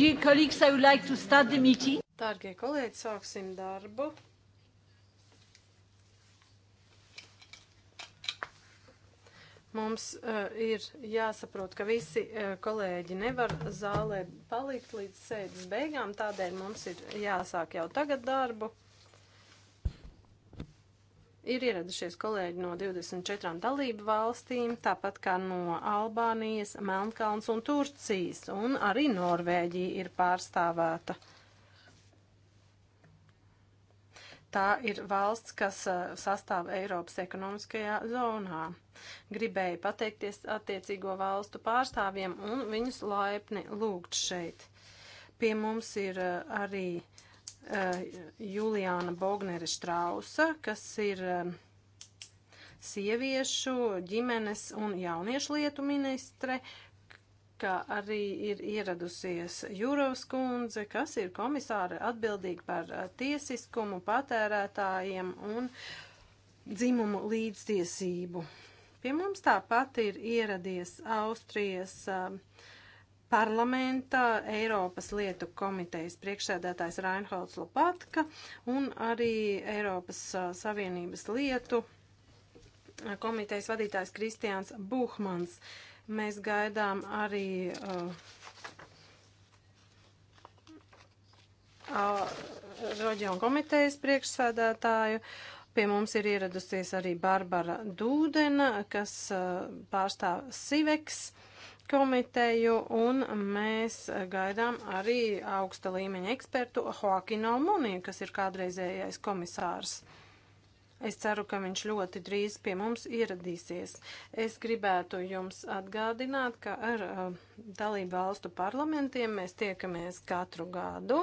Dārgie kolēģi, sāksim darbu. Mums uh, ir jāsaprot, ka visi uh, kolēģi nevar zālē palikt līdz sēdes beigām, tādēļ mums ir jāsāk jau tagad darbu. Ir ieradušies kolēģi no 24 dalību valstīm, tāpat kā no Albānijas, Melnkalns un Turcijas, un arī Norvēģija ir pārstāvēta. Tā ir valsts, kas sastāv Eiropas ekonomiskajā zonā. Gribēju pateikties attiecīgo valstu pārstāvjiem un viņus laipni lūgt šeit. Pie mums ir arī Eh, Juliāna Bognere Štrausa, kas ir eh, sieviešu, ģimenes un jauniešu lietu ministre, kā arī ir ieradusies Jūrovs kundze, kas ir komisāre atbildīga par eh, tiesiskumu patērētājiem un dzimumu līdztiesību. Pie mums tāpat ir ieradies Austrijas uh, parlamenta Eiropas lietu komitejas priekšsēdētājs Reinholds Lupatka un arī Eiropas uh, Savienības lietu uh, komitejas vadītājs Kristiāns Buhmans. Mēs gaidām arī uh, uh, reģionu komitejas priekšsēdētāju. Pie mums ir ieradusies arī Barbara Dūdena, kas uh, pārstāv Siveks. Uh, komiteju, un mēs gaidām arī augsta līmeņa ekspertu Hoakino Muniju, kas ir kādreizējais komisārs. Es ceru, ka viņš ļoti drīz pie mums ieradīsies. Es gribētu jums atgādināt, ka ar uh, dalību valstu parlamentiem mēs tiekamies katru gadu.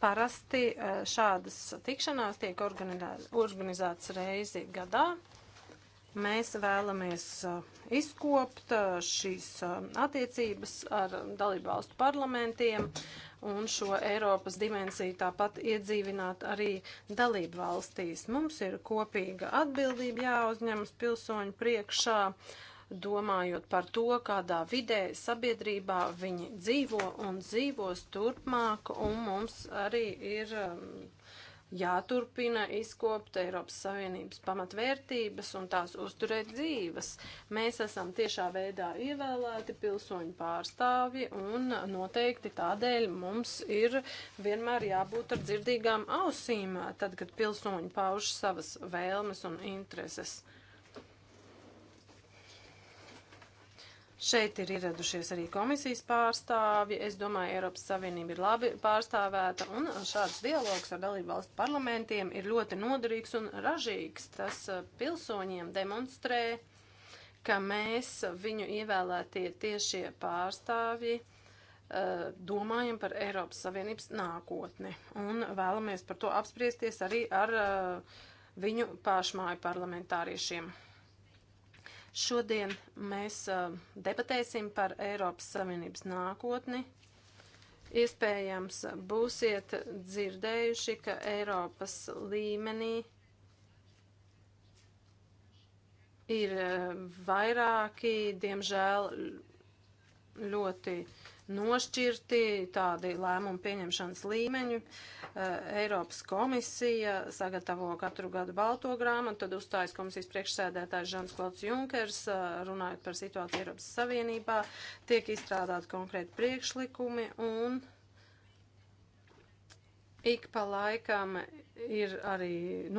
Parasti uh, šādas tikšanās tiek organizētas reizi gadā. Mēs vēlamies uh, izkopt uh, šīs uh, attiecības ar dalībvalstu parlamentiem un šo Eiropas dimensiju tāpat iedzīvināt arī dalību valstīs. Mums ir kopīga atbildība jāuzņemas pilsoņu priekšā domājot par to, kādā vidē sabiedrībā viņi dzīvo un dzīvos turpmāk, un mums arī ir um, jāturpina izkopt Eiropas Savienības pamatvērtības un tās uzturēt dzīves. Mēs esam tiešā veidā ievēlēti pilsoņu pārstāvi un noteikti tādēļ mums ir vienmēr jābūt ar dzirdīgām ausīm, tad, kad pilsoņi pauž savas vēlmes un intereses. Šeit ir ieradušies arī komisijas pārstāvji. Es domāju, Eiropas Savienība ir labi pārstāvēta, un šāds dialogs ar dalību valstu parlamentiem ir ļoti noderīgs un ražīgs. Tas eh, pilsoņiem demonstrē, ka mēs viņu ievēlētie tiešie pārstāvji eh, domājam par Eiropas Savienības nākotni un vēlamies par to apspriesties arī ar eh, viņu pašmāju parlamentāriešiem. Šodien mēs debatēsim par Eiropas Savienības nākotni. Iespējams, būsiet dzirdējuši, ka Eiropas līmenī ir vairāki, diemžēl, ļoti nošķirti tādi lēmumu pieņemšanas līmeņi. Uh, Eh, Eiropas komisija sagatavo katru gadu balto grāmatu, tad uzstājas komisijas priekšsēdētājs Žans Klods Junkers, eh, runājot par situāciju Eiropas Savienībā, tiek izstrādāti konkrēti priekšlikumi un ik pa laikam ir arī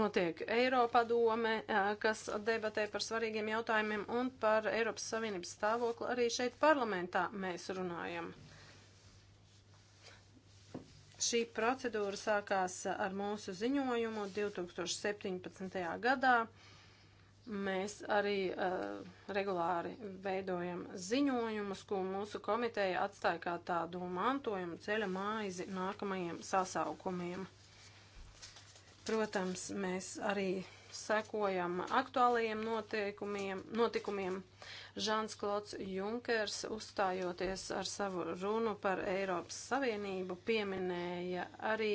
notiek Eiropadome, eh, kas debatē par svarīgiem jautājumiem un par Eiropas Savienības stāvokli arī šeit parlamentā mēs runājam. Šī procedūra sākās ar mūsu ziņojumu 2017. gadā. Mēs arī uh, regulāri veidojam ziņojumus, ko mūsu komiteja atstāja kā tādu mantojumu ceļa maizi nākamajiem sasaukumiem. Protams, mēs arī sekojam aktuālajiem notikumiem. Žāns Klots Junkers, uzstājoties ar savu runu par Eiropas Savienību, pieminēja arī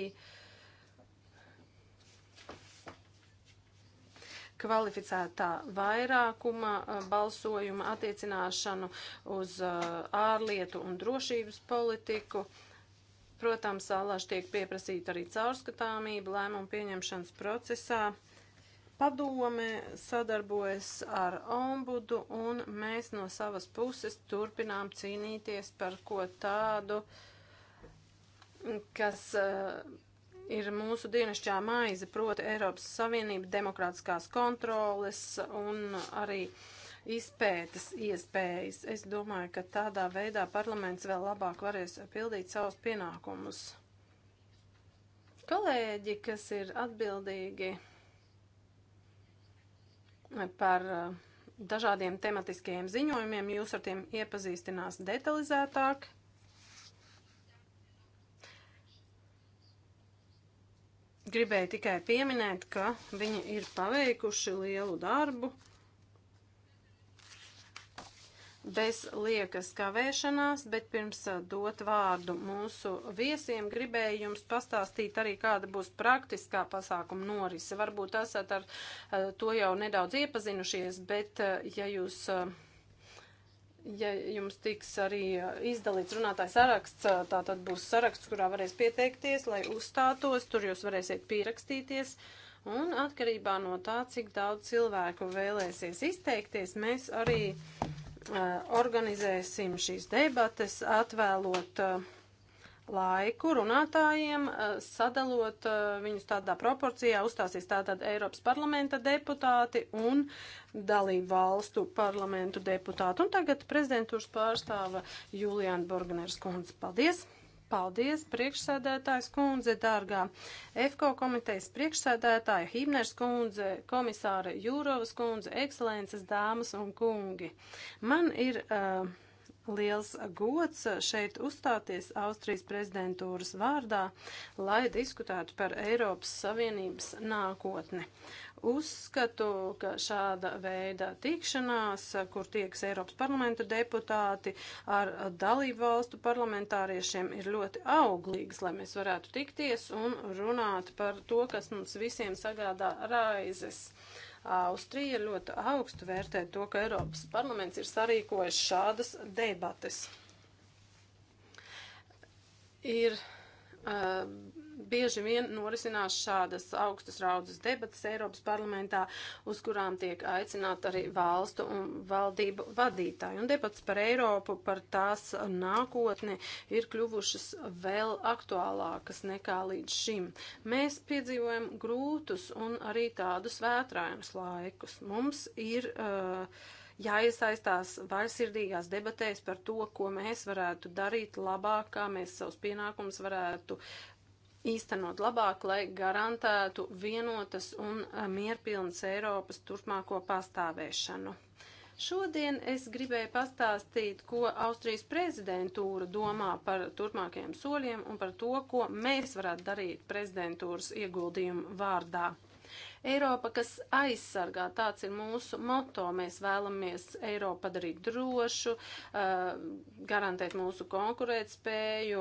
kvalificētā vairākuma balsojuma attiecināšanu uz ārlietu un drošības politiku. Protams, allaž tiek pieprasīta arī caurskatāmība lēmumu pieņemšanas procesā. Padome sadarbojas ar ombudu un mēs no savas puses turpinām cīnīties par ko tādu, kas uh, ir mūsu dienasčā maize, proti Eiropas Savienība, demokrātiskās kontroles un arī izpētes iespējas. Es domāju, ka tādā veidā parlaments vēl labāk varēs pildīt savus pienākumus. Kolēģi, kas ir atbildīgi par eh, dažādiem tematiskajiem ziņojumiem. Jūs ar tiem iepazīstinās detalizētāk. Gribēju tikai pieminēt, ka viņi ir paveikuši lielu darbu bez liekas kavēšanās, bet pirms dot vārdu mūsu viesiem gribēju jums pastāstīt arī, kāda būs praktiskā pasākuma norise. Varbūt esat ar to jau nedaudz iepazinušies, bet ja jūs. Ja jums tiks arī izdalīts runātājs saraksts, tā tad būs saraksts, kurā varēs pieteikties, lai uzstātos, tur jūs varēsiet pierakstīties. Un atkarībā no tā, cik daudz cilvēku vēlēsies izteikties, mēs arī uh, Eh, organizēsim šīs debates, atvēlot eh, laiku runātājiem, eh, sadalot viņus tādā proporcijā, uzstāsies tātad Eiropas parlamenta deputāti un dalību valstu parlamentu deputāti. Un tagad prezidentūras pārstāva Juliana Borgneres kundze. Paldies! Paldies, priekšsēdētājs kundze, dārgā EFKO komitejas priekšsēdētāja Himners kundze, komisāra Jūrovas kundze, ekscelences dāmas un kungi. Man ir uh, liels gods šeit uzstāties Austrijas prezidentūras vārdā, lai diskutētu par Eiropas Savienības nākotni. Uzskatu, ka šāda veida tikšanās, kur tieks Eiropas parlamenta deputāti ar dalību valstu parlamentāriešiem, ir ļoti auglīgas, lai mēs varētu tikties un runāt par to, kas mums visiem sagādā raizes. Uh, Austrija ļoti augstu vērtē to, ka Eiropas parlaments ir sarīkojis šādas debates. Ir uh, bieži vien norisinās šādas augstas raudzes debatas Eiropas parlamentā, uz kurām tiek aicināti arī valstu un valdību vadītāji. Un debats par Eiropu, par tās nākotni ir kļuvušas vēl aktuālākas nekā līdz šim. Mēs piedzīvojam grūtus un arī tādus vētrājums laikus. Mums ir. Uh, jāiesaistās vairsirdīgās debatēs par to, ko mēs varētu darīt labāk, kā mēs savus pienākumus varētu īstenot labāk, lai garantētu vienotas un eh, mierpilnas Eiropas turpmāko pastāvēšanu. Šodien es gribēju pastāstīt, ko Austrijas prezidentūra domā par turpmākajiem soļiem un par to, ko mēs varētu darīt prezidentūras ieguldījumu vārdā. Eiropa, kas aizsargā, tāds ir mūsu moto. Mēs vēlamies Eiropu padarīt drošu, eh, garantēt mūsu konkurētspēju,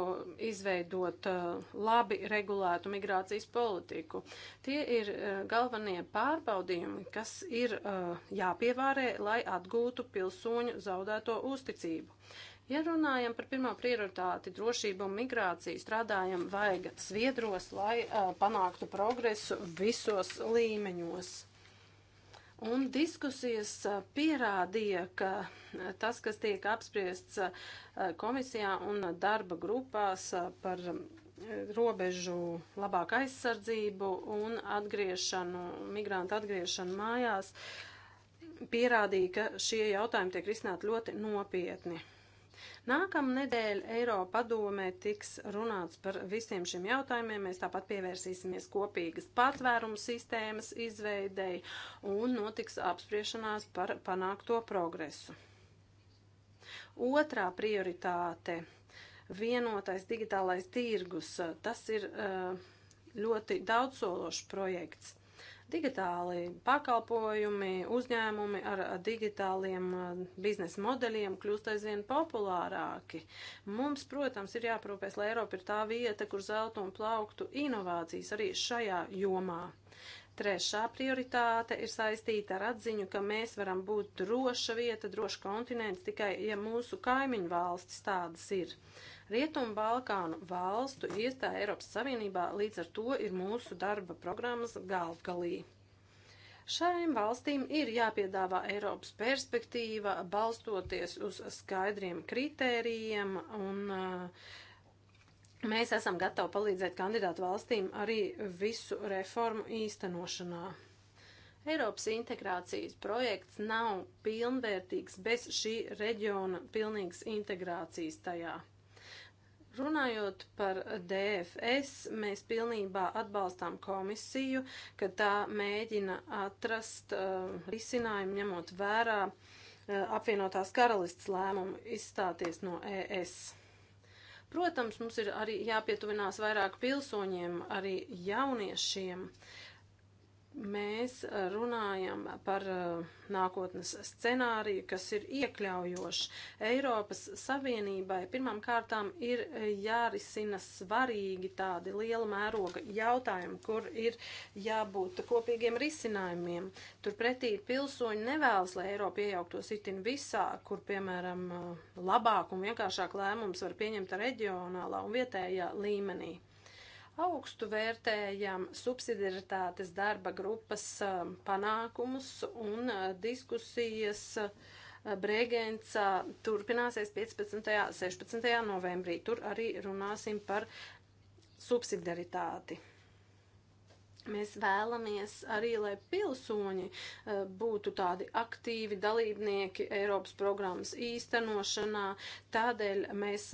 izveidot eh, labi regulētu migrācijas politiku. Tie ir eh, galvenie pārbaudījumi, kas ir jāpievārē, lai atgūtu pilsoņu zaudēto uzticību. Ja runājam par pirmā prioritāti drošību un migrāciju, strādājam vajag sviedros, lai uh, panāktu progresu visos līmeņos. Un diskusijas pierādīja, ka tas, kas tiek apspriests komisijā un darba grupās par robežu labāku aizsardzību un atgriešanu, migrantu atgriešanu mājās, pierādīja, ka šie jautājumi tiek risināti ļoti nopietni. Nākamnedēļ Eiropa padomē tiks runāts par visiem šiem jautājumiem. Mēs tāpat pievērsīsimies kopīgas patvērumu sistēmas izveidei un notiks apspriešanās par panākto progresu. Otrā prioritāte - vienotais digitālais tirgus. Tas ir eh, ļoti daudzsološs projekts. Digitāli pakalpojumi, uzņēmumi ar digitāliem eh, biznesa modeļiem kļūst aizvien populārāki. Mums, protams, ir jāprūpēs, lai Eiropa ir tā vieta, kur zelta un plauktu inovācijas arī šajā jomā. Trešā prioritāte ir saistīta ar atziņu, ka mēs varam būt droša vieta, drošs kontinents tikai, ja mūsu kaimiņu valstis tādas ir. Rietumu Balkānu valstu iestāja Eiropas Savienībā, līdz ar to ir mūsu darba programmas galvgalī. Šajām valstīm ir jāpiedāvā Eiropas perspektīva, balstoties uz skaidriem kritērijiem, un uh, mēs esam gatavi palīdzēt kandidātu valstīm arī visu reformu īstenošanā. Eiropas integrācijas projekts nav pilnvērtīgs bez šī reģiona pilnīgas integrācijas tajā. Runājot par DFS, mēs pilnībā atbalstām komisiju, ka tā mēģina atrast uh, risinājumu ņemot vērā uh, apvienotās karalists lēmumu izstāties no ES. Protams, mums ir arī jāpietuvinās vairāk pilsoņiem, arī jauniešiem. Uh, mēs eh, runājam par eh, nākotnes scenāriju, kas ir iekļaujošs. Eiropas Savienībai pirmām kārtām ir eh, jārisina svarīgi tādi liela mēroga jautājumi, kur ir jābūt kopīgiem risinājumiem. Turpretī pilsoņi nevēlas, lai Eiropa iejauktos itin visā, kur, piemēram, labāk un vienkāršāk lēmums var pieņemt reģionālā un vietējā līmenī augstu vērtējam subsidiaritātes darba grupas panākumus un diskusijas. Brēgēnca turpināsies 15. un 16. novembrī. Tur arī runāsim par subsidiaritāti. Mēs vēlamies arī, lai pilsoņi būtu tādi aktīvi dalībnieki Eiropas programmas īstenošanā. Tādēļ mēs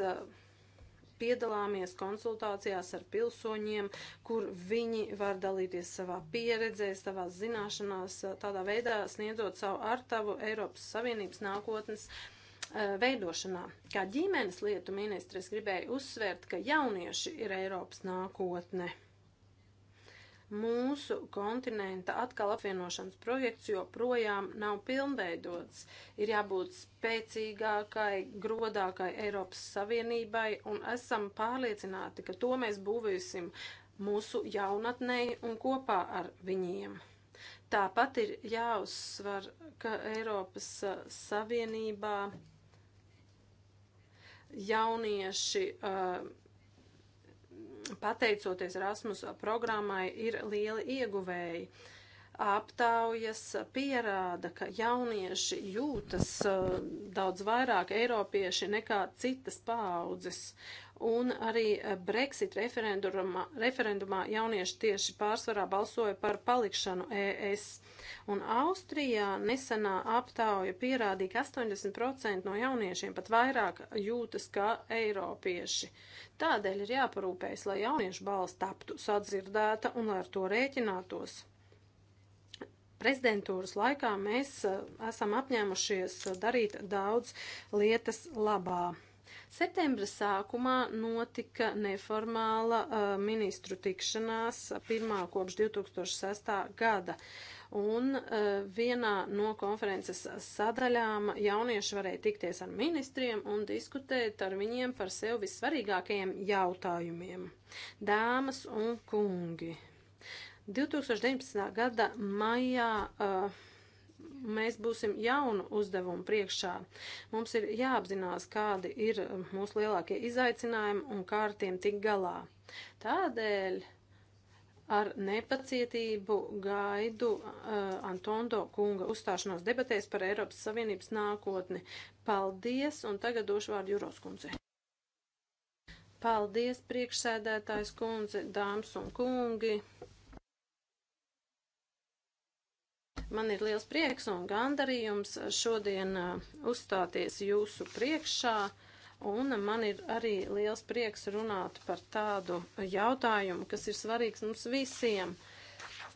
piedalāmies konsultācijās ar pilsoņiem, kur viņi var dalīties savā pieredzē, savā zināšanās, eh, tādā veidā sniedzot savu artavu Eiropas Savienības nākotnes eh, veidošanā. Kā ģimenes lietu ministres gribēja uzsvērt, ka jaunieši ir Eiropas nākotne. Mūsu kontinenta atkal apvienošanas projekts joprojām nav pilnveidots. Ir jābūt spēcīgākai, grodākai Eiropas Savienībai un esam pārliecināti, ka to mēs būvēsim mūsu jaunatnei un kopā ar viņiem. Tāpat ir jāuzsver, ka Eiropas Savienībā jaunieši uh, pateicoties Erasmus programmai, ir lieli ieguvēji. Aptaujas pierāda, ka jaunieši jūtas eh, daudz vairāk eiropieši nekā citas paaudzes, Un arī eh, Brexit referendumā, referendumā jaunieši tieši pārsvarā balsoja par palikšanu ES. Un Austrijā nesenā aptauja pierādīja, ka 80% no jauniešiem pat vairāk jūtas kā eiropieši. Tādēļ ir jāparūpējas, lai jauniešu balss taptu sadzirdēta un lai ar to rēķinātos. Prezidentūras laikā mēs eh, esam apņēmušies darīt daudz lietas labā. Septembra sākumā notika neformāla uh, ministru tikšanās, uh, pirmā kopš 2006. gada un uh, vienā no konferences sadaļām jaunieši varēja tikties ar ministriem un diskutēt ar viņiem par sev vissvarīgākajiem jautājumiem. Dāmas un kungi. 2019. gada maijā uh, mēs būsim jaunu uzdevumu priekšā. Mums ir jāapzinās, kādi ir um, mūsu lielākie izaicinājumi un kā ar tiem tik galā. Tādēļ ar nepacietību gaidu uh, Antondo kunga uzstāšanos debatēs par Eiropas Savienības nākotni. Paldies, un tagad došu vārdu Juros kundzei. Paldies, priekšsēdētājs kundze, dāmas un kungi! Man ir liels prieks un gandarījums šodien uh, uzstāties jūsu priekšā. Un man ir arī liels prieks runāt par tādu jautājumu, kas ir svarīgs mums visiem.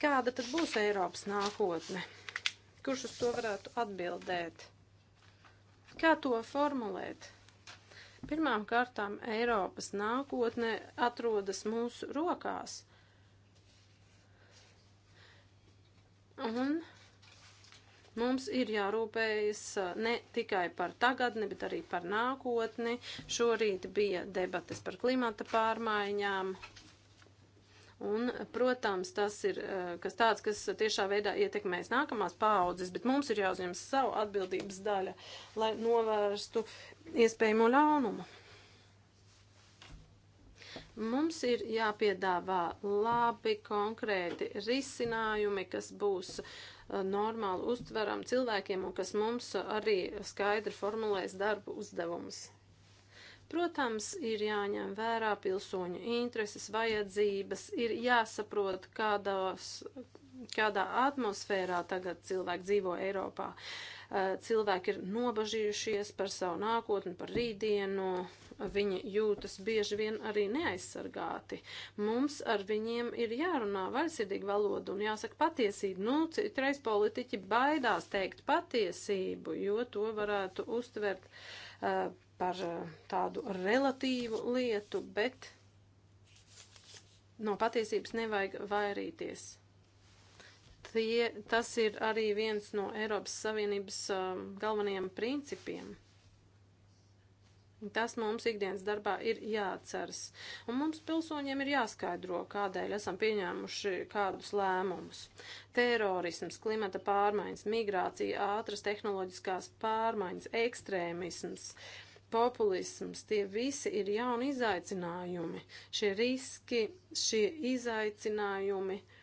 Kāda tad būs Eiropas nākotne? Kurš uz to varētu atbildēt? Kā to formulēt? Pirmām kārtām Eiropas nākotne atrodas mūsu rokās. Un Mums ir jārūpējas ne tikai par tagadni, bet arī par nākotni. Šorīt bija debates par klimata pārmaiņām. Un, protams, tas ir kas tāds, kas tiešā veidā ietekmēs nākamās paaudzes, bet mums ir jāuzņem savu atbildības daļa, lai novērstu iespējamo ļaunumu. Mums ir jāpiedāvā labi konkrēti risinājumi, kas būs uh, Eh, normāli uztveram cilvēkiem un kas mums arī skaidri formulēs darbu uzdevumus. Protams, ir jāņem vērā pilsoņu intereses, vajadzības, ir jāsaprot, kādās, kādā atmosfērā tagad cilvēki dzīvo Eiropā. Eh, cilvēki ir nobažījušies par savu nākotni, par rītdienu, viņi jūtas bieži vien arī neaizsargāti. Mums ar viņiem ir jārunā vaļsirdīgi valodu un jāsaka patiesību. Nu, citreiz politiķi baidās teikt patiesību, jo to varētu uztvert uh, par uh, tādu relatīvu lietu, bet no patiesības nevajag vairīties tie, tas ir arī viens no Eiropas Savienības um, galvenajiem principiem. Tas mums ikdienas darbā ir jāatceras. Un mums pilsoņiem ir jāskaidro, kādēļ esam pieņēmuši kādus lēmumus. Terorisms, klimata pārmaiņas, migrācija, ātras tehnoloģiskās pārmaiņas, ekstrēmisms, populisms, tie visi ir jauni izaicinājumi. Šie riski, šie izaicinājumi. Uh,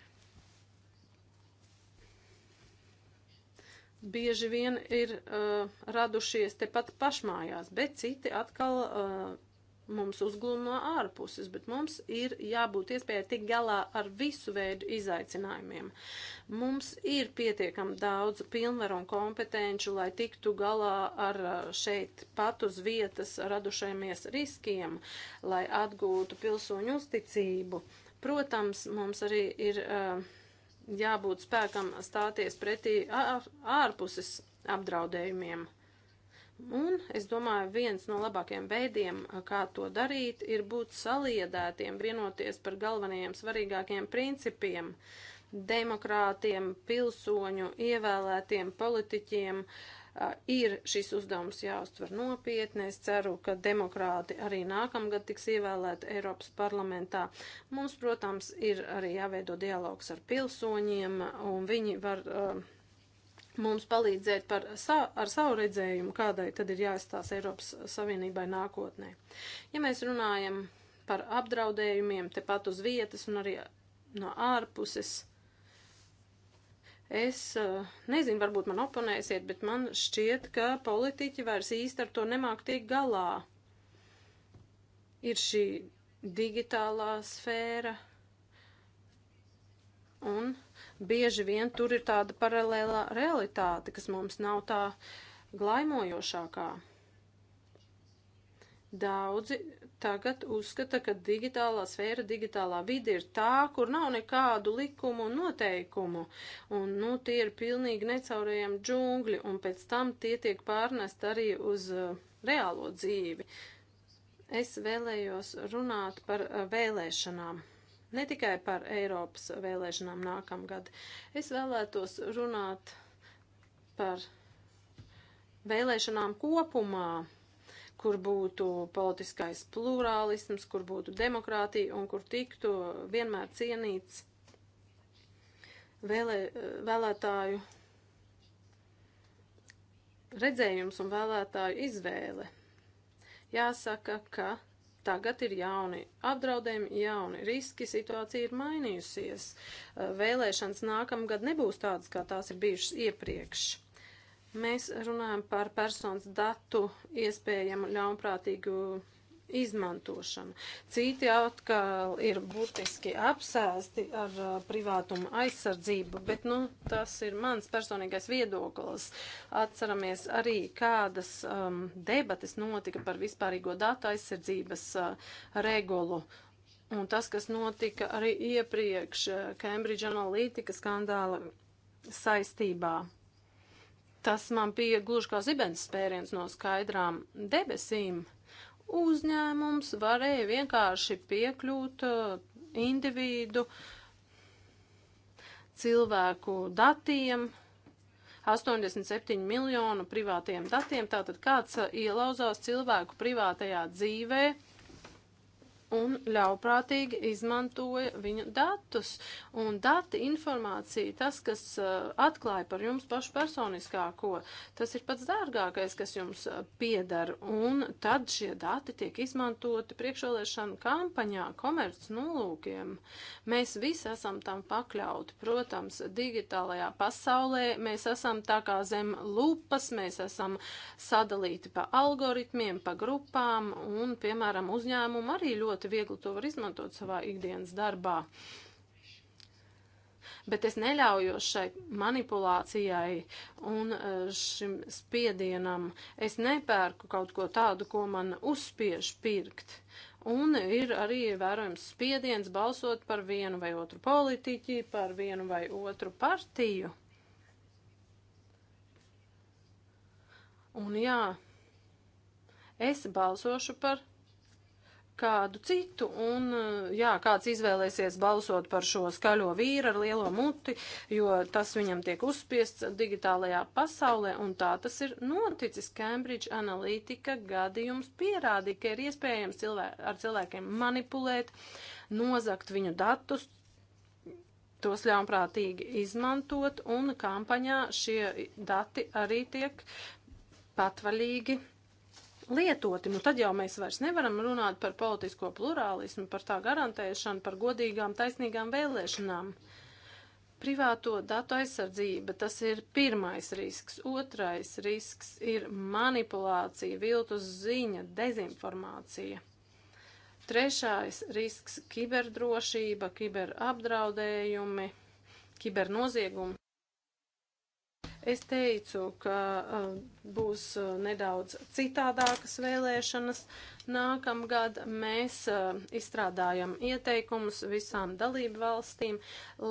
bieži vien ir uh, radušies tepat pašmājās, bet citi atkal uh, mums uzglūm no ārpuses, bet mums ir jābūt iespējai tik galā ar visu veidu izaicinājumiem. Mums ir pietiekam daudz pilnvaru un kompetenču, lai tiktu galā ar uh, šeit pat uz vietas radušajamies riskiem, lai atgūtu pilsoņu uzticību. Protams, mums arī ir uh, jābūt spēkam stāties pretī ārpuses apdraudējumiem. Un es domāju, viens no labākajiem veidiem, kā to darīt, ir būt saliedētiem, vienoties par galvenajiem svarīgākiem principiem, demokrātiem, pilsoņu, ievēlētiem politiķiem, uh, ir šis uzdevums jāuztver nopietni. Es ceru, ka demokrāti arī nākamgad tiks ievēlēti Eiropas parlamentā. Mums, protams, ir arī jāveido dialogs ar pilsoņiem, un viņi var uh, mums palīdzēt par, sa, ar savu redzējumu, kādai tad ir jāizstās Eiropas Savienībai nākotnē. Ja mēs runājam par apdraudējumiem tepat uz vietas un arī no ārpuses, Es eh, nezinu, varbūt man oponēsiet, bet man šķiet, ka politiķi vairs īsti ar to nemāk tiek galā. Ir šī digitālā sfēra, un bieži vien tur ir tāda paralēlā realitāte, kas mums nav tā glaimojošākā. Daudzi tagad uzskata, ka digitālā sfēra, digitālā vide ir tā, kur nav nekādu likumu un noteikumu, un, nu, tie ir pilnīgi necaurējami džungļi, un pēc tam tie tiek pārnest arī uz uh, reālo dzīvi. Es vēlējos runāt par uh, vēlēšanām. Ne tikai par Eiropas vēlēšanām nākamgad. Es vēlētos runāt par vēlēšanām kopumā kur būtu politiskais plurālisms, kur būtu demokrātija un kur tiktu vienmēr cienīts vēlē, vēlētāju redzējums un vēlētāju izvēle. Jāsaka, ka tagad ir jauni apdraudējumi, jauni riski, situācija ir mainījusies. Vēlēšanas nākamgad nebūs tādas, kā tās ir bijušas iepriekš. Mēs runājam par personas datu iespējamu ļaunprātīgu izmantošanu. Citi atkal ir būtiski apsēsti ar uh, privātumu aizsardzību, bet, nu, tas ir mans personīgais viedoklis. Atceramies arī, kādas um, debates notika par vispārīgo datu aizsardzības uh, regulu. Un tas, kas notika arī iepriekš uh, Cambridge Analytica skandāla saistībā. Tas man bija gluži kā zibens spēriens no skaidrām debesīm. Uzņēmums varēja vienkārši piekļūt uh, individu cilvēku datiem, 87 miljonu privātiem datiem. Tātad kāds uh, ielauzās cilvēku privātajā dzīvē un ļauprātīgi izmantoja viņu datus. Un dati informācija, tas, kas uh, atklāja par jums pašu personiskāko, tas ir pats dārgākais, kas jums eh, piedara. Un tad šie dati tiek izmantoti priekšvēlēšanu kampaņā, komerc nolūkiem. Mēs visi esam tam pakļauti. Protams, digitālajā pasaulē mēs esam tā kā zem lupas, mēs esam sadalīti pa algoritmiem, pa grupām un, piemēram, uzņēmumu arī ļoti ļoti viegli to var izmantot savā ikdienas darbā. Bet es neļaujos šai manipulācijai un e, šim spiedienam. Es nepērku kaut ko tādu, ko man uzspiež pirkt. Un ir arī vērojams spiediens balsot par vienu vai otru politiķi, par vienu vai otru partiju. Un jā, es balsošu par kādu citu, un eh, jā, kāds izvēlēsies balsot par šo skaļo vīru ar lielo muti, jo tas viņam tiek uzspiests digitālajā pasaulē, un tā tas ir noticis. Cambridge Analytica gadījums pierādīja, ka ir iespējams cilvē ar cilvēkiem manipulēt, nozakt viņu datus, tos ļaunprātīgi izmantot, un kampaņā šie dati arī tiek patvaļīgi lietoti, nu tad jau mēs vairs nevaram runāt par politisko plurālismu, par tā garantēšanu, par godīgām, taisnīgām vēlēšanām. Privāto datu aizsardzība, tas ir pirmais risks. Otrais risks ir manipulācija, viltus ziņa, dezinformācija. Trešais risks - kiberdrošība, kiberapdraudējumi, kibernoziegumi. Es teicu, ka uh, būs uh, nedaudz citādākas vēlēšanas. Nākamgad mēs uh, izstrādājam ieteikumus visām dalību valstīm,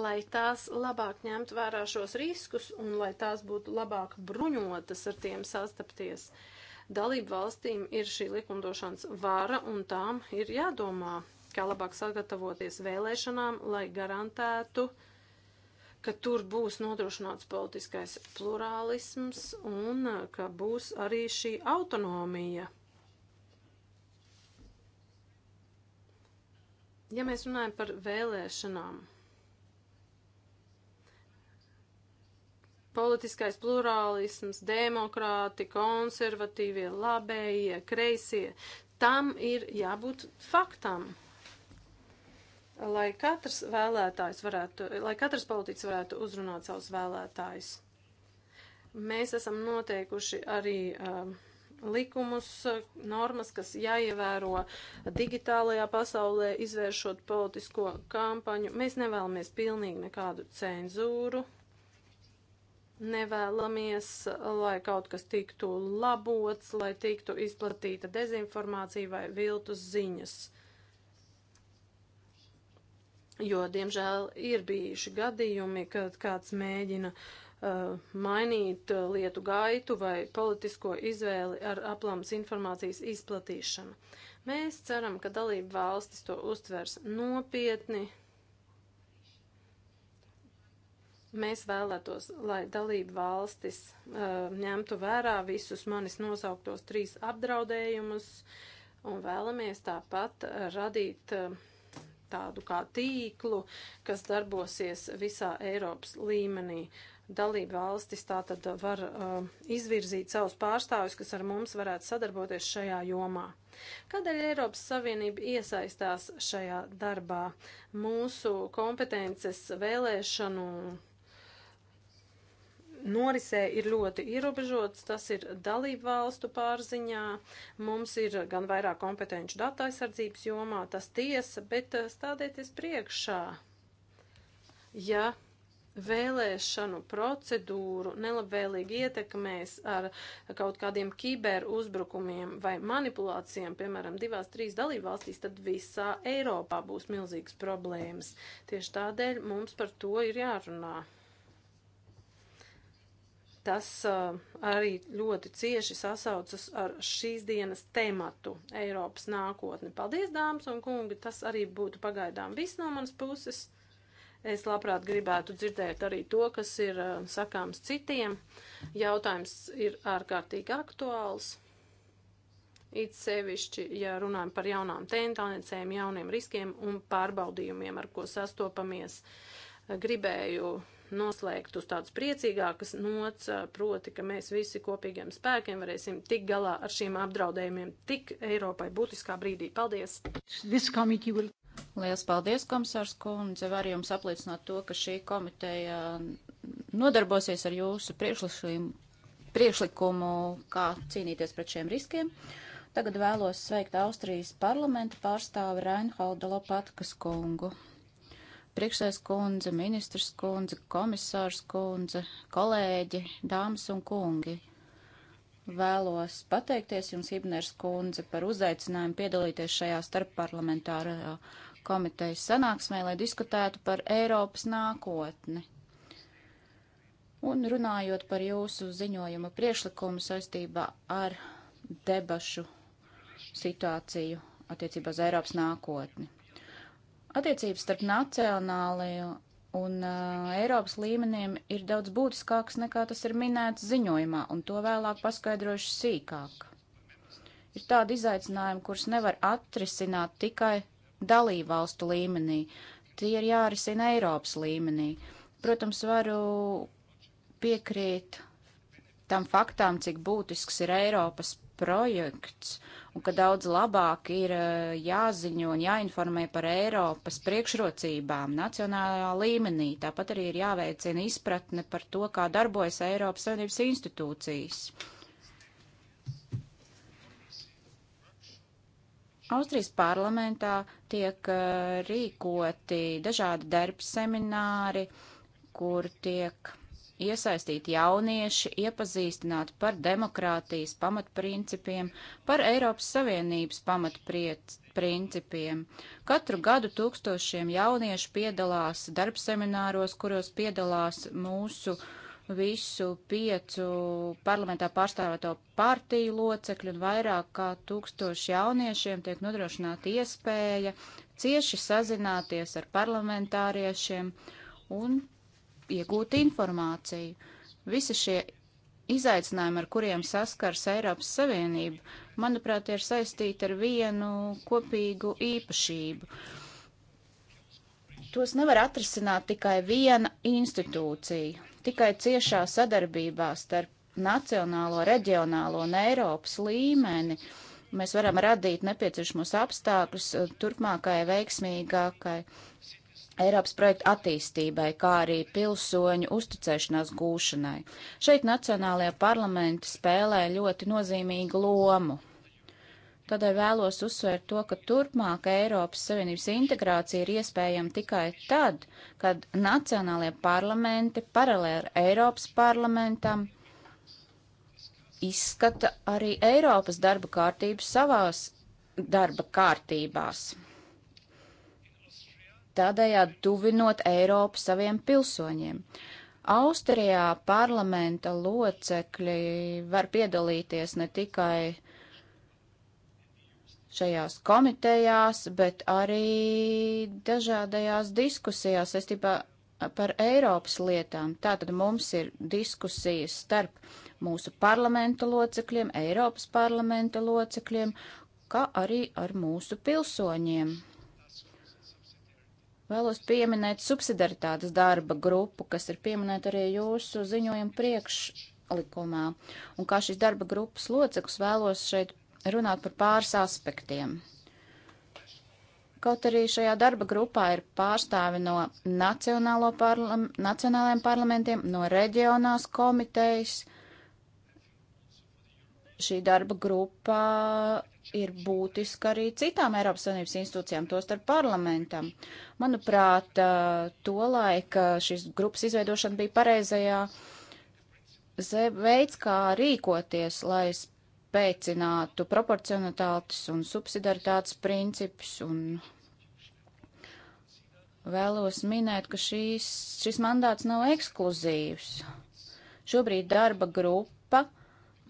lai tās labāk ņemtu vērā šos riskus un lai tās būtu labāk bruņotas ar tiem sastapties. Dalību valstīm ir šī likumdošanas vara un tām ir jādomā, kā labāk sagatavoties vēlēšanām, lai garantētu uh, ka tur būs nodrošināts politiskais plurālisms un uh, ka būs arī šī autonomija. Ja mēs runājam par vēlēšanām, politiskais plurālisms, demokrāti, konservatīvie, labējie, kreisie, tam ir jābūt faktam lai katrs vēlētājs varētu, lai katrs politiķis varētu uzrunāt savus vēlētājus. Mēs esam noteikuši arī uh, likumus, normas, kas jāievēro digitālajā pasaulē, izvēršot politisko kampaņu. Mēs nevēlamies pilnīgi nekādu cenzūru, nevēlamies, lai kaut kas tiktu labots, lai tiktu izplatīta dezinformācija vai viltus ziņas jo, diemžēl, ir bijuši gadījumi, kad kāds mēģina uh, mainīt uh, lietu gaitu vai politisko izvēli ar aplams informācijas izplatīšanu. Mēs ceram, ka dalību valstis to uztvers nopietni, mēs vēlētos, lai dalību valstis uh, ņemtu vērā visus manis nosauktos trīs apdraudējumus un vēlamies tāpat radīt uh, tādu kā tīklu, kas darbosies visā Eiropas līmenī. Dalība valstis tātad var uh, izvirzīt savus pārstāvjus, kas ar mums varētu sadarboties šajā jomā. Kādēļ Eiropas Savienība iesaistās šajā darbā? Mūsu kompetences vēlēšanu norisē ir ļoti ierobežots, tas ir dalību valstu pārziņā, mums ir gan vairāk kompetenci datu aizsardzības jomā, tas tiesa, bet eh, stādieties priekšā. Ja vēlēšanu procedūru nelabvēlīgi ietekmēs ar kaut kādiem kiberuzbrukumiem vai manipulācijām, piemēram, divās, trīs dalībvalstīs, tad visā Eiropā būs milzīgas problēmas. Tieši tādēļ mums par to ir jārunā. Tas uh, arī ļoti cieši sasaucas ar šīs dienas tematu Eiropas nākotni. Paldies, dāmas un kungi, tas arī būtu pagaidām viss no manas puses. Es labprāt gribētu dzirdēt arī to, kas ir uh, sakāms citiem. Jautājums ir ārkārtīgi aktuāls. It sevišķi, ja runājam par jaunām tendencēm, jauniem riskiem un pārbaudījumiem, ar ko sastopamies, gribēju noslēgt uz tādas priecīgākas nots, proti, ka mēs visi kopīgiem spēkiem varēsim tik galā ar šiem apdraudējumiem tik Eiropai būtiskā brīdī. Paldies! Will... Lielas paldies, komisārs kundze. Var jums apliecināt to, ka šī komiteja nodarbosies ar jūsu priekšlikumu, kā cīnīties pret šiem riskiem. Tagad vēlos sveikt Austrijas parlamenta pārstāvi Reinholda Lopatkas kungu priekšsēs kundze, ministrs kundze, komisārs kundze, kolēģi, dāmas un kungi. Vēlos pateikties jums, Ibners kundze, par uzaicinājumu piedalīties šajā starpparlamentārajā komitejas sanāksmē, lai diskutētu par Eiropas nākotni. Un runājot par jūsu ziņojuma priekšlikumu saistībā ar debašu situāciju attiecībā uz Eiropas nākotni. Attiecības starp nacionālajiem un uh, Eiropas līmeniem ir daudz būtiskāks nekā tas ir minēts ziņojumā, un to vēlāk paskaidrošu sīkāk. Ir tādi izaicinājumi, kurus nevar atrisināt tikai dalību valstu līmenī. Tie ir jārisina Eiropas līmenī. Protams, varu piekrīt tam faktām, cik būtisks ir Eiropas projekts un ka daudz labāk ir eh, jāziņo un jāinformē par Eiropas priekšrocībām nacionālā līmenī. Tāpat arī ir jāveicina izpratne par to, kā darbojas Eiropas Savienības institūcijas. Austrijas parlamentā tiek eh, rīkoti dažādi darbsemināri, kur tiek iesaistīt jaunieši, iepazīstināt par demokrātijas pamatprincipiem, par Eiropas Savienības pamatprincipiem. Katru gadu tūkstošiem jauniešu piedalās darbsemināros, kuros piedalās mūsu visu piecu parlamentā pārstāvēto partiju locekļu un vairāk kā tūkstoši jauniešiem tiek nodrošināta iespēja cieši sazināties ar parlamentāriešiem un iegūt informāciju. Visi šie izaicinājumi, ar kuriem saskars Eiropas Savienība, manuprāt, ir saistīti ar vienu kopīgu īpašību. Tos nevar atrisināt tikai viena institūcija, tikai ciešā sadarbībā starp nacionālo, reģionālo un Eiropas līmeni. Mēs varam radīt nepieciešamos apstākļus turpmākajai veiksmīgākai Eiropas projektu attīstībai, kā arī pilsoņu uzticēšanās gūšanai. Šeit Nacionālajie parlamenti spēlē ļoti nozīmīgu lomu. Tādēļ vēlos uzsvērt to, ka turpmāk Eiropas Savienības integrācija ir iespējama tikai tad, kad nacionālajie parlamenti paralēli ar Eiropas parlamentam izskata arī Eiropas darba kārtības savās darba kārtībās tādējādi tuvinot Eiropu saviem pilsoņiem. Austrijā parlamenta locekļi var piedalīties ne tikai šajās komitejās, bet arī dažādajās diskusijās saistībā par Eiropas lietām. Tātad mums ir diskusijas starp mūsu parlamenta locekļiem, Eiropas parlamenta locekļiem, kā arī ar mūsu pilsoņiem. Vēlos pieminēt subsidaritātes darba grupu, kas ir pieminēta arī jūsu ziņojuma priekšlikumā. Un kā šīs darba grupas loceklis vēlos šeit runāt par pāris aspektiem. Kaut arī šajā darba grupā ir pārstāvi no parlam nacionālajiem parlamentiem, no reģionās komitejas. Šī darba grupā ir būtiska arī citām Eiropas Savienības institūcijām, tostarp parlamentam. Manuprāt, to laika šīs grupas izveidošana bija pareizajā veids, kā rīkoties, lai spēcinātu proporcionalitātes un subsidaritātes principus un vēlos minēt, ka šīs, šis mandāts nav ekskluzīvs. Šobrīd darba grupa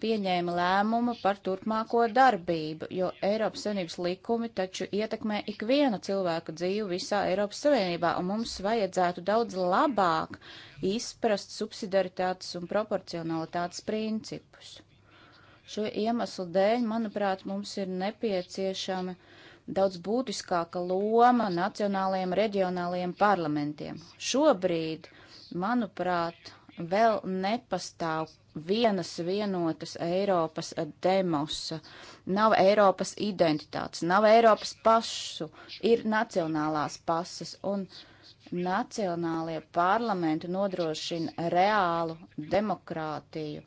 pieņēma lēmumu par turpmāko darbību, jo Eiropas Savienības likumi taču ietekmē ikvienu cilvēku dzīvi visā Eiropas Savienībā, un mums vajadzētu daudz labāk izprast subsidaritātes un proporcionalitātes principus. Šo iemeslu dēļ, manuprāt, mums ir nepieciešama daudz būtiskāka loma nacionālajiem reģionālajiem parlamentiem. Šobrīd, manuprāt, vēl nepastāv vienas vienotas Eiropas demosa, nav Eiropas identitātes, nav Eiropas pašu, ir nacionālās pasas un nacionālie parlamenti nodrošina reālu demokrātiju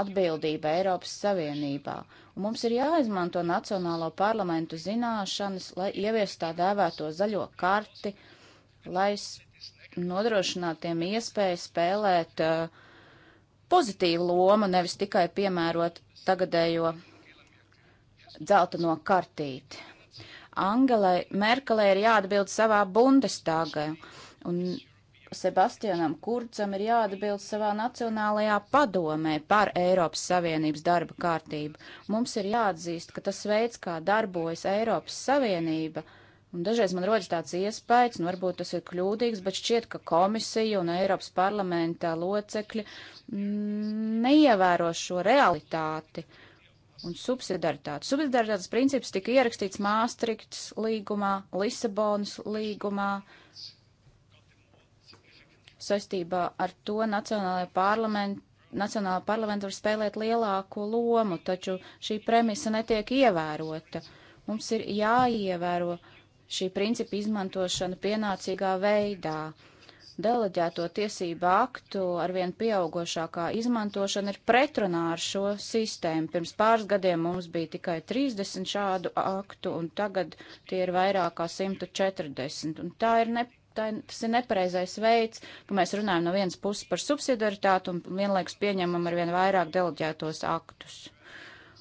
atbildība Eiropas Savienībā. Un mums ir jāizmanto nacionālo parlamentu zināšanas, lai ieviestu tā dēvēto zaļo karti, lai nodrošinātu tiem iespēju spēlēt uh, pozitīva loma, nevis tikai piemērot tagadējo dzelteno kartīti. Angelai Merkelē ir jāatbild savā bundestāgai, un Sebastianam Kurcam ir jāatbild savā Nacionālajā padomē par Eiropas Savienības darba kārtību. Mums ir jāatzīst, ka tas veids, kā darbojas Eiropas Savienība, uh, Un dažreiz man rodas tāds iespējas, nu varbūt tas ir kļūdīgs, bet šķiet, ka komisija un Eiropas parlamenta locekļi mm, neievēro šo realitāti un subsidaritāti. Subsidaritātes princips tika ierakstīts Māstrikts līgumā, Lisabonas līgumā, saistībā ar to nacionālajā parlamentā. Nacionāla parlamenta var spēlēt lielāku lomu, taču šī premisa netiek ievērota. Mums ir jāievēro uh, šī principa izmantošanu pienācīgā veidā. Deleģēto tiesību aktu arvien pieaugošākā izmantošana ir pretrunā ar šo sistēmu. Pirms pāris gadiem mums bija tikai 30 šādu aktu, un tagad tie ir vairāk kā 140. Un tā ir ne, tā, tas ir nepareizais veids, ka mēs runājam no vienas puses par subsidiaritātu un vienlaikus pieņemam arvien vairāk deleģētos aktus.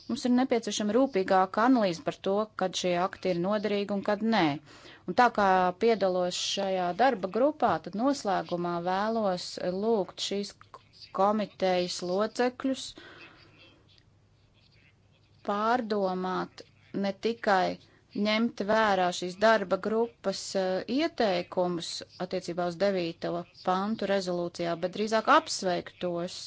Mums ir nepieciešama rūpīgāka analīze par to, kad šie akti ir noderīgi un kad nē. Un tā kā piedalos šajā darba grupā, tad noslēgumā vēlos lūgt šīs komitejas locekļus pārdomāt ne tikai ņemt vērā šīs darba grupas eh, ieteikumus attiecībā uz 9. pantu rezolūcijā, bet drīzāk apsveiktos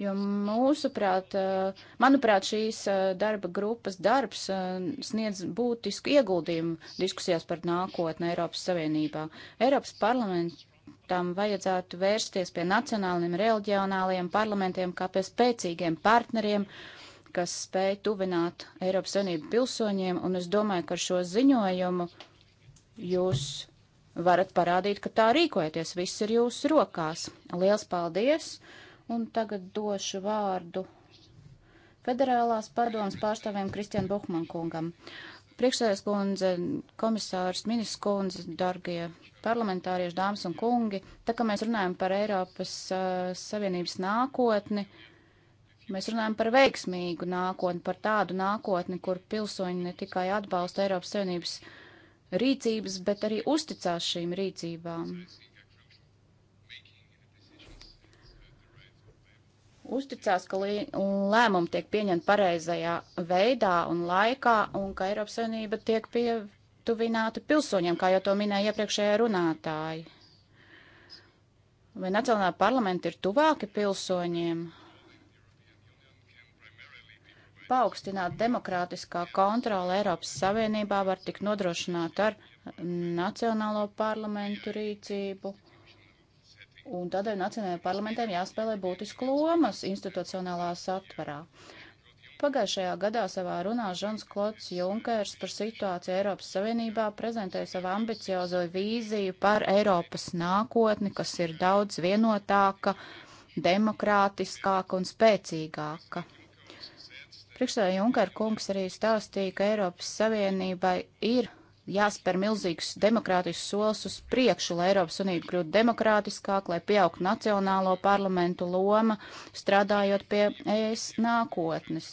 jo mūsuprāt, eh, manuprāt, šīs eh, darba grupas darbs eh, sniedz būtisku ieguldījumu diskusijās par nākotni Eiropas Savienībā. Eiropas parlamentam vajadzētu vērsties pie nacionāliem, reģionāliem parlamentiem kā pie spēcīgiem partneriem, kas spēj tuvināt Eiropas Savienību pilsoņiem, un es domāju, ka ar šo ziņojumu jūs varat parādīt, ka tā rīkojaties, viss ir jūsu rokās. Liels paldies! Un tagad došu vārdu federālās padomas pārstāvjiem Kristian Buhman kungam. Priekšsēdētājs kundze, komisārs, ministrs kundze, dargie parlamentārieši, dāmas un kungi, tā kā mēs runājam par Eiropas uh, Savienības nākotni, mēs runājam par veiksmīgu nākotni, par tādu nākotni, kur pilsoņi ne tikai atbalsta Eiropas Savienības rīcības, bet arī uzticās šīm rīcībām. uzticās, ka lēmumi tiek pieņemti pareizajā veidā un laikā, un ka Eiropas Savienība tiek pietuvināta pilsoņiem, kā jau to minēja iepriekšējā runātāji. Vai Nacionālā parlamenta ir tuvāki pilsoņiem? Paaugstināt demokrātiskā kontrola Eiropas Savienībā var tik nodrošināt ar Nacionālo parlamentu rīcību Un tādēļ nacionālajiem parlamentiem jāspēlē būtisku lomas institucionālā satvarā. Pagājušajā gadā savā runā Žans Klots Junkers par situāciju Eiropas Savienībā prezentēja savu ambiciozo vīziju par Eiropas nākotni, kas ir daudz vienotāka, demokrātiskāka un spēcīgāka. Priekšstādā Junkera kungs arī stāstīja, ka Eiropas Savienībai ir jāspēr milzīgs demokrātisks solis uz priekšu, lai Eiropas Unība kļūtu demokrātiskāk, lai pieaugtu nacionālo parlamentu loma, strādājot pie ES nākotnes.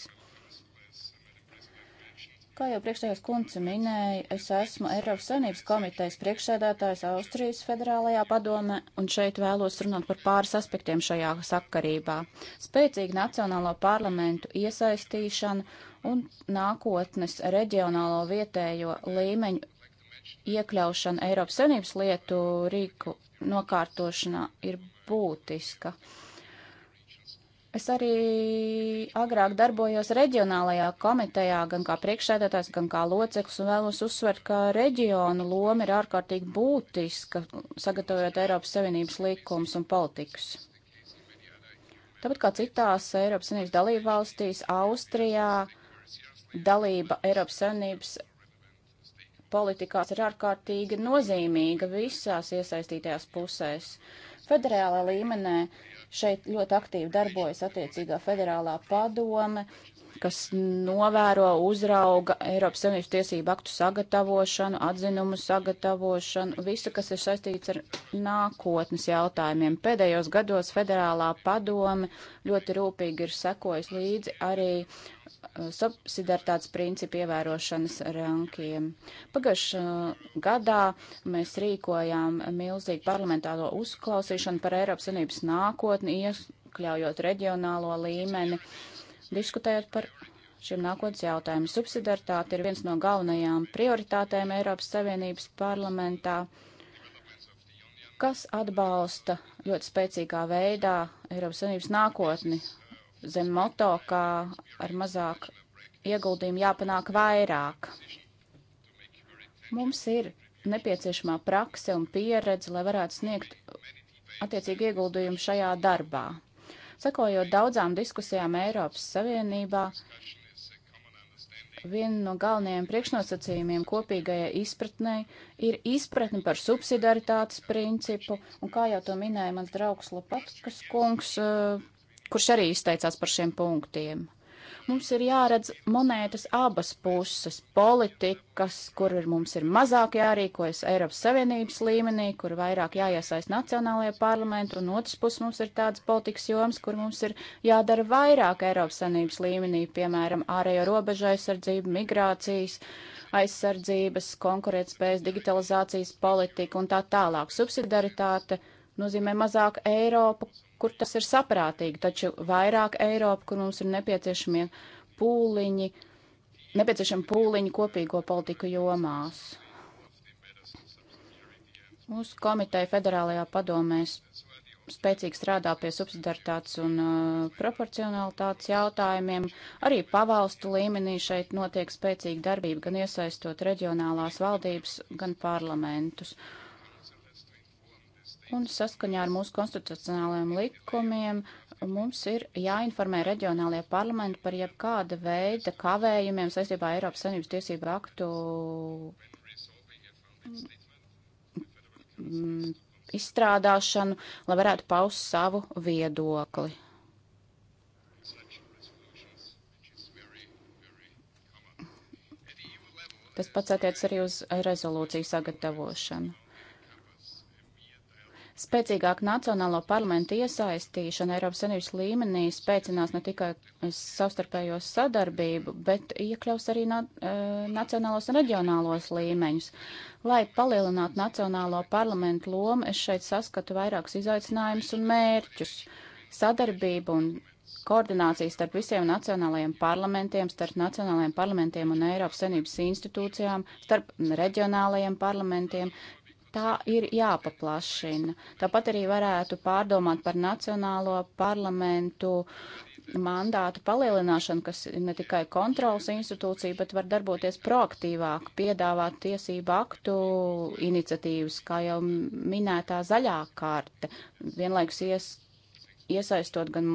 Kā jau priekšstājās kundze minēja, es esmu Eiropas Savienības komitejas priekšsēdētājs Austrijas federālajā padome, un šeit vēlos runāt par pāris aspektiem šajā sakarībā. Spēcīga nacionālo parlamentu iesaistīšana un nākotnes reģionālo vietējo līmeņu iekļaušana Eiropas Savienības lietu rīku nokārtošanā ir būtiska. Es arī agrāk darbojos reģionālajā komitejā, gan kā priekšsēdētājs, gan kā loceklis, un vēlos uzsvert, ka reģionu loma ir ārkārtīgi būtiska, sagatavojot Eiropas Savienības likumus un politikas. Tāpat kā citās Eiropas Savienības dalībvalstīs, Austrijā, dalība Eiropas Savienības politikās ir ārkārtīgi nozīmīga visās iesaistītajās pusēs. Federālā līmenē šeit ļoti aktīvi darbojas attiecīgā federālā padome, kas novēro, uzrauga Eiropas Savienības tiesību aktu sagatavošanu, atzinumu sagatavošanu, visu, kas ir saistīts ar nākotnes jautājumiem. Pēdējos gados federālā padome ļoti rūpīgi ir sekojis līdzi arī uh, subsidiartāts principu ievērošanas rankiem. Pagājušā uh, gadā mēs rīkojām milzīgu parlamentāro uzklausīšanu par Eiropas Savienības nākotni, iekļaujot reģionālo līmeni. Uh, diskutējot par šiem nākotnes jautājumiem. Subsidiaritāte ir viens no galvenajām prioritātēm Eiropas Savienības parlamentā, kas atbalsta ļoti spēcīgā veidā Eiropas Savienības nākotni zem moto, kā ar mazāk ieguldījumu jāpanāk vairāk. Mums ir nepieciešamā prakse un pieredze, lai varētu sniegt attiecīgi ieguldījumu šajā darbā. Sakojot daudzām diskusijām Eiropas Savienībā, viena no galvenajiem priekšnosacījumiem kopīgajai izpratnei ir izpratne par subsidaritātes principu, un kā jau to minēja mans draugs Lapatkas kungs, eh, kurš arī izteicās par šiem punktiem. Mums ir jāredz monētas abas puses - politikas, kur ir, mums ir mazāk jārīkojas Eiropas Savienības līmenī, kur vairāk jāiesaist nacionālajie parlamenti, un otrs puses mums ir tāds politikas joms, kur mums ir jādara vairāk Eiropas Savienības līmenī, piemēram, ārējo robežu aizsardzību, migrācijas aizsardzības, konkurētspējas, digitalizācijas politika un tā tālāk. Subsidaritāte nozīmē mazāk Eiropu, kur tas ir saprātīgi, taču vairāk Eiropa, kur mums ir nepieciešamie pūliņi, nepieciešami pūliņi kopīgo politiku jomās. Mūsu komiteja federālajā padomēs spēcīgi strādā pie subsidaritātes un uh, proporcionalitātes jautājumiem. Arī pavalstu līmenī šeit notiek spēcīga darbība, gan iesaistot reģionālās valdības, gan parlamentus. Un saskaņā ar mūsu konstitucionālajiem likumiem mums ir jāinformē reģionālajie parlamenti par jebkāda veida kavējumiem saistībā Eiropas Savienības tiesību aktu mm, izstrādāšanu, lai varētu paust savu viedokli. Tas pats attiec arī uz rezolūciju sagatavošanu. Spēcīgāk nacionālo parlamentu iesaistīšana Eiropas Savienības līmenī spēcinās ne tikai savstarpējo sadarbību, bet iekļaus arī na e, nacionālos un reģionālos līmeņus. Lai palielinātu nacionālo parlamentu lomu, es šeit saskatu vairākus izaicinājumus un mērķus. Sadarbību un koordinācija starp visiem nacionālajiem parlamentiem, starp nacionālajiem parlamentiem un Eiropas Savienības institūcijām, starp reģionālajiem parlamentiem, tā ir jāpaplašina. Tāpat arī varētu pārdomāt par nacionālo parlamentu mandātu palielināšanu, kas ne tikai kontrols institūcija, bet var darboties proaktīvāk, piedāvāt tiesību aktu iniciatīvas, kā jau minētā zaļā kārta, vienlaikus ies, iesaistot gan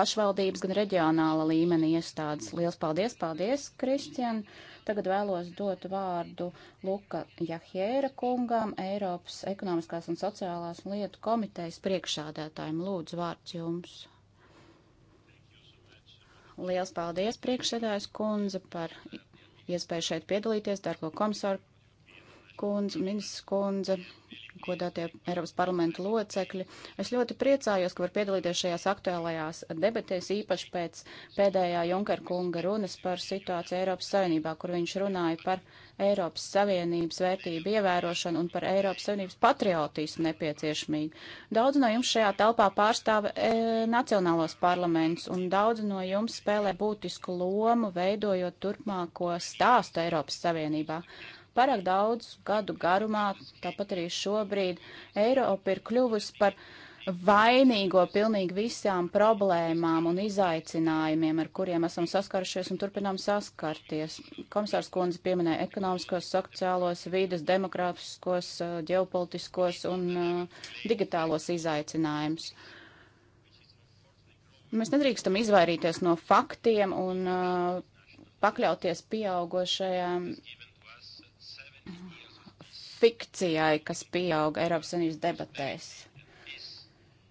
pašvaldības, gan reģionāla līmeni iestādes. Liels paldies, paldies, Kristian! Tagad vēlos dot vārdu Luka Jahēra kungam, Eiropas ekonomiskās un sociālās lietu komitejas priekšādētājiem. Lūdzu, vārds jums. Liels paldies priekšsēdājas kundze par iespēju šeit piedalīties, darbo komisāru kundze, ministrs kundze, godātie Eiropas parlamenta locekļi. Es ļoti priecājos, ka var piedalīties šajās aktuālajās debatēs, īpaši pēc pēdējā Junkar kunga runas par situāciju Eiropas Savienībā, kur viņš runāja par Eiropas Savienības vērtību ievērošanu un par Eiropas Savienības patriotismu nepieciešamību. Daudz no jums šajā telpā pārstāv e, nacionālos parlaments, un daudz no jums spēlē būtisku lomu, veidojot turpmāko stāstu Eiropas Savienībā. Parāk daudz gadu garumā, tāpat arī šobrīd, Eiropa ir kļuvusi par vainīgo pilnīgi visām problēmām un izaicinājumiem, ar kuriem esam saskaršies un turpinām saskarties. Komisārs Kundze pieminēja ekonomiskos, sociālos, vīdes, demokrātiskos, eh, ģeopolitiskos un uh, digitālos izaicinājumus. Mēs nedrīkstam izvairīties no faktiem un uh, pakļauties pieaugošajām fikcijai, kas pieauga Eiropas Savienības debatēs.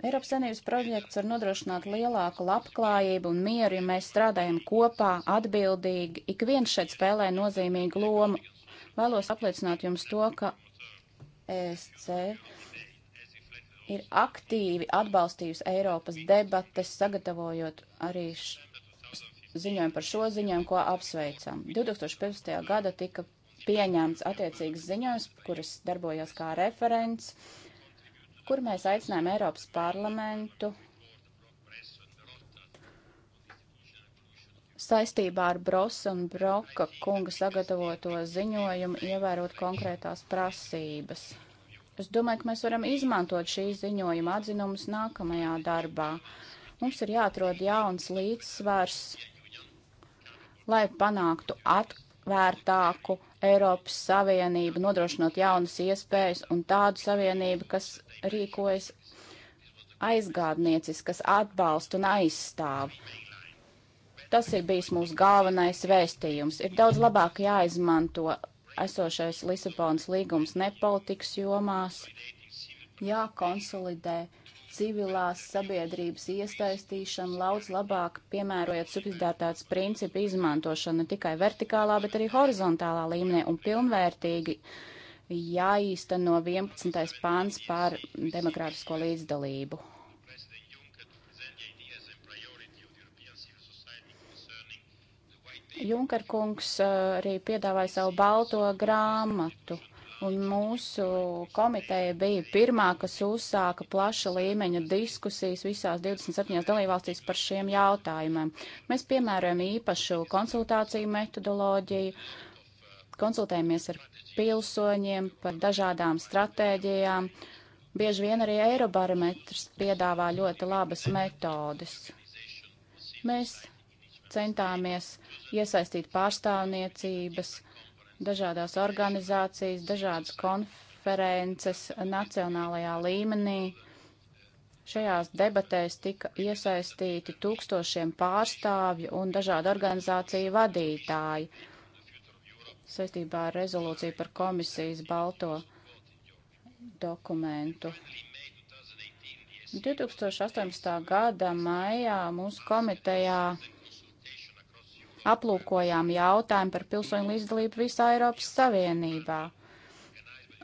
Eiropas Savienības projekts var nodrošināt lielāku labklājību un mieru, ja mēs strādājam kopā atbildīgi. Ik viens šeit spēlē nozīmīgu lomu. Vēlos apliecināt jums to, ka ESC ir aktīvi atbalstījusi Eiropas debates, sagatavojot arī ziņojumu par šo ziņojumu, ko apsveicam. 2015. gada tika pieņemts attiecīgs ziņojums, kuras darbojos kā referents, kur mēs aicinājām Eiropas parlamentu saistībā ar Brosa un Broka kunga sagatavoto ziņojumu ievērot konkrētās prasības. Es domāju, ka mēs varam izmantot šī ziņojuma atzinumus nākamajā darbā. Mums ir jāatrod jauns līdzsvars, lai panāktu atvērtāku Eiropas Savienība, nodrošinot jaunas iespējas un tādu savienību, kas rīkojas aizgādniecis, kas atbalsta un aizstāv. Tas ir bijis mūsu galvenais vēstījums. Ir daudz labāk jāizmanto esošais Lisabonas līgums ne politikas jomās, jākonsolidē. Ja, civilās sabiedrības iesaistīšana daudz labāk piemērojot subsidiārtātes principu izmantošanu ne tikai vertikālā, bet arī horizontālā līmenī un pilnvērtīgi jāīsteno 11. pāns par demokrātisko līdzdalību. Junker kungs eh, arī piedāvāja savu balto grāmatu – Un mūsu komiteja bija pirmā, kas uzsāka plaša līmeņa diskusijas visās 27 dalībvalstīs par šiem jautājumiem. Mēs piemērojam īpašu konsultāciju metodoloģiju, konsultējamies ar pilsoņiem par dažādām stratēģijām. Bieži vien arī Eirobarometrs piedāvā ļoti labas metodes. Mēs centāmies iesaistīt pārstāvniecības dažādās organizācijas, dažādas konferences nacionālajā līmenī. Šajās debatēs tika iesaistīti tūkstošiem pārstāvju un dažādu organizāciju vadītāji saistībā ar rezolūciju par komisijas balto dokumentu. 2018. gada maijā mūsu komitejā aplūkojām jautājumu par pilsoņu līdzdalību visā Eiropas Savienībā.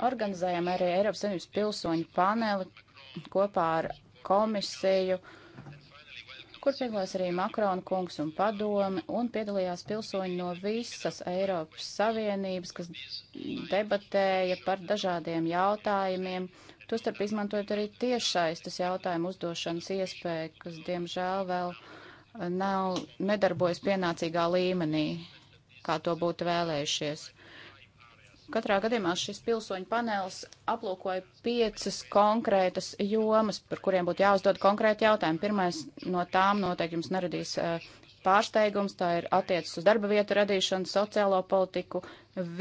Organizējam arī Eiropas Savienības pilsoņu paneli kopā ar komisiju, kur piedalās arī Makrona kungs un padomi, un piedalījās pilsoņi no visas Eiropas Savienības, kas debatēja par dažādiem jautājumiem, tostarp izmantojot arī tiešsaistes jautājumu uzdošanas iespēju, kas, diemžēl, vēl nav, nedarbojas pienācīgā līmenī, kā to būtu vēlējušies. Katrā gadījumā šis pilsoņu panels aplūkoja piecas konkrētas jomas, par kuriem būtu jāuzdod konkrēti jautājumi. Pirmais no tām noteikti jums neradīs eh, pārsteigums, tā ir attiecas uz darba vietu radīšanu, sociālo politiku,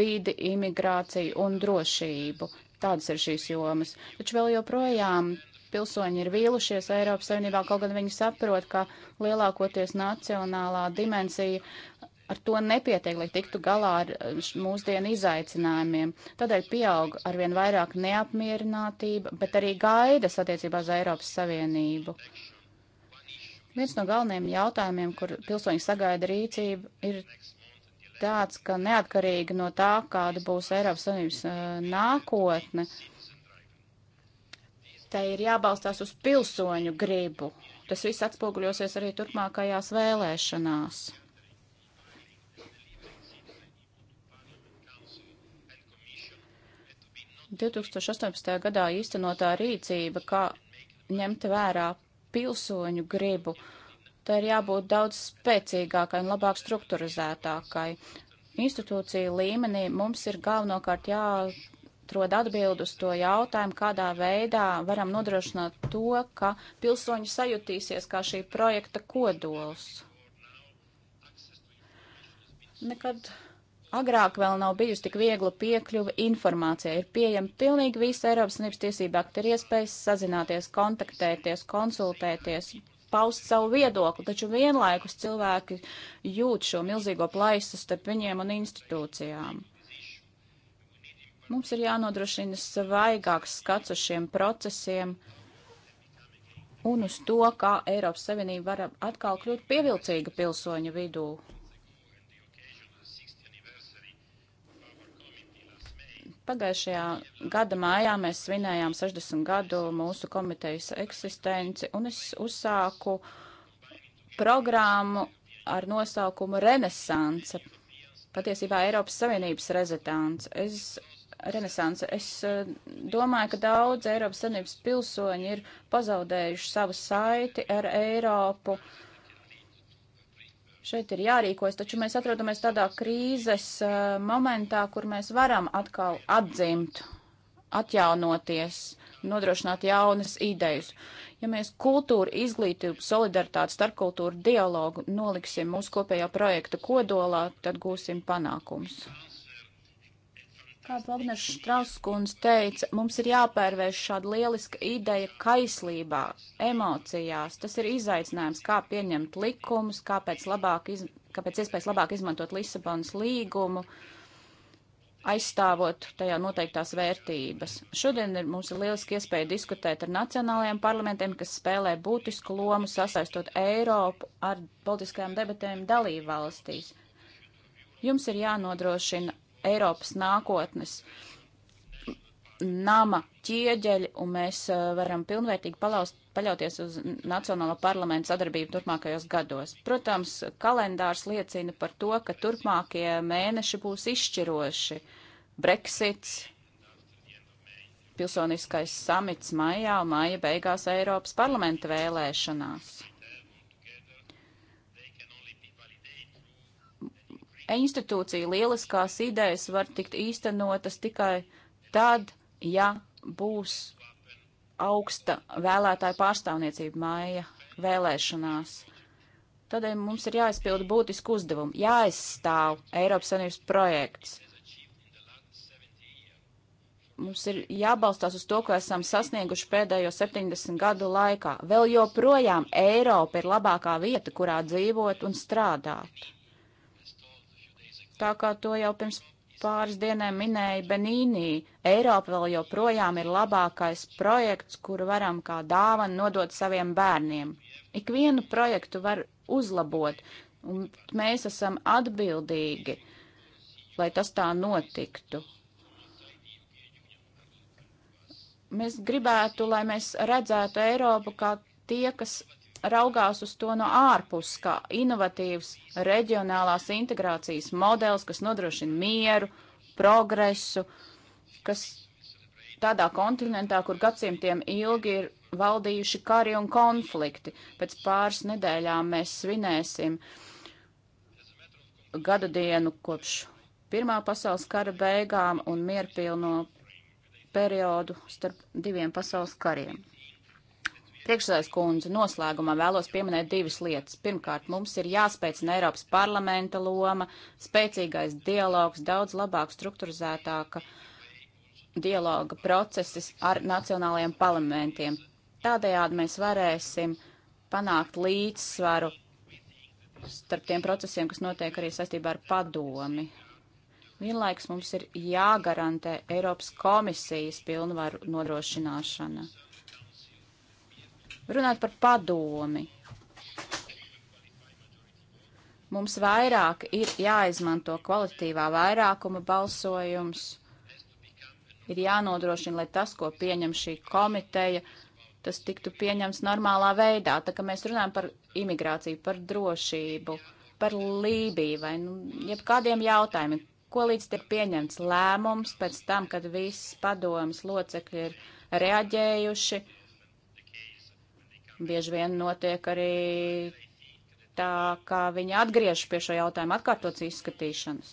vidi, imigrāciju un drošību. Tādas ir šīs jomas. Taču vēl joprojām pilsoņi ir vīlušies Eiropas Savienībā, kaut gan viņi saprot, ka lielākoties nacionālā dimensija ar to nepietiek, lai tiktu galā ar eh, mūsdienu izaicinājumiem. Tādēļ pieaug arvien vairāk neapmierinātība, bet arī gaidas attiecībā uz Eiropas Savienību. Viens no galvenajiem jautājumiem, kur pilsoņi sagaida rīcību, ir tāds, ka neatkarīgi no tā, kāda būs Eiropas Savienības uh, nākotne, uh, Tai ir jābalstās uz pilsoņu gribu. Tas viss atspoguļosies arī turpmākajās vēlēšanās. ...2018. gadā īstenotā rīcība, kā ņemt vērā pilsoņu gribu, tai ir jābūt daudz spēcīgākai un labāk strukturizētākai. Institūcija līmenī mums ir galvenokārt jā atrod atbildu uz to jautājumu, kādā veidā varam nodrošināt to, ka pilsoņi sajutīsies kā šī projekta kodols. Nekad agrāk vēl nav bijusi tik viegla piekļuva informācijai. Ir pieejama pilnīgi visa Eiropas Savienības tiesība akta, ir iespējas sazināties, kontaktēties, konsultēties, paust savu viedokli, taču vienlaikus cilvēki jūt šo milzīgo plaisu starp viņiem un institūcijām. Mums ir jānodrošina svaigāks skats uz šiem procesiem un uz to, kā Eiropas Savienība var atkal kļūt pievilcīga pilsoņu vidū. Pagājušajā gada mājā mēs svinējām 60 gadu mūsu komitejas eksistenci, un es uzsāku programmu ar nosaukumu Renesanse. Patiesībā Eiropas Savienības rezidentāns. Es renesanse. Es eh, domāju, ka daudz Eiropas Savienības pilsoņi ir pazaudējuši savu saiti ar Eiropu. Šeit ir jārīkojas, taču mēs atrodamies tādā krīzes eh, momentā, kur mēs varam atkal atdzimt, atjaunoties, nodrošināt jaunas idejas. Ja mēs kultūru, izglītību, solidaritāti, starpkultūru dialogu noliksim mūsu kopējā projekta kodolā, tad gūsim panākumus. Kā Bognes Štrauskunds teica, mums ir jāpērvērš šāda lieliska ideja kaislībā, emocijās. Tas ir izaicinājums, kā pieņemt likumus, kāpēc, labāk iz, kāpēc iespējas labāk izmantot Lisabonas līgumu aizstāvot tajā noteiktās vērtības. Šodien ir, mums ir lieliski iespēja diskutēt ar nacionālajiem parlamentiem, kas spēlē būtisku lomu sasaistot Eiropu ar politiskajām debatēm dalību valstīs. Jums ir jānodrošina Eiropas nākotnes nama ķieģeļi, un mēs eh, varam pilnvērtīgi palaust, paļauties uz Nacionālo parlamentu sadarbību turpmākajos gados. Protams, kalendārs liecina par to, ka turpmākie mēneši būs izšķiroši. Brexits, pilsoniskais samits maijā un māja beigās Eiropas parlamenta vēlēšanās. institūciju lieliskās idejas var tikt īstenotas tikai tad, ja būs augsta vēlētāju pārstāvniecība māja vēlēšanās. Tādēļ mums ir jāizpilda būtisku uzdevumu, jāizstāv Eiropas Savienības projekts. Mums ir jābalstās uz to, ko esam sasnieguši pēdējo 70 gadu laikā. Vēl joprojām Eiropa ir labākā vieta, kurā dzīvot un strādāt tā kā to jau pirms pāris dienām minēja Benīnī, Eiropa vēl joprojām ir labākais projekts, kuru varam kā dāvanu nodot saviem bērniem. Ikvienu projektu var uzlabot, un mēs esam atbildīgi, lai tas tā notiktu. Mēs gribētu, lai mēs redzētu Eiropu kā tie, kas raugās uz to no ārpuses, kā inovatīvs reģionālās integrācijas modelis, kas nodrošina mieru, progresu, kas tādā kontinentā, kur gadsimtiem ilgi ir valdījuši kari un konflikti. Pēc pāris nedēļām mēs svinēsim gada dienu kopš Pirmā pasaules kara beigām un mierpilno periodu starp diviem pasaules kariem. Priekšsēdājas kundze, noslēgumā vēlos pieminēt divas lietas. Pirmkārt, mums ir jāspēcina Eiropas parlamenta loma, spēcīgais dialogs, daudz labāk strukturizētāka dialoga procesis ar nacionālajiem parlamentiem. Tādējādi mēs varēsim panākt līdzsvaru starp tiem procesiem, kas notiek arī saistībā ar padomi. Vienlaiks mums ir jāgarantē Eiropas komisijas pilnvaru nodrošināšana. Runāt par padomi. Mums vairāk ir jāizmanto kvalitīvā vairākuma balsojums, ir jānodrošina, lai tas, ko pieņem šī komiteja, tas tiktu pieņems normālā veidā. Tā kā mēs runājam par imigrāciju, par drošību, par Lībiju vai nu, jebkādiem jautājumiem, ko līdz tiek pieņemts lēmums pēc tam, kad viss padomas locekļi ir reaģējuši bieži vien notiek arī tā, ka viņi atgriež pie šo jautājumu atkārtots izskatīšanas.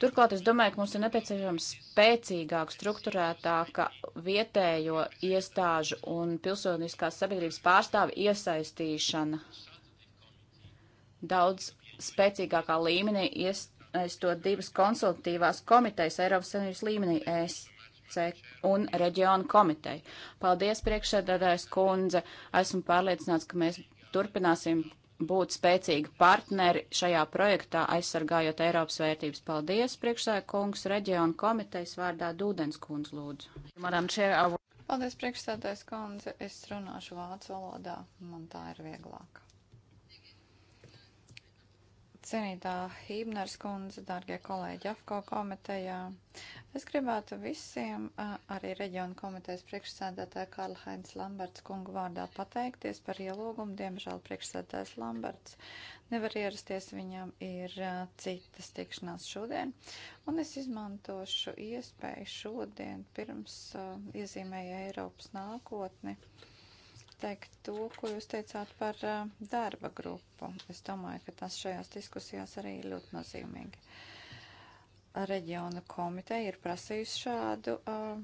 Turklāt es domāju, ka mums ir nepieciešams spēcīgāk, struktūrētāka vietējo iestāžu un pilsoniskās sabiedrības pārstāvi iesaistīšana daudz spēcīgākā līmenī iesaistot divas konsultīvās komitejas Eiropas Savienības līmenī ESCK un reģionu komiteju. Paldies, priekšsēdētājs kundze. Esmu pārliecināts, ka mēs turpināsim būt spēcīgi partneri šajā projektā, aizsargājot Eiropas vērtības. Paldies, priekšsēdētāj kungs, reģionu komitejas vārdā Dūdens kundz lūdzu. Paldies, priekšsēdētājs kundze. Es runāšu vācu valodā. Man tā ir vieglāk. Cienītā Hībners kundze, dārgie kolēģi AFKO komitejā, es gribētu visiem, arī reģionu komitejas priekšsēdētāja Karla Heinz Lamberts kungu vārdā pateikties par ielūgumu. Diemžēl priekšsēdētājs Lamberts nevar ierasties, viņam ir citas tikšanās šodien. Un es izmantošu iespēju šodien pirms iezīmēju Eiropas nākotni. Uh, pateikt to, ko jūs teicāt par darba grupu. Es domāju, ka tas šajās diskusijās arī ir ļoti nozīmīgi. Reģiona komiteja ir prasījusi šādu uh,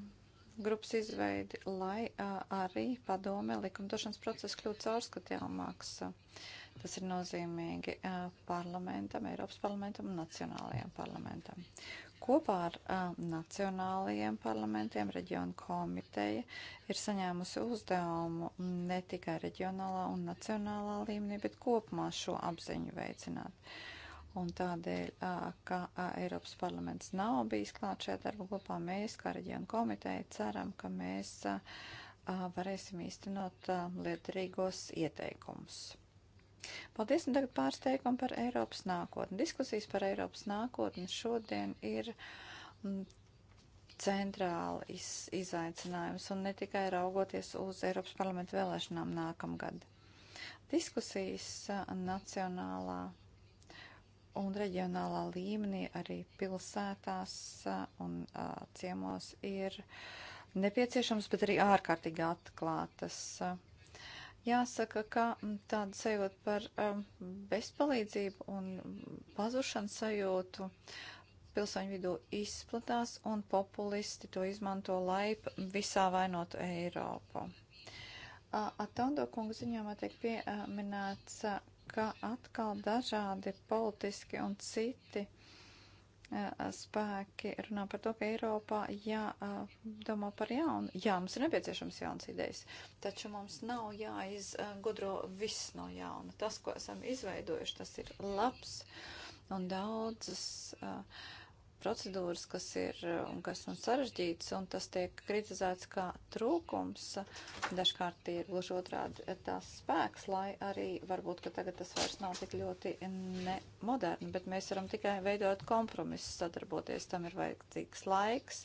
grupas izveidi, lai uh, arī padome likumdošanas process kļūtu caurskatāmāks. Tas ir nozīmīgi uh, parlamentam, Eiropas parlamentam un nacionālajiem parlamentam. Kopā ar uh, nacionālajiem parlamentiem reģionu komiteja ir saņēmusi uzdevumu ne tikai reģionālā un nacionālā līmenī, bet kopumā šo apziņu veicināt. Un tādēļ, uh, ka uh, Eiropas parlaments nav bijis klāt šajā darba grupā, mēs, kā reģionu komiteja, ceram, ka mēs uh, varēsim īstenot uh, lietarīgos ieteikumus. Paldies, un tagad pārsteigumi par Eiropas nākotni. Diskusijas par Eiropas nākotni šodien ir mm, centrāli iz, izaicinājums, un ne tikai raugoties uz Eiropas parlamentu vēlēšanām nākamgad. Diskusijas nacionālā un reģionālā līmenī arī pilsētās un a, ciemos ir nepieciešams, bet arī ārkārtīgi atklātas. A, Jāsaka, ka tāda sajūta par um, bezpalīdzību un pazušanu sajūtu pilsoņu vidū izplatās, un populisti to izmanto, lai visā vainotu Eiropu. Atondo kungu ziņojumā tiek pieminēts, ka atkal dažādi politiski un citi uh, Eh, spēki runā par to, ka Eiropā jādomā par jaunu. Jā, mums ir nepieciešams jauns idejas, taču mums nav jāizgudro viss no jauna. Tas, ko esam izveidojuši, tas ir labs un daudzas. Uh, procedūras, kas ir eh, un kas un sarežģītas, un tas tiek kritizēts kā trūkums. Dažkārt ir gluži otrādi eh, tās spēks, lai arī varbūt, ka tagad tas vairs nav tik ļoti nemoderni, bet mēs varam tikai veidot kompromisu, sadarboties. Tam ir vajadzīgs laiks,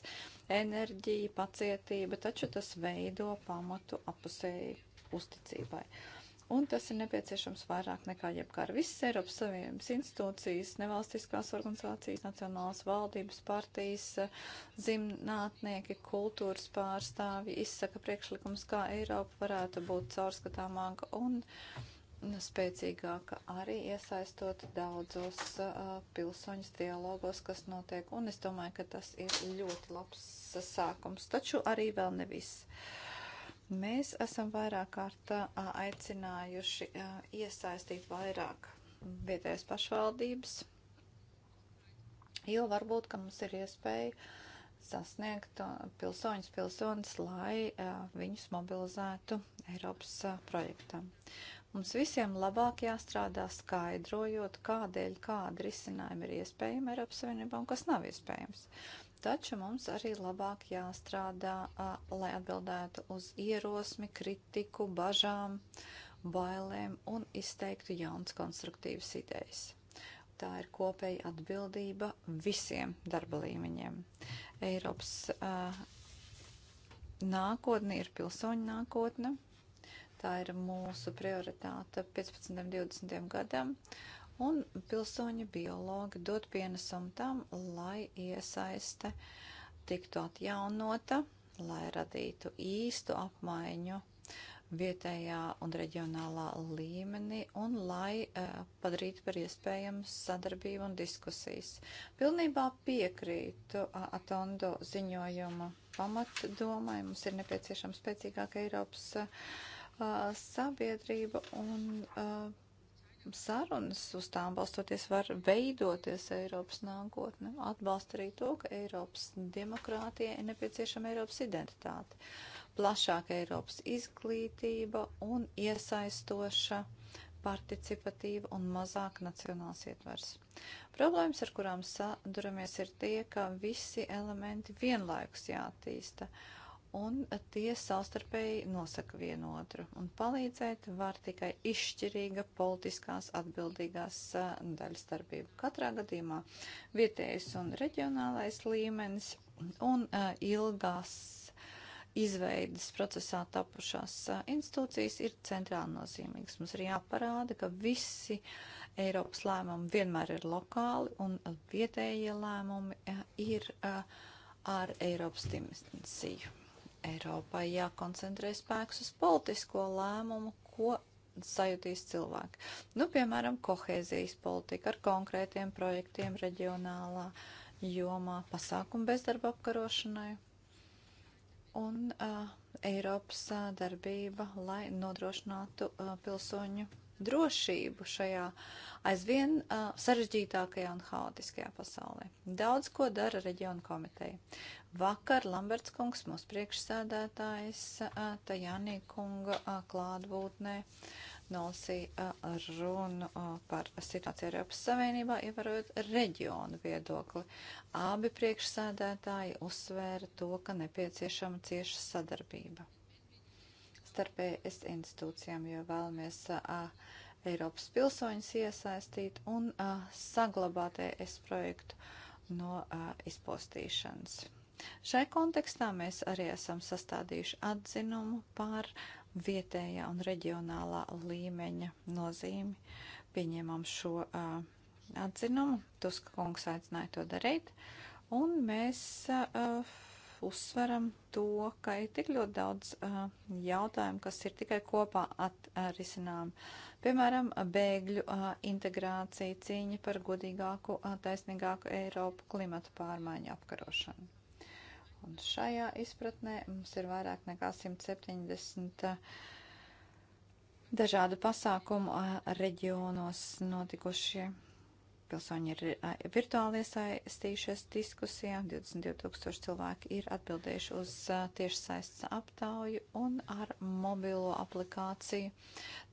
enerģija, pacietība, taču tas veido pamatu apusēji uzticībai. Uh, un tas ir nepieciešams vairāk nekā jebkar. Visas Eiropas Savienības institūcijas, nevalstiskās organizācijas, nacionālas valdības partijas, zinātnieki, kultūras pārstāvji izsaka priekšlikums, kā Eiropa varētu būt caurskatāmāka un spēcīgāka arī iesaistot daudzos uh, pilsoņus dialogos, kas notiek, un es domāju, ka tas ir ļoti labs sākums, taču arī vēl ne viss. Uh, Mēs esam vairāk kārt aicinājuši iesaistīt vairāk vietējās pašvaldības, jo varbūt, ka mums ir iespēja sasniegt pilsoņus, pilsonis, lai viņus mobilizētu Eiropas projektam. Mums visiem labāk jāstrādā skaidrojot, kādēļ kāda risinājuma ir iespējama Eiropas Savienībā un kas nav iespējams. Taču mums arī labāk jāstrādā, lai atbildētu uz ierosmi, kritiku, bažām, bailēm un izteiktu jauns konstruktīvas idejas. Tā ir kopēja atbildība visiem darba līmeņiem. Eiropas uh, nākotne ir pilsoņu nākotne. Tā ir mūsu prioritāte 15. un 20. gadam. Uh, un pilsoņi biologi dot pienesumu tam, lai iesaiste tiktu atjaunota, lai radītu īstu apmaiņu vietējā un reģionālā līmenī un lai uh, padarītu par iespējamu sadarbību un diskusijas. Pilnībā piekrītu uh, Atondo ziņojuma pamatdomai. Mums ir nepieciešama spēcīgāka Eiropas uh, sabiedrība un uh, sarunas uz tām balstoties var veidoties Eiropas nākotne. Atbalsta arī to, ka Eiropas demokrātija ir nepieciešama Eiropas identitāte, plašāka Eiropas izglītība un iesaistoša participatīva un mazāk nacionāls ietvers. Problēmas, ar kurām saduramies, ir tie, ka visi elementi vienlaikus jātīsta. Uh, un tie savstarpēji nosaka vienotru. Un palīdzēt var tikai izšķirīga politiskās atbildīgās daļas darbība. Katrā gadījumā vietējais un reģionālais līmenis un a, ilgās izveidas procesā tapušās a, institūcijas ir centrāli nozīmīgas. Mums ir jāparāda, ka visi Eiropas lēmumi vienmēr ir lokāli un vietējie lēmumi a, ir ar Eiropas dimensiju. Eiropai jākoncentrē spēks uz politisko lēmumu, ko sajūtīs cilvēki. Nu, piemēram, kohēzijas politika ar konkrētiem projektiem reģionālā jomā, pasākumu bezdarba apkarošanai un uh, Eiropas uh, darbība, lai nodrošinātu uh, pilsoņu drošību šajā aizvien uh, sarežģītākajā un haotiskajā pasaulē. Daudz ko dara reģiona komiteja. Vakar Lamberts kungs, mūsu priekšsēdētājs, Tajānī kunga klātbūtnē nolasīja runu par situāciju Eiropas Savienībā, ievarot reģionu viedokli. Abi priekšsēdētāji uzsvēra to, ka nepieciešama cieša sadarbība starp ES institūcijām, jo vēlamies Eiropas pilsoņus iesaistīt un saglabāt ES projektu no izpostīšanas. Šai kontekstā mēs arī esam sastādījuši atzinumu par vietējā un reģionālā līmeņa nozīmi. Pieņēmām šo uh, atzinumu, Tuska kungs aicināja to darīt, un mēs uh, uzsveram to, ka ir tik ļoti daudz uh, jautājumu, kas ir tikai kopā atrisinām. Piemēram, bēgļu uh, integrācija, cīņa par godīgāku, uh, taisnīgāku Eiropu, klimata pārmaiņu apkarošanu. Un šajā izpratnē mums ir vairāk nekā 170 dažādu pasākumu reģionos notikušie. Pilsoņi ir virtuāli iesaistījušies diskusijā, 22 tūkstoši cilvēki ir atbildējuši uz tiešsaistes aptauju un ar mobilo aplikāciju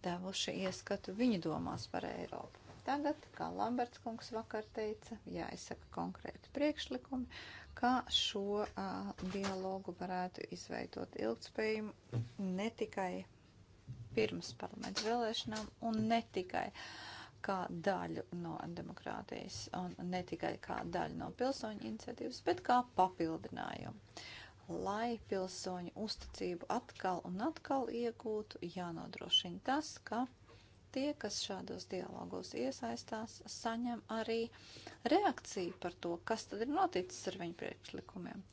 devuši ieskatu viņu domās par Eiropu. Tagad, kā Lamberts kungs vakar teica, jāizsaka konkrēti priekšlikumi, kā šo uh, dialogu varētu izveidot ilgspējumu ne tikai pirms parlamentu vēlēšanām un ne tikai kā daļu no demokrātijas un ne tikai kā daļu no pilsoņu iniciatīvas, bet kā papildinājumu. Lai pilsoņu uzticību atkal un atkal iegūtu, jānodrošina tas, ka tie, kas šādos dialogos iesaistās, saņem arī reakciju par to, kas tad ir noticis ar viņu priekšlikumiem.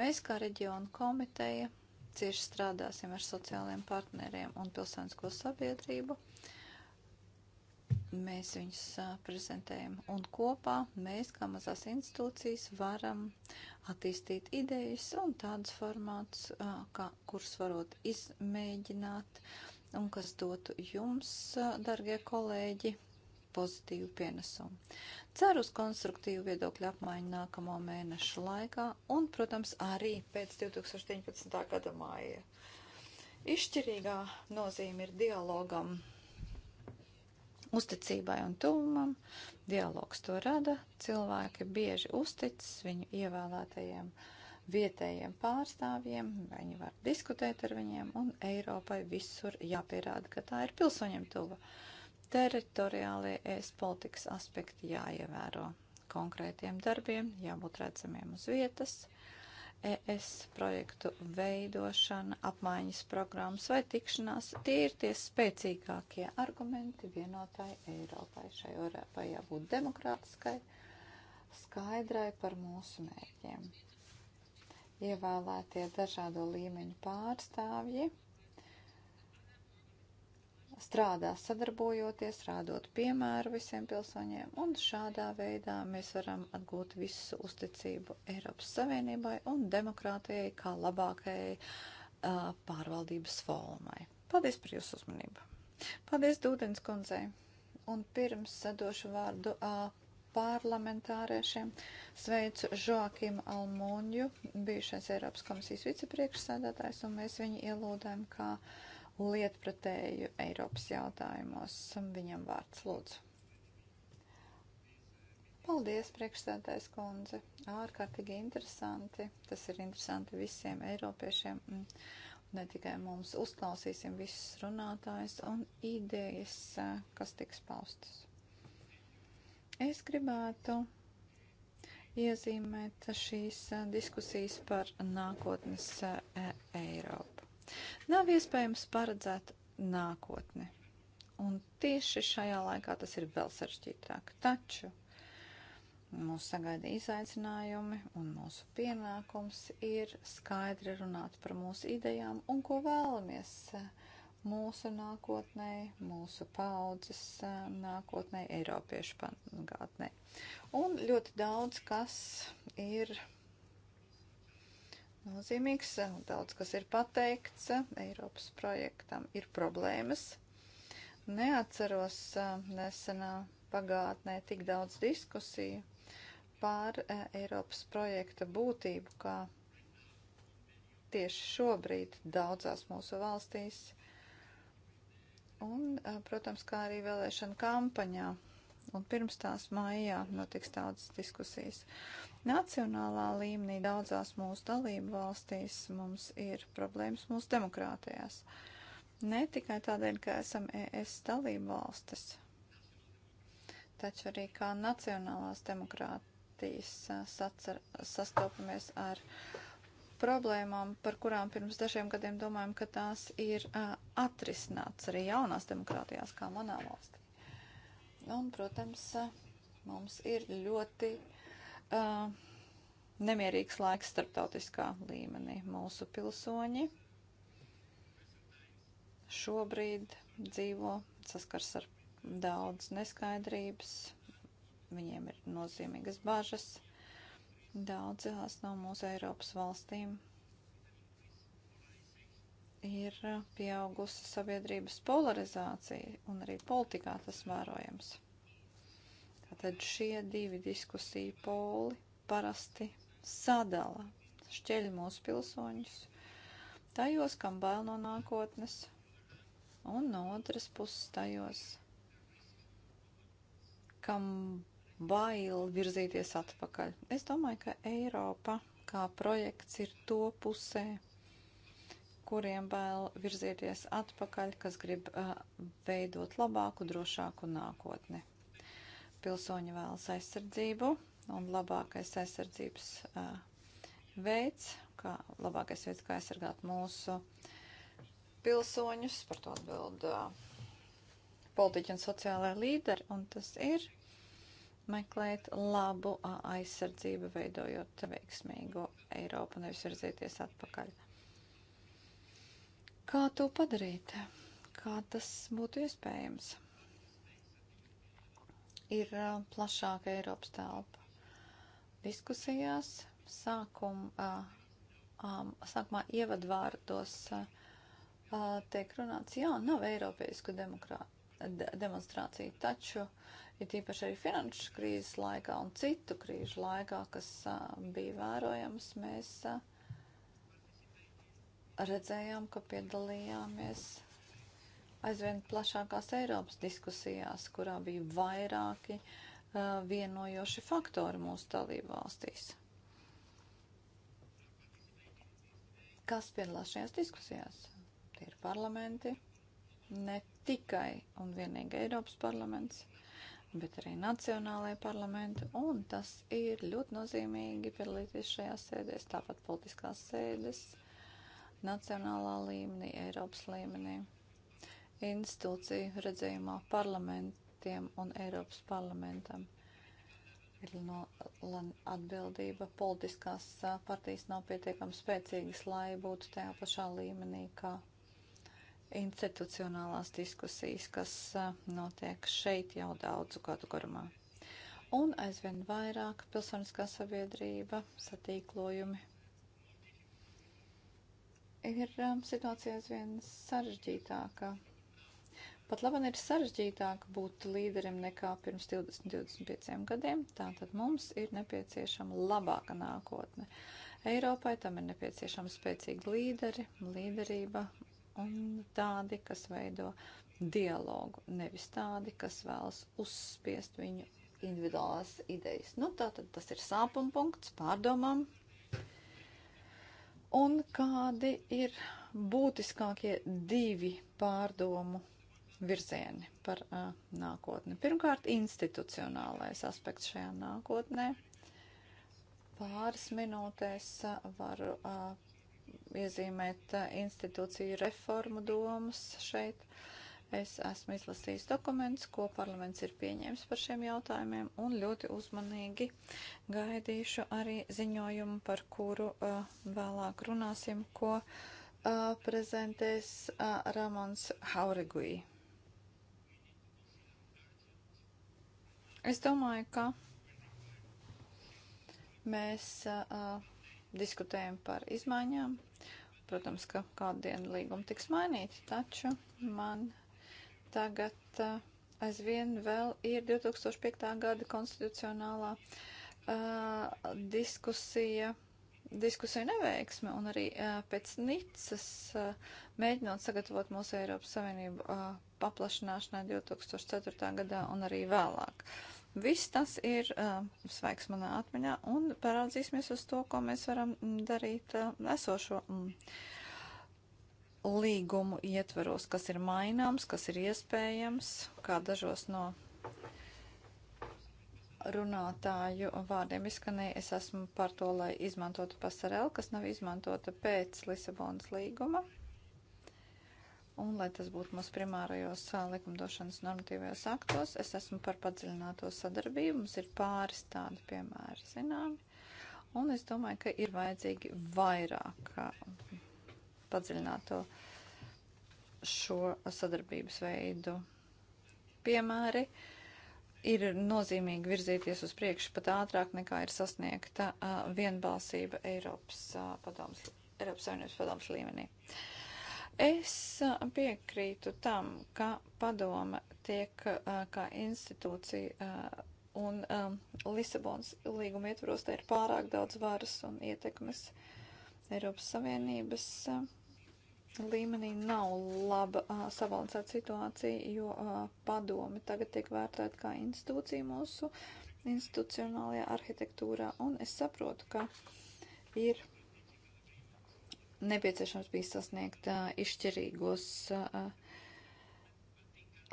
Mēs kā reģiona komiteja cieši strādāsim ar sociālajiem partneriem un pilsonisko sabiedrību. Mēs viņus prezentējam un kopā mēs, kā mazās institūcijas, varam attīstīt idejas un tādus formātus, kā, kurus varot izmēģināt. Uh, un kas dotu jums, dargie kolēģi, pozitīvu pienesumu. Ceru uz konstruktīvu viedokļu apmaiņu nākamo mēnešu laikā un, protams, arī pēc 2019. gada māja. Izšķirīgā nozīme ir dialogam, uzticībai un tūmam. Dialogs to rada, cilvēki bieži uzticas viņu ievēlētajiem uh, vietējiem pārstāvjiem, viņi var diskutēt ar viņiem, un Eiropai visur jāpierāda, ka tā ir pilsoņiem tuva. Teritoriālie ēst politikas aspekti jāievēro konkrētiem darbiem, jābūt redzamiem uz vietas, ES projektu veidošana, apmaiņas programmas vai tikšanās, tie ir tie spēcīgākie argumenti vienotai Eiropai. Šai Eiropai jābūt demokrātiskai, skaidrai par mūsu mērķiem ievēlētie dažādo līmeņu pārstāvji strādā sadarbojoties, rādot piemēru visiem pilsoņiem, un šādā veidā mēs varam atgūt visu uzticību Eiropas Savienībai un demokrātijai kā labākajai uh, pārvaldības formai. Paldies par jūsu uzmanību! Paldies Dūdens kundzei! Un pirms sadošu vārdu uh, parlamentāriešiem. Sveicu Žoakim Almūņu, bijušais Eiropas komisijas vicepriekšsēdētājs, un mēs viņu ielūdām kā lietpratēju Eiropas jautājumos. Viņam vārds lūdzu. Paldies, priekšsēdētājs kundze. Ārkārtīgi interesanti. Tas ir interesanti visiem eiropiešiem. Ne tikai mums uzklausīsim visus runātājus un idejas, kas tiks paustas. Es gribētu iezīmēt šīs eh, diskusijas par nākotnes eh, Eiropu. Nav iespējams paredzēt nākotni. Un tieši šajā laikā tas ir vēl sarežģītāk. Taču mūs sagaida izaicinājumi un mūsu pienākums ir skaidri runāt par mūsu idejām un ko vēlamies. Uh, mūsu nākotnē, mūsu paudzes nākotnē, Eiropiešu pagātnē. Un ļoti daudz, kas ir nozīmīgs, daudz, kas ir pateikts, Eiropas projektam ir problēmas. Neatceros nesenā pagātnē tik daudz diskusiju par Eiropas projekta būtību, kā tieši šobrīd daudzās mūsu valstīs – Un, protams, kā arī vēlēšana kampaņā. Un pirms tās maijā notiks tādas diskusijas. Nacionālā līmenī daudzās mūsu dalību valstīs mums ir problēmas mūsu demokrātijās. Ne tikai tādēļ, ka esam ES dalību valstis, taču arī kā nacionālās demokrātijas sacer, sastopamies ar problēmām, par kurām pirms dažiem gadiem domājam, ka tās ir atrisināts arī jaunās demokrātijās, kā manā valstī. Un, protams, mums ir ļoti uh, nemierīgs laiks starptautiskā līmenī. Mūsu pilsoņi šobrīd dzīvo, saskars ar daudz neskaidrības, viņiem ir nozīmīgas bažas. Daudzās no mūsu Eiropas valstīm ir uh, pieaugusi sabiedrības polarizācija un arī politikā tas vērojams. Tātad šie divi diskusiju poli parasti sadala, šķeļ mūsu pilsoņus tajos, kam bail no nākotnes, un no otras puses tajos, kam bail virzīties atpakaļ. Es domāju, ka Eiropa kā projekts ir to pusē, kuriem vēl virzieties atpakaļ, kas grib uh, veidot labāku, drošāku nākotni. Pilsoņi vēlas aizsardzību un labākais aizsardzības uh, veids, kā labākais veids, kā aizsargāt mūsu pilsoņus, par to atbild uh, politiķi un sociālai līderi, un tas ir meklēt labu aizsardzību, veidojot veiksmīgu Eiropu, nevis virzieties atpakaļ. Kā to padarīt? Kā tas būtu iespējams? Ir plašāka Eiropas telpa. Diskusijās sākum, sākumā ievadvārdos tiek runāts, jā, nav Eiropiesku demonstrāciju, taču ir tīpaši arī finanšu krīzes laikā un citu krīžu laikā, kas bija vērojams, mēs. A, redzējām, ka piedalījāmies aizvien plašākās Eiropas diskusijās, kurā bija vairāki uh, vienojoši faktori mūsu dalību valstīs. Kas piedalās šajās diskusijās? Tie ir parlamenti, ne tikai un vienīgi Eiropas parlaments, bet arī nacionālajie parlamenti, un tas ir ļoti nozīmīgi piedalīties šajās sēdēs, tāpat politiskās sēdes. Uh, nacionālā līmenī, Eiropas līmenī, institūciju redzējumā parlamentiem un Eiropas parlamentam. Ir no atbildība. Politiskās partijas nav pietiekami spēcīgas, lai būtu tajā pašā līmenī, kā institucionālās diskusijas, kas notiek šeit jau daudzu gadu garumā. Un aizvien vairāk pilsoniskā sabiedrība, satīklojumi, ir um, situācija aizvien sarežģītāka. Pat labam ir sarežģītāk būt līderim nekā pirms 20, 25 gadiem. Tātad mums ir nepieciešama labāka nākotne. Eiropai tam ir nepieciešama spēcīga līderi, līderība un tādi, kas veido dialogu, nevis tādi, kas vēlas uzspiest viņu individuālās idejas. Nu, tātad tas ir sāpuma punkts pārdomām Un kādi ir būtiskākie divi pārdomu virzieni par uh, nākotni? Pirmkārt, institucionālais aspekts šajā nākotnē. Pāris minūtēs uh, varu uh, iezīmēt uh, institūciju reformu domas šeit. Uh, Es esmu izlasījis dokumentus, ko parlaments ir pieņēmis par šiem jautājumiem, un ļoti uzmanīgi gaidīšu arī ziņojumu, par kuru uh, vēlāk runāsim, ko uh, prezentēs uh, Ramons Haurigui. Es domāju, ka mēs uh, uh, diskutējam par izmaiņām. Protams, ka kādu dienu līguma tiks mainīti, taču man Tagad uh, aizvien vēl ir 2005. gada konstitucionālā uh, diskusija, diskusija neveiksme un arī uh, pēc Nicas uh, mēģinot sagatavot mūsu Eiropas Savienību uh, paplašanāšanai 2004. gadā un arī vēlāk. Viss tas ir uh, svaigs manā atmiņā un paraudzīsimies uz to, ko mēs varam darīt uh, esošo. Mm līgumu ietvaros, kas ir maināms, kas ir iespējams, kā dažos no runātāju vārdiem izskanēja, es esmu par to, lai izmantotu pasarelu, kas nav izmantota pēc Lisabonas līguma, un lai tas būtu mūsu primārajos likumdošanas normatīvajos aktos, es esmu par padziļināto sadarbību, mums ir pāris tādi piemēri zināmi, un es domāju, ka ir vajadzīgi vairāk padziļināto šo sadarbības veidu piemēri. Ir nozīmīgi virzīties uz priekšu pat ātrāk nekā ir sasniegta vienbalsība Eiropas, padoms, Eiropas Savienības padoms līmenī. Es piekrītu tam, ka padoma tiek kā institūcija un Lisabonas līguma ietvaros te ir pārāk daudz varas un ietekmes. Uh, Eiropas Savienības eh, līmenī nav laba eh, sabalansēta situācija, jo a, eh, padomi tagad tiek vērtēta kā institūcija mūsu institucionālajā arhitektūrā, un es saprotu, ka ir nepieciešams bija sasniegt a, izšķirīgos a,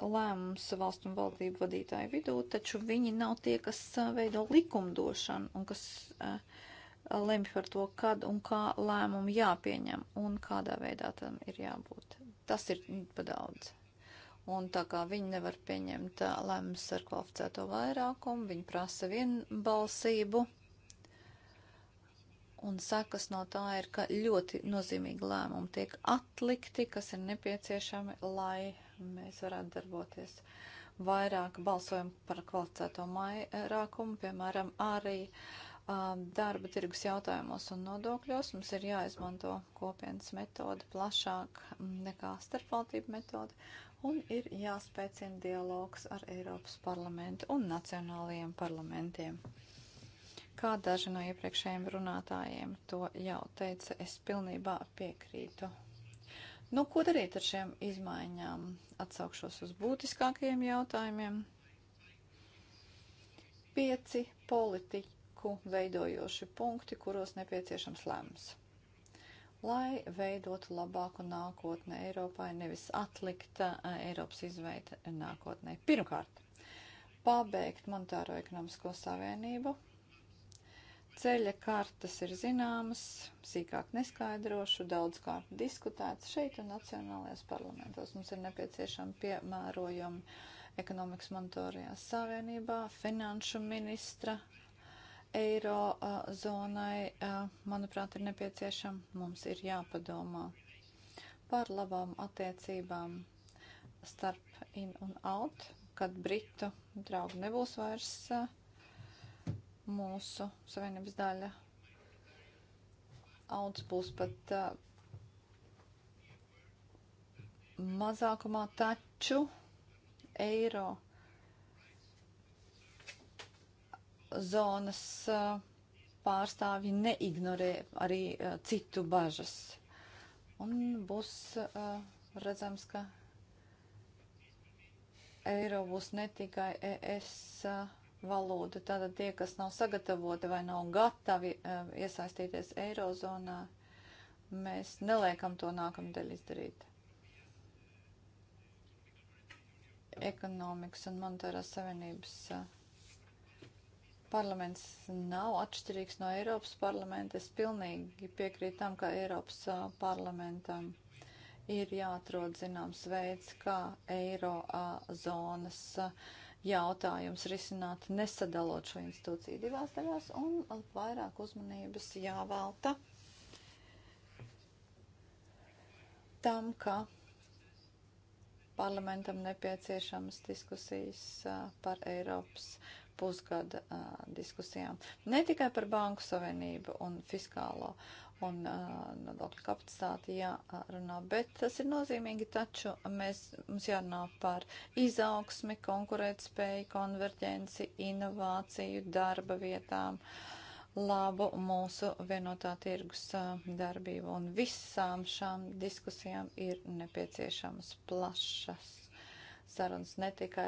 lēmums valstu un valdību vadītāju vidū, taču viņi nav tie, kas veido likumdošanu un kas uh, lemj par to, kad un kā lēmumu jāpieņem un kādā veidā tam ir jābūt. Tas ir padaudz. Un tā kā viņi nevar pieņemt uh, lēmumus ar kvalificēto vairākumu, viņi prasa vienbalsību. Un sekas no tā ir, ka ļoti nozīmīgi lēmumi tiek atlikti, kas ir nepieciešami, lai mēs varētu darboties. Vairāk balsojam par kvalificēto mairākumu, piemēram, arī uh, Um, darba tirgus jautājumos un nodokļos. Mums ir jāizmanto kopienas metode plašāk mm, nekā starpvaldību metode un ir jāspēcina dialogs ar Eiropas parlamentu un nacionālajiem parlamentiem. Kā daži no iepriekšējiem runātājiem to jau teica, es pilnībā piekrītu. Nu, ko darīt ar šiem izmaiņām? Atsaukšos uz būtiskākajiem jautājumiem. Pieci politiķi tirku veidojoši punkti, kuros nepieciešams lēmums. Lai veidotu labāku nākotni Eiropai, nevis atlikt eh, Eiropas izveidi nākotnē. Pirmkārt, pabeigt monetāro ekonomisko savienību. Ceļa kartas ir zināmas, sīkāk neskaidrošu, daudzkārt diskutēts šeit un nacionālajās parlamentos. Mums ir nepieciešama piemērojuma ekonomikas monetārajā savienībā, finanšu ministra eiro uh, zonai, uh, manuprāt, ir nepieciešama. Mums ir jāpadomā par labām attiecībām starp in un out, kad Britu draugi nebūs vairs uh, mūsu savienības daļa. Auts būs pat uh, mazākumā, taču eiro zonas pārstāvji neignorē arī citu bažas. Un būs redzams, ka eiro būs ne tikai ES valoda. Tātad tie, kas nav sagatavoti vai nav gatavi iesaistīties eirozonā, mēs neliekam to nākamdēļ izdarīt. Ekonomikas un monetārās savienības parlaments nav atšķirīgs no Eiropas parlamenta. Es pilnīgi piekrītu tam, ka Eiropas parlamentam ir jāatrod zināms veids, kā eiro a, zonas a, jautājums risināt, nesadalot šo institūciju divās daļās un vairāk uzmanības jāvelta tam, ka parlamentam nepieciešamas diskusijas a, par Eiropas parlamentu pusgada uh, diskusijām. Ne tikai par banku savienību un fiskālo un uh, nodokļu kapacitāti jārunā, bet tas ir nozīmīgi, taču mēs, mums jārunā par izaugsmi, konkurētspēju, konverģenci, inovāciju, darba vietām. Uh, labu mūsu vienotā tirgus darbību. Un visām šām diskusijām ir nepieciešamas plašas sarunas ne tikai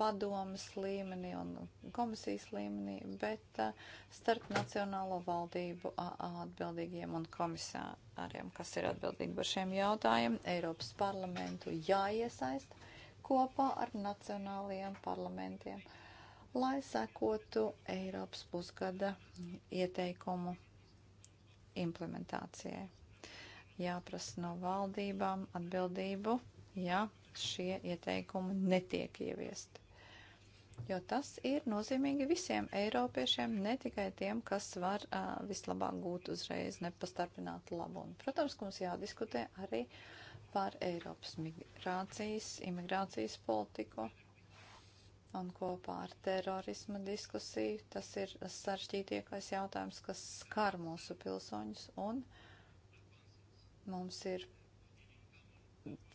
padomas līmenī un komisijas līmenī, bet uh, starp Nacionālo valdību atbildīgiem un komisāriem, kas ir atbildīgi par šiem jautājumiem, Eiropas parlamentu jāiesaist kopā ar nacionālajiem parlamentiem, lai sekotu Eiropas pusgada ieteikumu implementācijai. Jāprasa no valdībām atbildību, jā, šie ieteikumi netiek ieviesti. Jo tas ir nozīmīgi visiem eiropiešiem, ne tikai tiem, kas var uh, vislabāk gūt uzreiz nepastarpinātu labumu. Protams, ka mums jādiskutē arī par Eiropas migrācijas, imigrācijas politiku un kopā ar terorisma diskusiju. Tas ir sarežģītiekais jautājums, kas skar mūsu pilsoņus un mums ir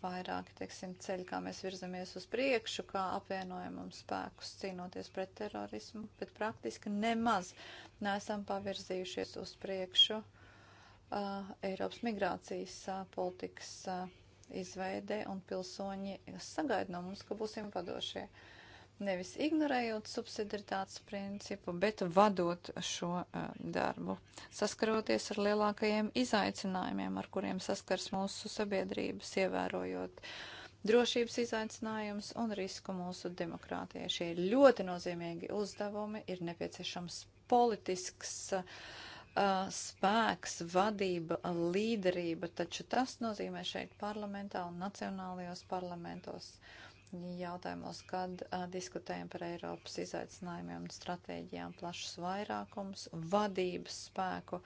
vairāki, teiksim, ceļi, kā mēs virzamies uz priekšu, kā apvienojam mums spēkus cīnoties pret terorismu, bet praktiski nemaz neesam pavirzījušies uz priekšu uh, Eiropas migrācijas uh, politikas uh, izveidē, un pilsoņi sagaida no mums, ka būsim padošie. Uh, nevis ignorējot subsidiaritātes principu, bet vadot šo uh, darbu, saskaroties ar lielākajiem izaicinājumiem, ar kuriem saskars mūsu sabiedrības, ievērojot drošības izaicinājumus un risku mūsu demokrātijai. Šie ir ļoti nozīmīgi uzdevumi, ir nepieciešams politisks. Uh, spēks, vadība, līderība, taču tas nozīmē šeit parlamentā un nacionālajos parlamentos. Uh, jautājumos, kad a, diskutējam par Eiropas izaicinājumiem un stratēģijām plašs vairākums, vadības spēku,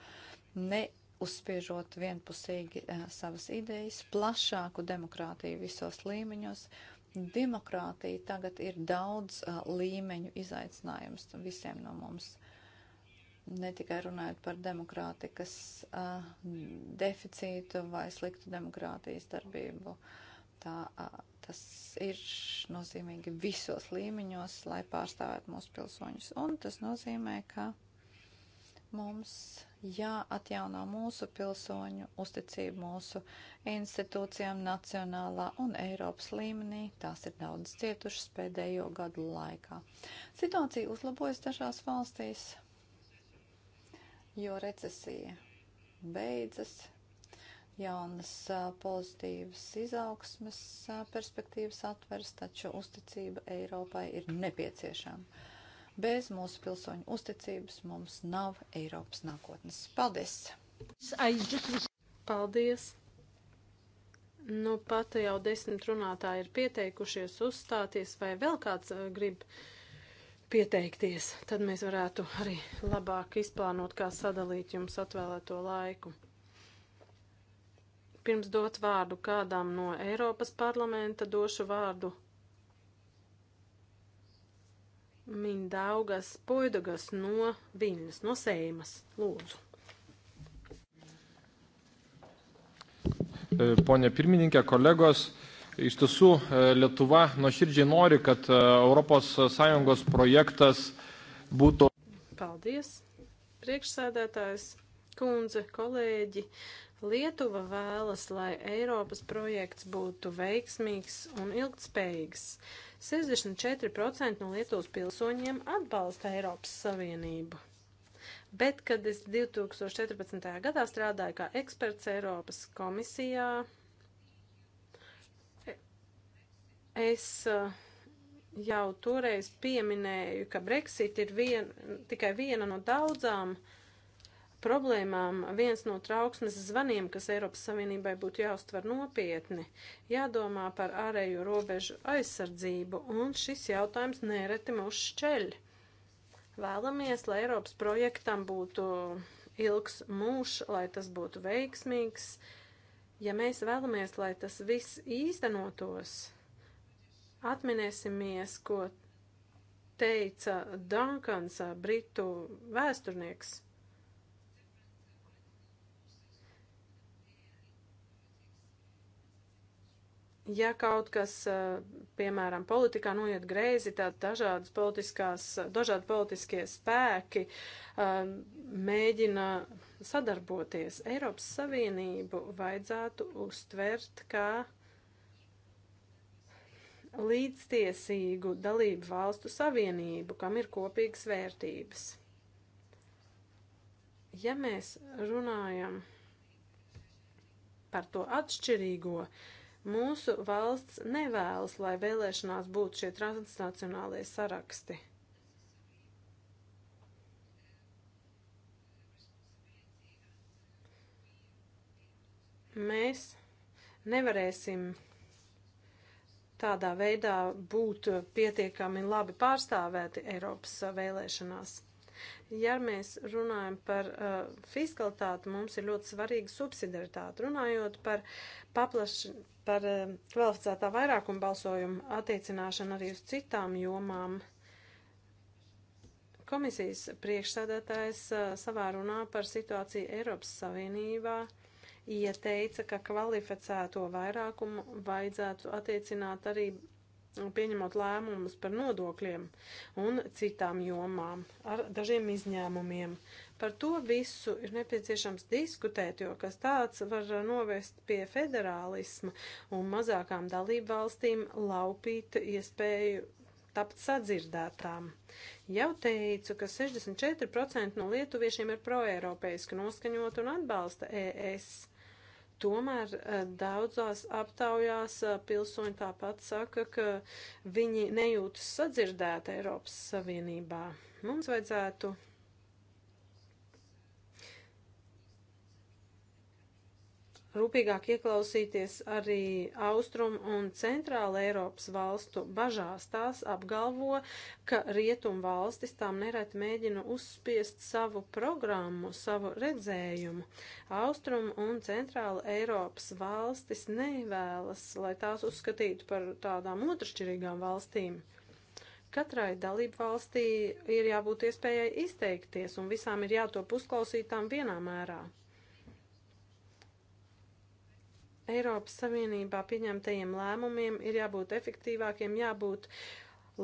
neuzspiežot vienpusīgi a, savas idejas, plašāku demokrātiju visos līmeņos. Demokrātija tagad ir daudz a, līmeņu izaicinājums visiem no mums ne tikai runājot par demokrātikas uh, deficītu vai sliktu demokrātijas darbību. Tā uh, Tas ir nozīmīgi visos līmeņos, lai pārstāvētu mūsu pilsoņus. Un tas nozīmē, ka mums jāatjauno mūsu pilsoņu uzticību mūsu institūcijām nacionālā un Eiropas līmenī. Tās ir daudz cietušas pēdējo gadu laikā. Situācija uzlabojas dažās valstīs, jo recesija beidzas, jaunas pozitīvas izaugsmas perspektīvas atveras, taču uzticība Eiropai ir nepieciešama. Bez mūsu pilsoņu uzticības mums nav Eiropas nākotnes. Paldies! Paldies! Nu, pat jau desmit runātāji ir pieteikušies uzstāties, vai vēl kāds uh, grib pieteikties, tad mēs varētu arī labāk izplānot, kā sadalīt jums atvēlēto laiku pirms dot vārdu kādam no Eiropas parlamenta, došu vārdu Mindaugas Poidogas no Viņas, no Seimas. Lūdzu. E, Pone pirmininkė, kolegos, iš tiesų e, Lietuva nuoširdžiai nori, kad ES projektas būtų. Paldies, priekšsēdētājs, kundze, kolēģi. Lietuva vēlas, lai Eiropas projekts būtu veiksmīgs un ilgtspējīgs. 64% no Lietuvas pilsoņiem atbalsta Eiropas Savienību. Bet, kad es 2014. gadā strādāju kā eksperts Eiropas komisijā, es uh, jau toreiz pieminēju, ka Brexit ir vien, tikai viena no daudzām uh, problēmām viens no trauksmes zvaniem, kas Eiropas Savienībai būtu jāuztver nopietni, jādomā par ārēju robežu aizsardzību, un šis jautājums nereti mūs šķeļ. Vēlamies, lai Eiropas projektam būtu ilgs mūžs, lai tas būtu veiksmīgs. Ja mēs vēlamies, lai tas viss īstenotos, atminēsimies, ko teica Dankans, britu vēsturnieks. ja kaut kas, eh, piemēram, politikā noiet greizi, tad dažādas politiskās, dažādi politiskie spēki um, mēģina sadarboties. Eiropas Savienību vajadzētu uztvert kā līdztiesīgu dalību valstu savienību, kam ir kopīgas vērtības. Ja mēs runājam par to atšķirīgo, uh, Mūsu valsts nevēlas, lai vēlēšanās būtu šie transnacionālie saraksti. Mēs nevarēsim tādā veidā būt pietiekami labi pārstāvēti Eiropas vēlēšanās. Ja mēs runājam par uh, fiskalitāti, mums ir ļoti svarīga subsidiaritāte. Runājot par paplaši, par uh, kvalificētā vairākuma balsojumu attiecināšanu arī uz citām jomām. Komisijas priekšsēdētājs uh, savā runā par situāciju Eiropas Savienībā ieteica, ka kvalificēto vairākumu vajadzētu attiecināt arī pieņemot lēmumus par nodokļiem un citām jomām ar dažiem izņēmumiem. Par to visu ir nepieciešams diskutēt, jo kas tāds var novest pie federālisma un mazākām dalību valstīm laupīt iespēju tapt sadzirdētām. Jau teicu, ka 64% no lietuviešiem ir proeiropeiski noskaņot un atbalsta ES. Tomēr eh, daudzās aptaujās eh, pilsoņi tāpat saka, ka viņi nejūtas sadzirdēt Eiropas Savienībā. Mums vajadzētu rūpīgāk ieklausīties arī Austrum un Centrāla Eiropas valstu bažās. Tās apgalvo, ka Rietum valstis tām nereti mēģina uzspiest savu programmu, savu redzējumu. Austrum un Centrāla Eiropas valstis nevēlas, lai tās uzskatītu par tādām otršķirīgām valstīm. Katrai dalību valstī ir jābūt iespējai izteikties, un visām ir jātop uzklausītām vienā mērā. Eiropas Savienībā pieņemtajiem lēmumiem ir jābūt efektīvākiem, jābūt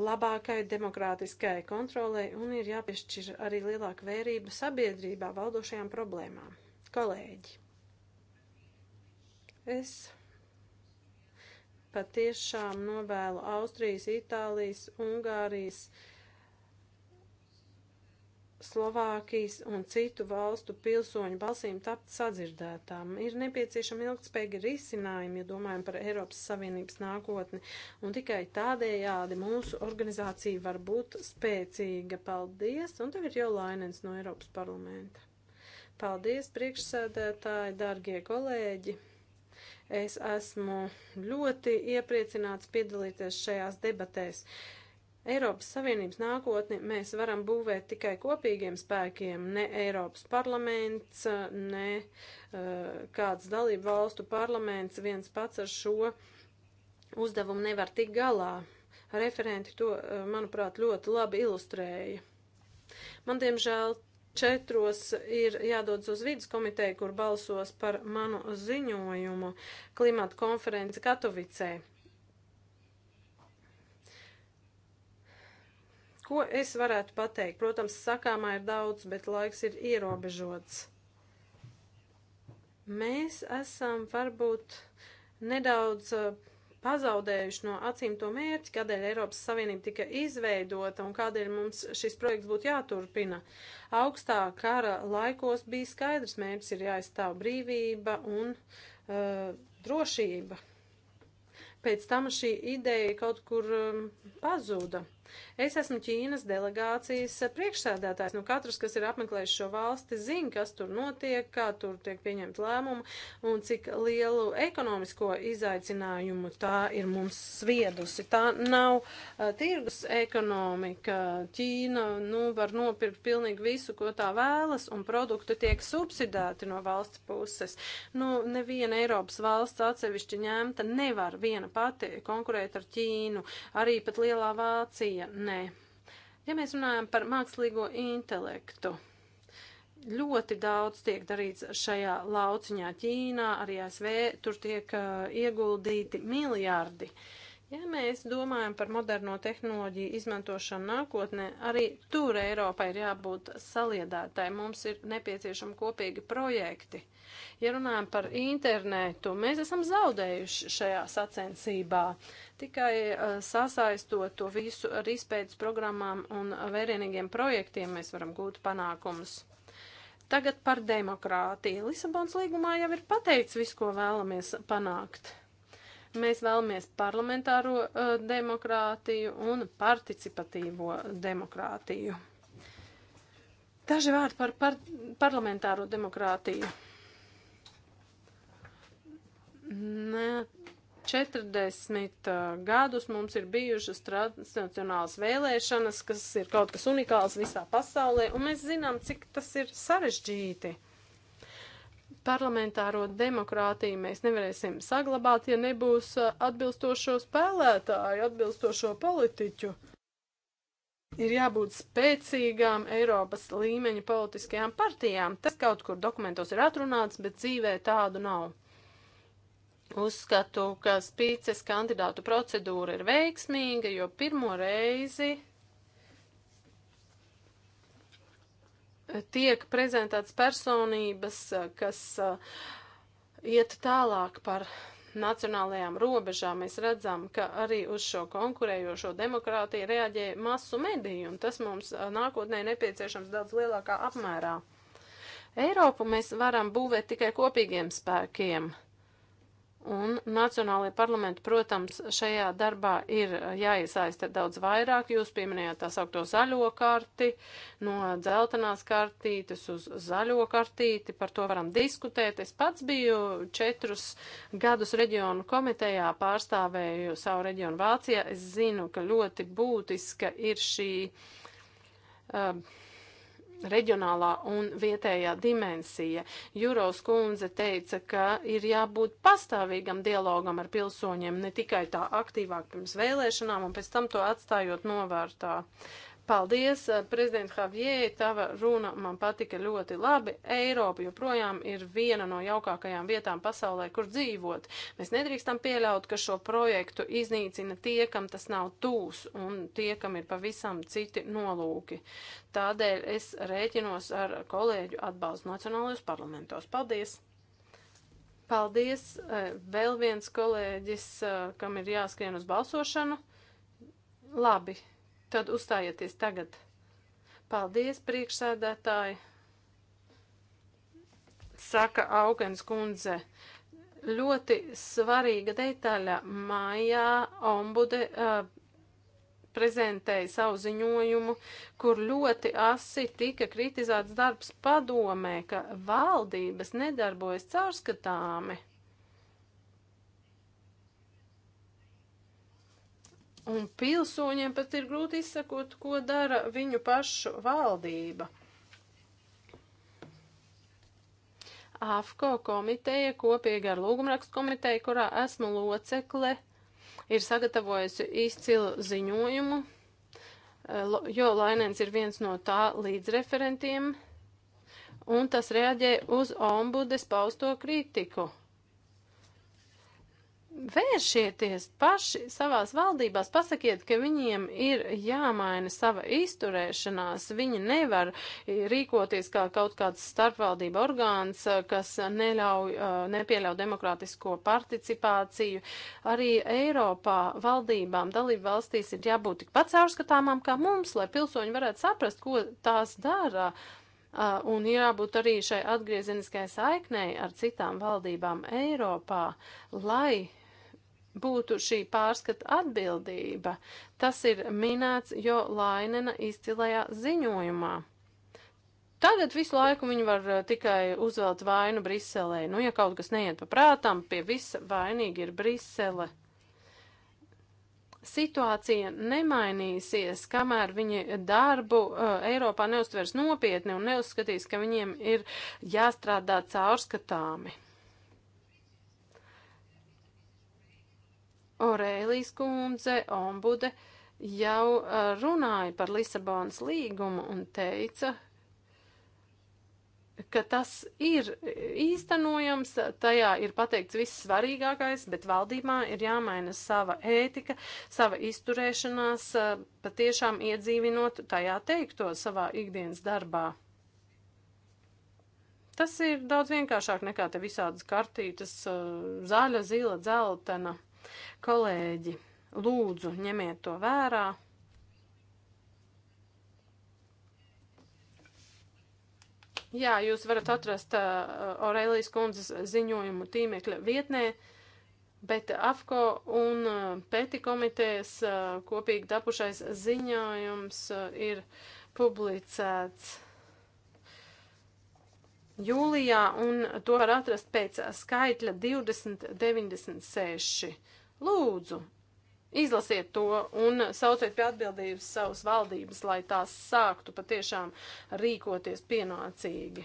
labākai demokrātiskai kontrolei un ir jāpiešķir arī lielāka vērība sabiedrībā valdošajām problēmām. Kolēģi, es patiešām novēlu Austrijas, Itālijas, Ungārijas, uh, Slovākijas un citu valstu pilsoņu balsīm tapt sadzirdētām. Ir nepieciešama ilgspējīga risinājuma, ja domājam par Eiropas Savienības nākotni, un tikai tādējādi mūsu organizācija var būt spēcīga. Paldies, un tev ir jau lainens no Eiropas parlamenta. Paldies, priekšsēdētāji, dargie kolēģi! Es esmu ļoti iepriecināts piedalīties šajās debatēs. Uh, Eiropas Savienības nākotni mēs varam būvēt tikai kopīgiem spēkiem, ne Eiropas parlaments, ne uh, kāds dalību valstu parlaments viens pats ar šo uzdevumu nevar tik galā. Referenti to, uh, manuprāt, ļoti labi ilustrēja. Man, diemžēl, četros ir jādodas uz vidas komiteju, kur balsos par manu ziņojumu klimata konferenci Katovicē. Ko es varētu pateikt? Protams, sakāmā ir daudz, bet laiks ir ierobežots. Mēs esam varbūt nedaudz uh, pazaudējuši no acīm to mērķi, kādēļ Eiropas Savienība tika izveidota un kādēļ mums šis projekts būtu jāturpina. Augstā kara laikos bija skaidrs mērķis ir jāizstāv brīvība un uh, drošība. Pēc tam šī ideja kaut kur um, pazuda. Es esmu Ķīnas delegācijas priekšsēdētājs. Nu, katrs, kas ir apmeklējis šo valsti, zina, kas tur notiek, kā tur tiek pieņemt lēmumu un cik lielu ekonomisko izaicinājumu tā ir mums sviedusi. Tā nav uh, tirgus ekonomika. Ķīna, nu, var nopirkt pilnīgi visu, ko tā vēlas, un produkti tiek subsidēti no valsts puses. Nu, neviena Eiropas valsts atsevišķi ņemta nevar viena pati konkurēt ar Ķīnu, arī pat lielā Vācija ja nē. Ja mēs runājam par mākslīgo intelektu, ļoti daudz tiek darīts šajā lauciņā Ķīnā, arī ASV, tur tiek uh, ieguldīti miljārdi. Ja mēs domājam par moderno tehnoloģiju izmantošanu nākotnē, arī tur Eiropai ir jābūt saliedētai. Mums ir nepieciešami kopīgi projekti. Ja runājam par internetu, mēs esam zaudējuši šajā sacensībā. Tikai uh, sasaistot to visu ar izpētes programmām un vērienīgiem projektiem, mēs varam gūt panākumus. Tagad par demokrātiju. Lisabons līgumā jau ir pateicis visu, ko vēlamies panākt mēs vēlamies parlamentāro uh, demokrātiju un participatīvo demokrātiju. Daži vārdi par, par parlamentāro demokrātiju. Ne, 40 gadus mums ir bijušas transnacionālas vēlēšanas, kas ir kaut kas unikāls visā pasaulē, un mēs zinām, cik tas ir sarežģīti parlamentāro demokrātiju mēs nevarēsim saglabāt, ja nebūs atbilstošo spēlētāju, atbilstošo politiķu. Ir jābūt spēcīgām Eiropas līmeņa politiskajām partijām. Tas kaut kur dokumentos ir atrunāts, bet dzīvē tādu nav. Uzskatu, ka spīces kandidātu procedūra ir veiksmīga, jo pirmo reizi tiek prezentētas personības, kas uh, iet tālāk par nacionālajām robežām. Mēs redzam, ka arī uz šo konkurējošo demokrātiju reaģē masu mediju, un tas mums uh, nākotnē nepieciešams daudz lielākā apmērā. Eiropu mēs varam būvēt tikai kopīgiem spēkiem. Un Nacionālajie parlamenti, protams, šajā darbā ir eh, jāiesaista daudz vairāk. Jūs pieminējāt tā saukto zaļo karti, no dzeltenās kartītes uz zaļo kartīti. Par to varam diskutēt. Es pats biju četrus gadus reģionu komitejā, pārstāvēju savu reģionu Vācijā. Es zinu, ka ļoti būtiska ir šī. Uh, reģionālā un vietējā dimensija. Jūros kundze teica, ka ir jābūt pastāvīgam dialogam ar pilsoņiem, ne tikai tā aktīvāk pirms vēlēšanām un pēc tam to atstājot novērtā. Uh, Paldies, eh, prezident Havjē, tava runa man patika ļoti labi. Eiropa joprojām ir viena no jaukākajām vietām pasaulē, kur dzīvot. Mēs nedrīkstam pieļaut, ka šo projektu iznīcina tie, kam tas nav tūs un tie, kam ir pavisam citi nolūki. Tādēļ es rēķinos ar kolēģu atbalstu nacionālajos parlamentos. Paldies! Paldies! Eh, vēl viens kolēģis, eh, kam ir jāskrien uz balsošanu. Labi tad uzstājieties tagad. Paldies, priekšsēdētāji! Saka Augens kundze ļoti svarīga detaļa. Mājā ombude uh, prezentēja savu ziņojumu, kur ļoti asi tika kritizēts darbs padomē, ka valdības nedarbojas caurskatāmi. Un pilsoņiem pat ir grūti izsakot, ko dara viņu pašu valdība. AFCO komiteja kopīgi ar lūgumrakstu komiteju, kurā esmu locekle, ir sagatavojusi izcilu ziņojumu, eh, jo Lainens ir viens no tā līdzreferentiem, un tas reaģē uz ombudes pausto kritiku. Vēršieties paši savās valdībās, pasakiet, ka viņiem ir jāmaina sava izturēšanās. Viņi nevar eh, rīkoties kā kaut kāds starpvaldība orgāns, eh, kas neļauj, eh, nepieļauj demokrātisko participāciju. Arī Eiropā valdībām dalību valstīs ir jābūt tikpat caurskatāmām kā mums, lai pilsoņi varētu saprast, ko tās dara. Un ir jābūt arī šai atgriezeniskai saiknei ar citām valdībām Eiropā, lai būtu šī pārskata atbildība. Tas ir minēts jo Lainena izcilajā ziņojumā. Tagad visu laiku viņi var eh, tikai uzvelt vainu Briselē. Nu, ja kaut kas neiet pa prātām, pie visa vainīgi ir Brisele. Situācija nemainīsies, kamēr viņi darbu uh, Eiropā neustvers nopietni un neuzskatīs, ka viņiem ir jāstrādā caurskatāmi. Orēlijas kundze, ombude, jau runāja par Lisabonas līgumu un teica, ka tas ir īstenojams, tajā ir pateikts viss svarīgākais, bet valdībā ir jāmaina sava ētika, sava izturēšanās, patiešām iedzīvinot tajā teikto savā ikdienas darbā. Tas ir daudz vienkāršāk nekā te visādas kartītes, zaļa, zila, dzeltena. Kolēģi, lūdzu, ņemiet to vērā. Jā, jūs varat atrast uh, Aurelijas kundzes ziņojumu tīmekļa vietnē, bet AFCO un uh, PETI komitejas uh, kopīgi tapušais ziņojums uh, ir publicēts jūlijā, un to var atrast pēc skaitļa 2096. Lūdzu, izlasiet to un sauciet pie atbildības savas valdības, lai tās sāktu patiešām rīkoties pienācīgi.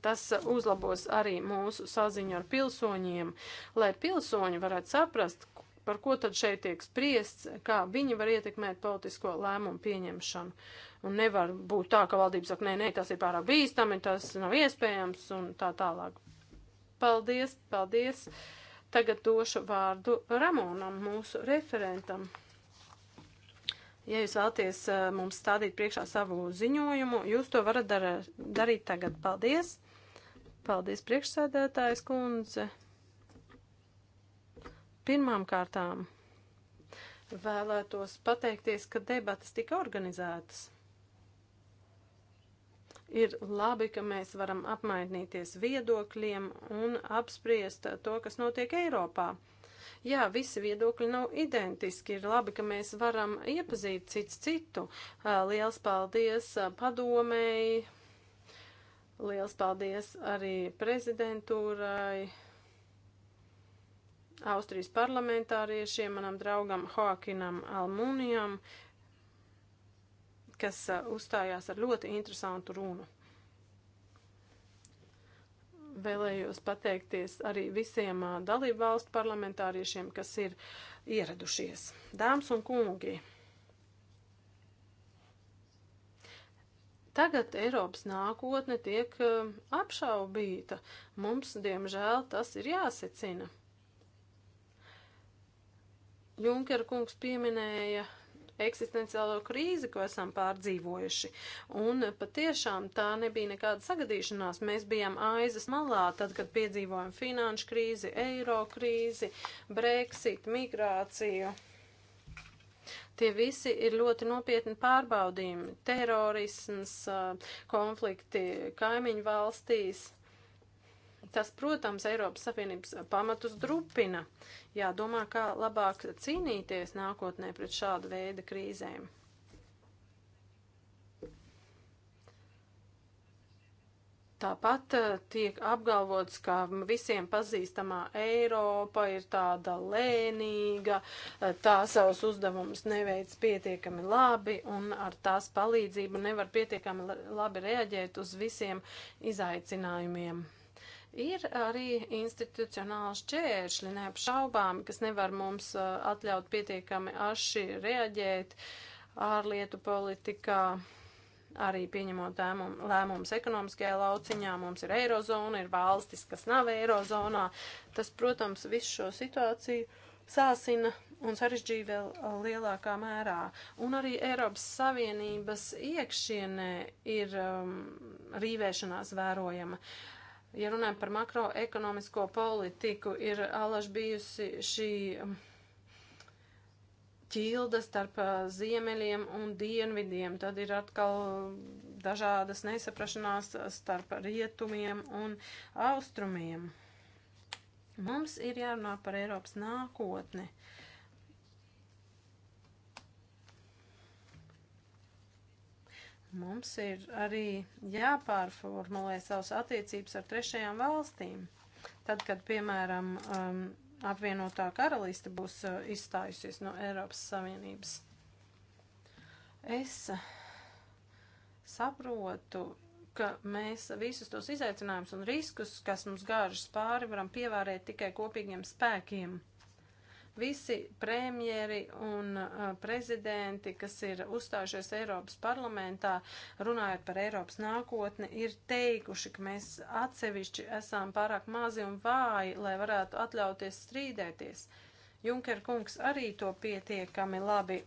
Tas uzlabos arī mūsu saziņu ar pilsoņiem, lai pilsoņi varētu saprast, Par ko tad šeit tiek spriests, kā viņi var ietekmēt politisko lēmumu pieņemšanu. Un nevar būt tā, ka valdība saka, nē, nē, tas ir pārāk bīstami, tas nav iespējams un tā tālāk. Paldies, paldies. Tagad došu vārdu Ramonam, mūsu referentam. Ja jūs vēlaties uh, mums stādīt priekšā savu ziņojumu, jūs to varat dar darīt tagad. Paldies! Paldies, priekšsēdētājs kundze! Pirmām kārtām vēlētos pateikties, ka debatas tika organizētas. Ir labi, ka mēs varam apmainīties viedokļiem un apspriest to, kas notiek Eiropā. Jā, visi viedokļi nav identiski. Ir labi, ka mēs varam iepazīt cits citu. Liels paldies padomēji, liels paldies arī prezidentūrai Austrijas parlamentāriešiem, manam draugam Hoakinam Almūnijam, kas uzstājās ar ļoti interesantu runu. Vēlējos pateikties arī visiem dalību valstu parlamentāriešiem, kas ir ieradušies. Dāmas un kungi! Tagad Eiropas nākotne tiek apšaubīta. Mums, diemžēl, tas ir jāsecina. Junker kungs pieminēja eksistenciālo krīzi, ko esam pārdzīvojuši. Un patiešām tā nebija nekāda sagadīšanās. Mēs bijām aizas malā, tad, kad piedzīvojam finanšu krīzi, eiro krīzi, Brexit, migrāciju. Tie visi ir ļoti nopietni pārbaudījumi - terorisms, konflikti kaimiņu valstīs. Tas, protams, Eiropas Savienības pamatus drupina. Jādomā, kā labāk cīnīties nākotnē pret šādu veidu krīzēm. Tāpat eh, tiek apgalvots, ka visiem pazīstamā Eiropa ir tāda lēnīga, eh, tā savus uzdevumus neveic pietiekami labi un ar tās palīdzību nevar pietiekami labi reaģēt uz visiem izaicinājumiem. Ir arī institucionāli šķēršļi, neapšaubāmi, kas nevar mums uh, atļaut pietiekami aši reaģēt ārlietu politikā, arī pieņemot lēmumus ekonomiskajā lauciņā. Mums ir eirozona, ir valstis, kas nav eirozonā. Tas, protams, visu šo situāciju sāsina un sarežģīja vēl uh, lielākā mērā. Un arī Eiropas Savienības iekšienē ir um, rīvēšanās vērojama. Uh, ja runājam par makroekonomisko politiku, ir alaž bijusi šī um, ķilda starp uh, ziemeļiem un dienvidiem, tad ir atkal dažādas nesaprašanās starp rietumiem un austrumiem. Mums ir jārunā par Eiropas nākotni. Mums ir arī jāpārformulē savas attiecības ar trešajām valstīm. Tad, kad, piemēram, um, apvienotā karaliste būs uh, izstājusies no Eiropas Savienības. Es uh, saprotu, ka mēs visus tos izaicinājumus un riskus, kas mums gāžas pāri, varam pievērēt tikai kopīgiem spēkiem. Visi premjeri un uh, prezidenti, kas ir uzstājušies Eiropas parlamentā, runājot par Eiropas nākotni, ir teikuši, ka mēs atsevišķi esam pārāk mazi un vāji, lai varētu atļauties strīdēties. Junker kungs arī to pietiekami labi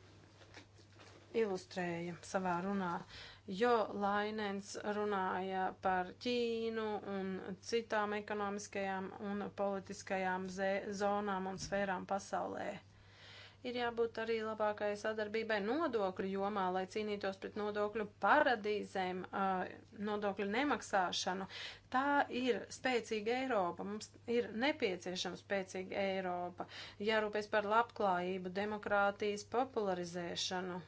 ilustrēja savā runā. Uh, jo Lainens runāja par Ķīnu un citām ekonomiskajām un politiskajām zonām un sfērām pasaulē. Ir jābūt arī labākai sadarbībai nodokļu jomā, lai cīnītos pret nodokļu paradīzēm, nodokļu nemaksāšanu. Tā ir spēcīga Eiropa. Mums ir nepieciešama spēcīga Eiropa. Jārūpēs par labklājību, demokrātijas popularizēšanu.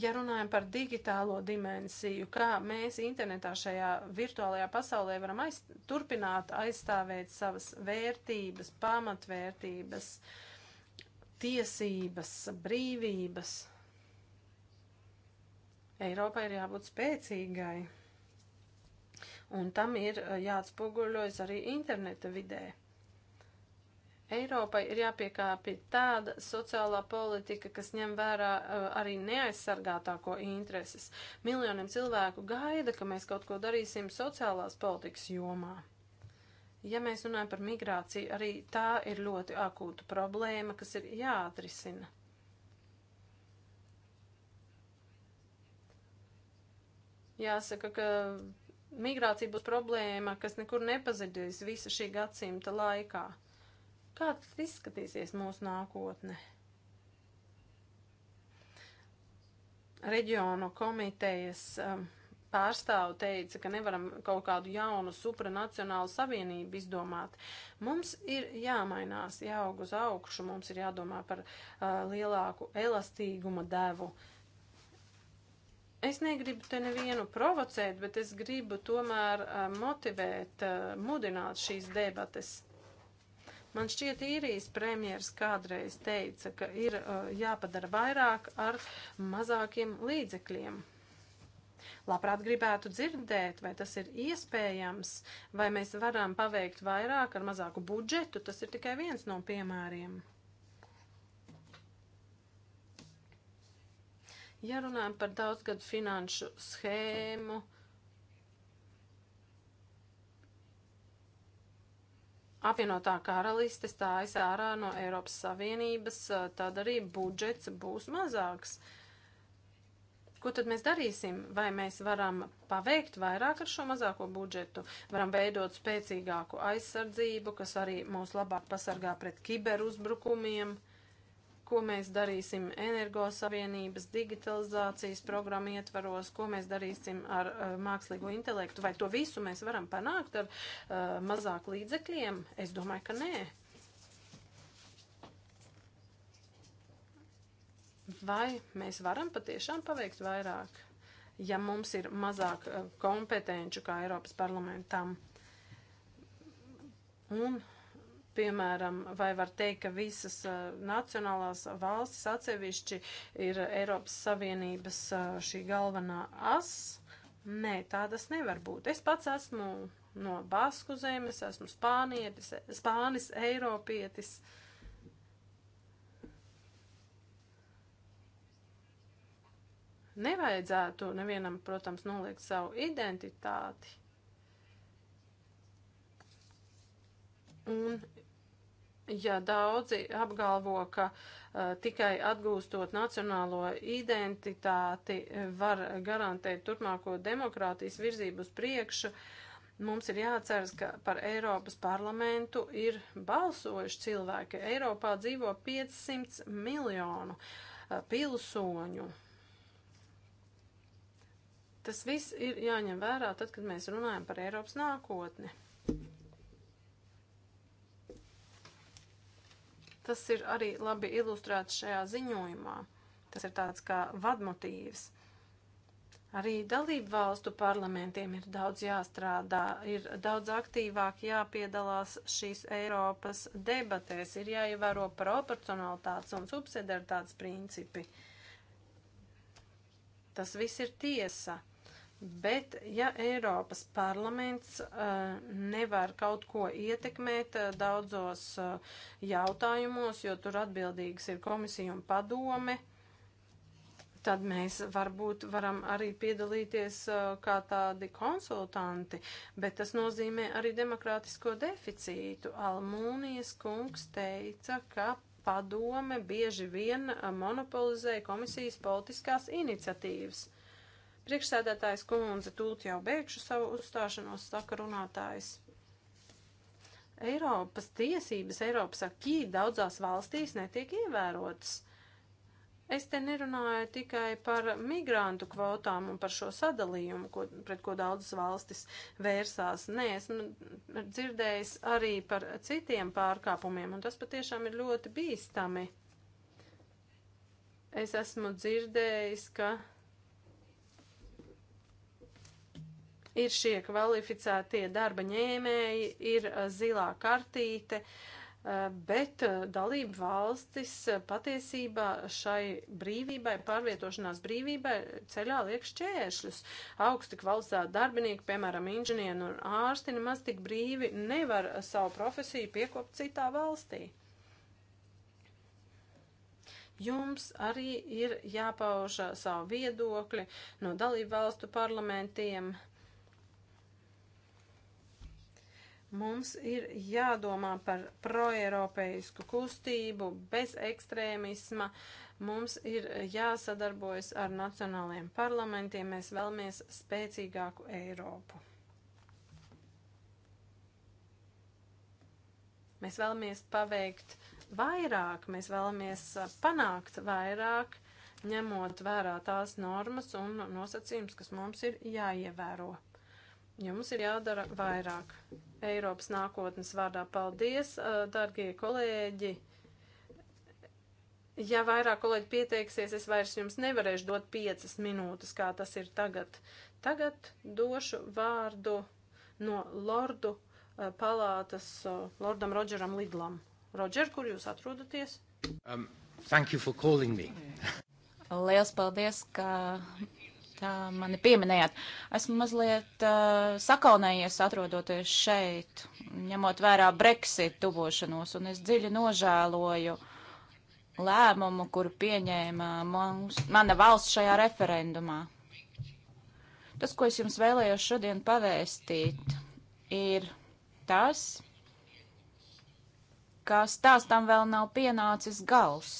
Ja runājam par digitālo dimensiju, kā mēs internetā šajā virtuālajā pasaulē varam aiz, turpināt aizstāvēt savas vērtības, pamatvērtības, tiesības, brīvības, Eiropai ir jābūt spēcīgai. Un tam ir eh, jāatspoguļojas arī interneta vidē. Eiropai ir jāpiekāpja tāda sociālā politika, kas ņem vērā uh, arī neaizsargātāko intereses. Miljoniem cilvēku gaida, ka mēs kaut ko darīsim sociālās politikas jomā. Ja mēs runājam par migrāciju, arī tā ir ļoti akūta problēma, kas ir jāatrisina. Jāsaka, ka migrācija būs problēma, kas nekur nepazudīs visa šī gadsimta laikā. Kā tas izskatīsies mūsu nākotne? Reģionu komitejas um, pārstāvu teica, ka nevaram kaut kādu jaunu supranacionālu savienību izdomāt. Mums ir jāmainās, jāaug uz augšu, mums ir jādomā par uh, lielāku elastīguma devu. Es negribu te nevienu provocēt, bet es gribu tomēr uh, motivēt, uh, mudināt šīs debates. Man šķiet, īrijas premjers kādreiz teica, ka ir uh, jāpadara vairāk ar mazākiem līdzekļiem. Labprāt gribētu dzirdēt, vai tas ir iespējams, vai mēs varam paveikt vairāk ar mazāku budžetu. Tas ir tikai viens no piemēriem. Ja runājam par daudzgadu finanšu schēmu, uh, apvienotā karaliste stājas ārā no Eiropas Savienības, tad arī budžets būs mazāks. Ko tad mēs darīsim? Vai mēs varam paveikt vairāk ar šo mazāko budžetu? Varam veidot spēcīgāku aizsardzību, kas arī mūs labāk pasargā pret kiberuzbrukumiem. uzbrukumiem ko mēs darīsim energosavienības, digitalizācijas programmu ietvaros, ko mēs darīsim ar uh, mākslīgo intelektu, vai to visu mēs varam panākt ar uh, mazāk līdzekļiem? Es domāju, ka nē. Vai mēs varam patiešām paveikt vairāk, ja mums ir mazāk eh, kompetenču kā Eiropas parlamentam? Un Piemēram, vai var teikt, ka visas nacionālās valstis atsevišķi ir Eiropas Savienības šī galvenā as? Nē, tādas nevar būt. Es pats esmu no Basku zemes, esmu spānietis, spānis, eiropietis. Nevajadzētu nevienam, protams, noliegt savu identitāti. Un Ja daudzi apgalvo, ka uh, tikai atgūstot nacionālo identitāti uh, var garantēt turpmāko demokrātijas virzību uz priekšu, mums ir jāatceras, ka par Eiropas parlamentu ir balsojuši cilvēki. Eiropā dzīvo 500 miljonu uh, pilsoņu. Tas viss ir jāņem vērā tad, kad mēs runājam par Eiropas nākotni. Tas ir arī labi ilustrēts šajā ziņojumā. Tas ir tāds kā vadmotīvs. Arī dalību valstu parlamentiem ir daudz jāstrādā, ir daudz aktīvāk jāpiedalās šīs Eiropas debatēs, ir jāievēro proporcionalitātes un subsidiaritātes principi. Tas viss ir tiesa. Bet, ja Eiropas parlaments uh, nevar kaut ko ietekmēt uh, daudzos uh, jautājumos, jo tur atbildīgs ir komisija un padome, tad mēs varbūt varam arī piedalīties kā tādi konsultanti, bet tas nozīmē arī demokrātisko deficītu. Almūnijas kungs teica, ka padome bieži vien monopolizē komisijas politiskās iniciatīvas. Priekšsēdētājs kundze tūlīt jau beigšu savu uzstāšanos, saka runātājs. Eiropas tiesības, Eiropas akī daudzās valstīs netiek ievērotas. Es te nerunāju tikai par migrantu kvotām un par šo sadalījumu, ko, pret ko daudzas valstis vērsās. Nē, esmu dzirdējis arī par citiem pārkāpumiem, un tas patiešām ir ļoti bīstami. Es esmu dzirdējis, ka ir šie kvalificētie darba ņēmēji, ir zilā kartīte, bet dalība valstis patiesībā šai brīvībai, pārvietošanās brīvībai ceļā liek šķēršļus. Augsti kvalificēti darbinieki, piemēram, inženieri un ārsti, nemaz tik brīvi nevar savu profesiju piekopt citā valstī jums arī ir jāpauž savu viedokli no dalību valstu parlamentiem. Mums ir jādomā par proeiropeisku kustību, bez ekstrēmisma, mums ir jāsadarbojas ar nacionālajiem parlamentiem, mēs vēlamies spēcīgāku Eiropu. Mēs vēlamies paveikt vairāk, mēs vēlamies uh, panākt vairāk, ņemot vērā tās normas un nosacījums, kas mums ir jāievēro. Jums ir jādara vairāk. Eiropas nākotnes vārdā paldies, uh, dargie kolēģi! Ja vairāk kolēģi pieteiksies, es vairs jums nevarēšu dot piecas minūtes, kā tas ir tagad. Tagad došu vārdu no Lordu uh, palātas uh, Lordam Rodžeram Lidlam. Rodžer, kur jūs atrodaties? Um, thank you for calling me. Liels paldies, ka uh, mani pieminējāt. Esmu mazliet uh, sakaunējies atrodoties šeit, ņemot vērā Brexit tuvošanos, un es dziļi nožēloju lēmumu, kuru pieņēma mums, mana valsts šajā referendumā. Tas, ko es jums vēlējos šodien pavēstīt, ir tas, ka stāstam vēl nav pienācis gals.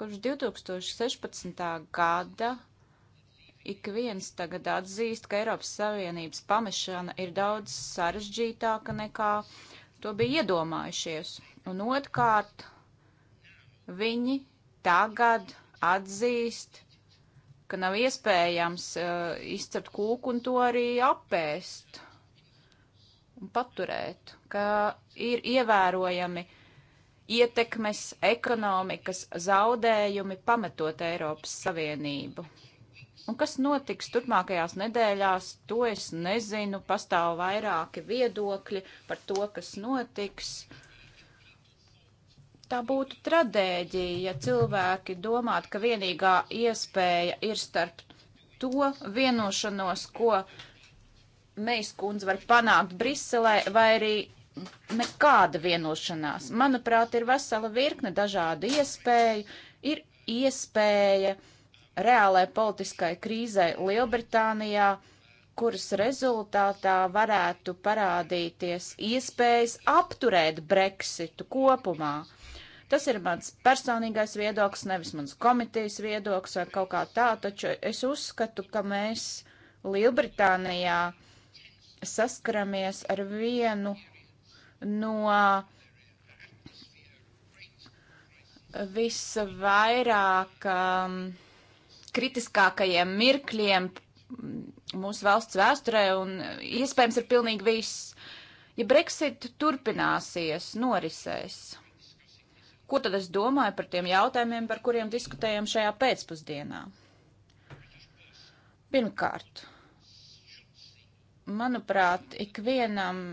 Kopš 2016. gada ik viens tagad atzīst, ka Eiropas Savienības pamešana ir daudz sarežģītāka nekā to bija iedomājušies. Un otrkārt, viņi tagad atzīst, ka nav iespējams uh, eh, izcept kūku un to arī apēst un paturēt, ka ir ievērojami uh, ietekmes, ekonomikas zaudējumi pametot Eiropas Savienību. Un kas notiks turpmākajās nedēļās, to es nezinu. Pastāv vairāki viedokļi par to, kas notiks. Tā būtu tradēģija, ja cilvēki domātu, ka vienīgā iespēja ir starp to vienošanos, ko Meis kundze var panākt Briselē, vai arī nekāda vienošanās. Manuprāt, ir vesela virkne dažādu iespēju. Ir iespēja reālai politiskai krīzai Lielbritānijā, kuras rezultātā varētu parādīties iespējas apturēt Brexitu kopumā. Tas ir mans personīgais viedoklis, nevis mans komitejas viedoklis vai kaut kā tā, taču es uzskatu, ka mēs Lielbritānijā saskaramies ar vienu no visvairāk um, kritiskākajiem mirkļiem mūsu valsts vēsturē, un iespējams ir pilnīgi viss. Ja Brexit turpināsies, norisēs, ko tad es domāju par tiem jautājumiem, par kuriem diskutējam šajā pēcpusdienā? Pirmkārt, manuprāt, ikvienam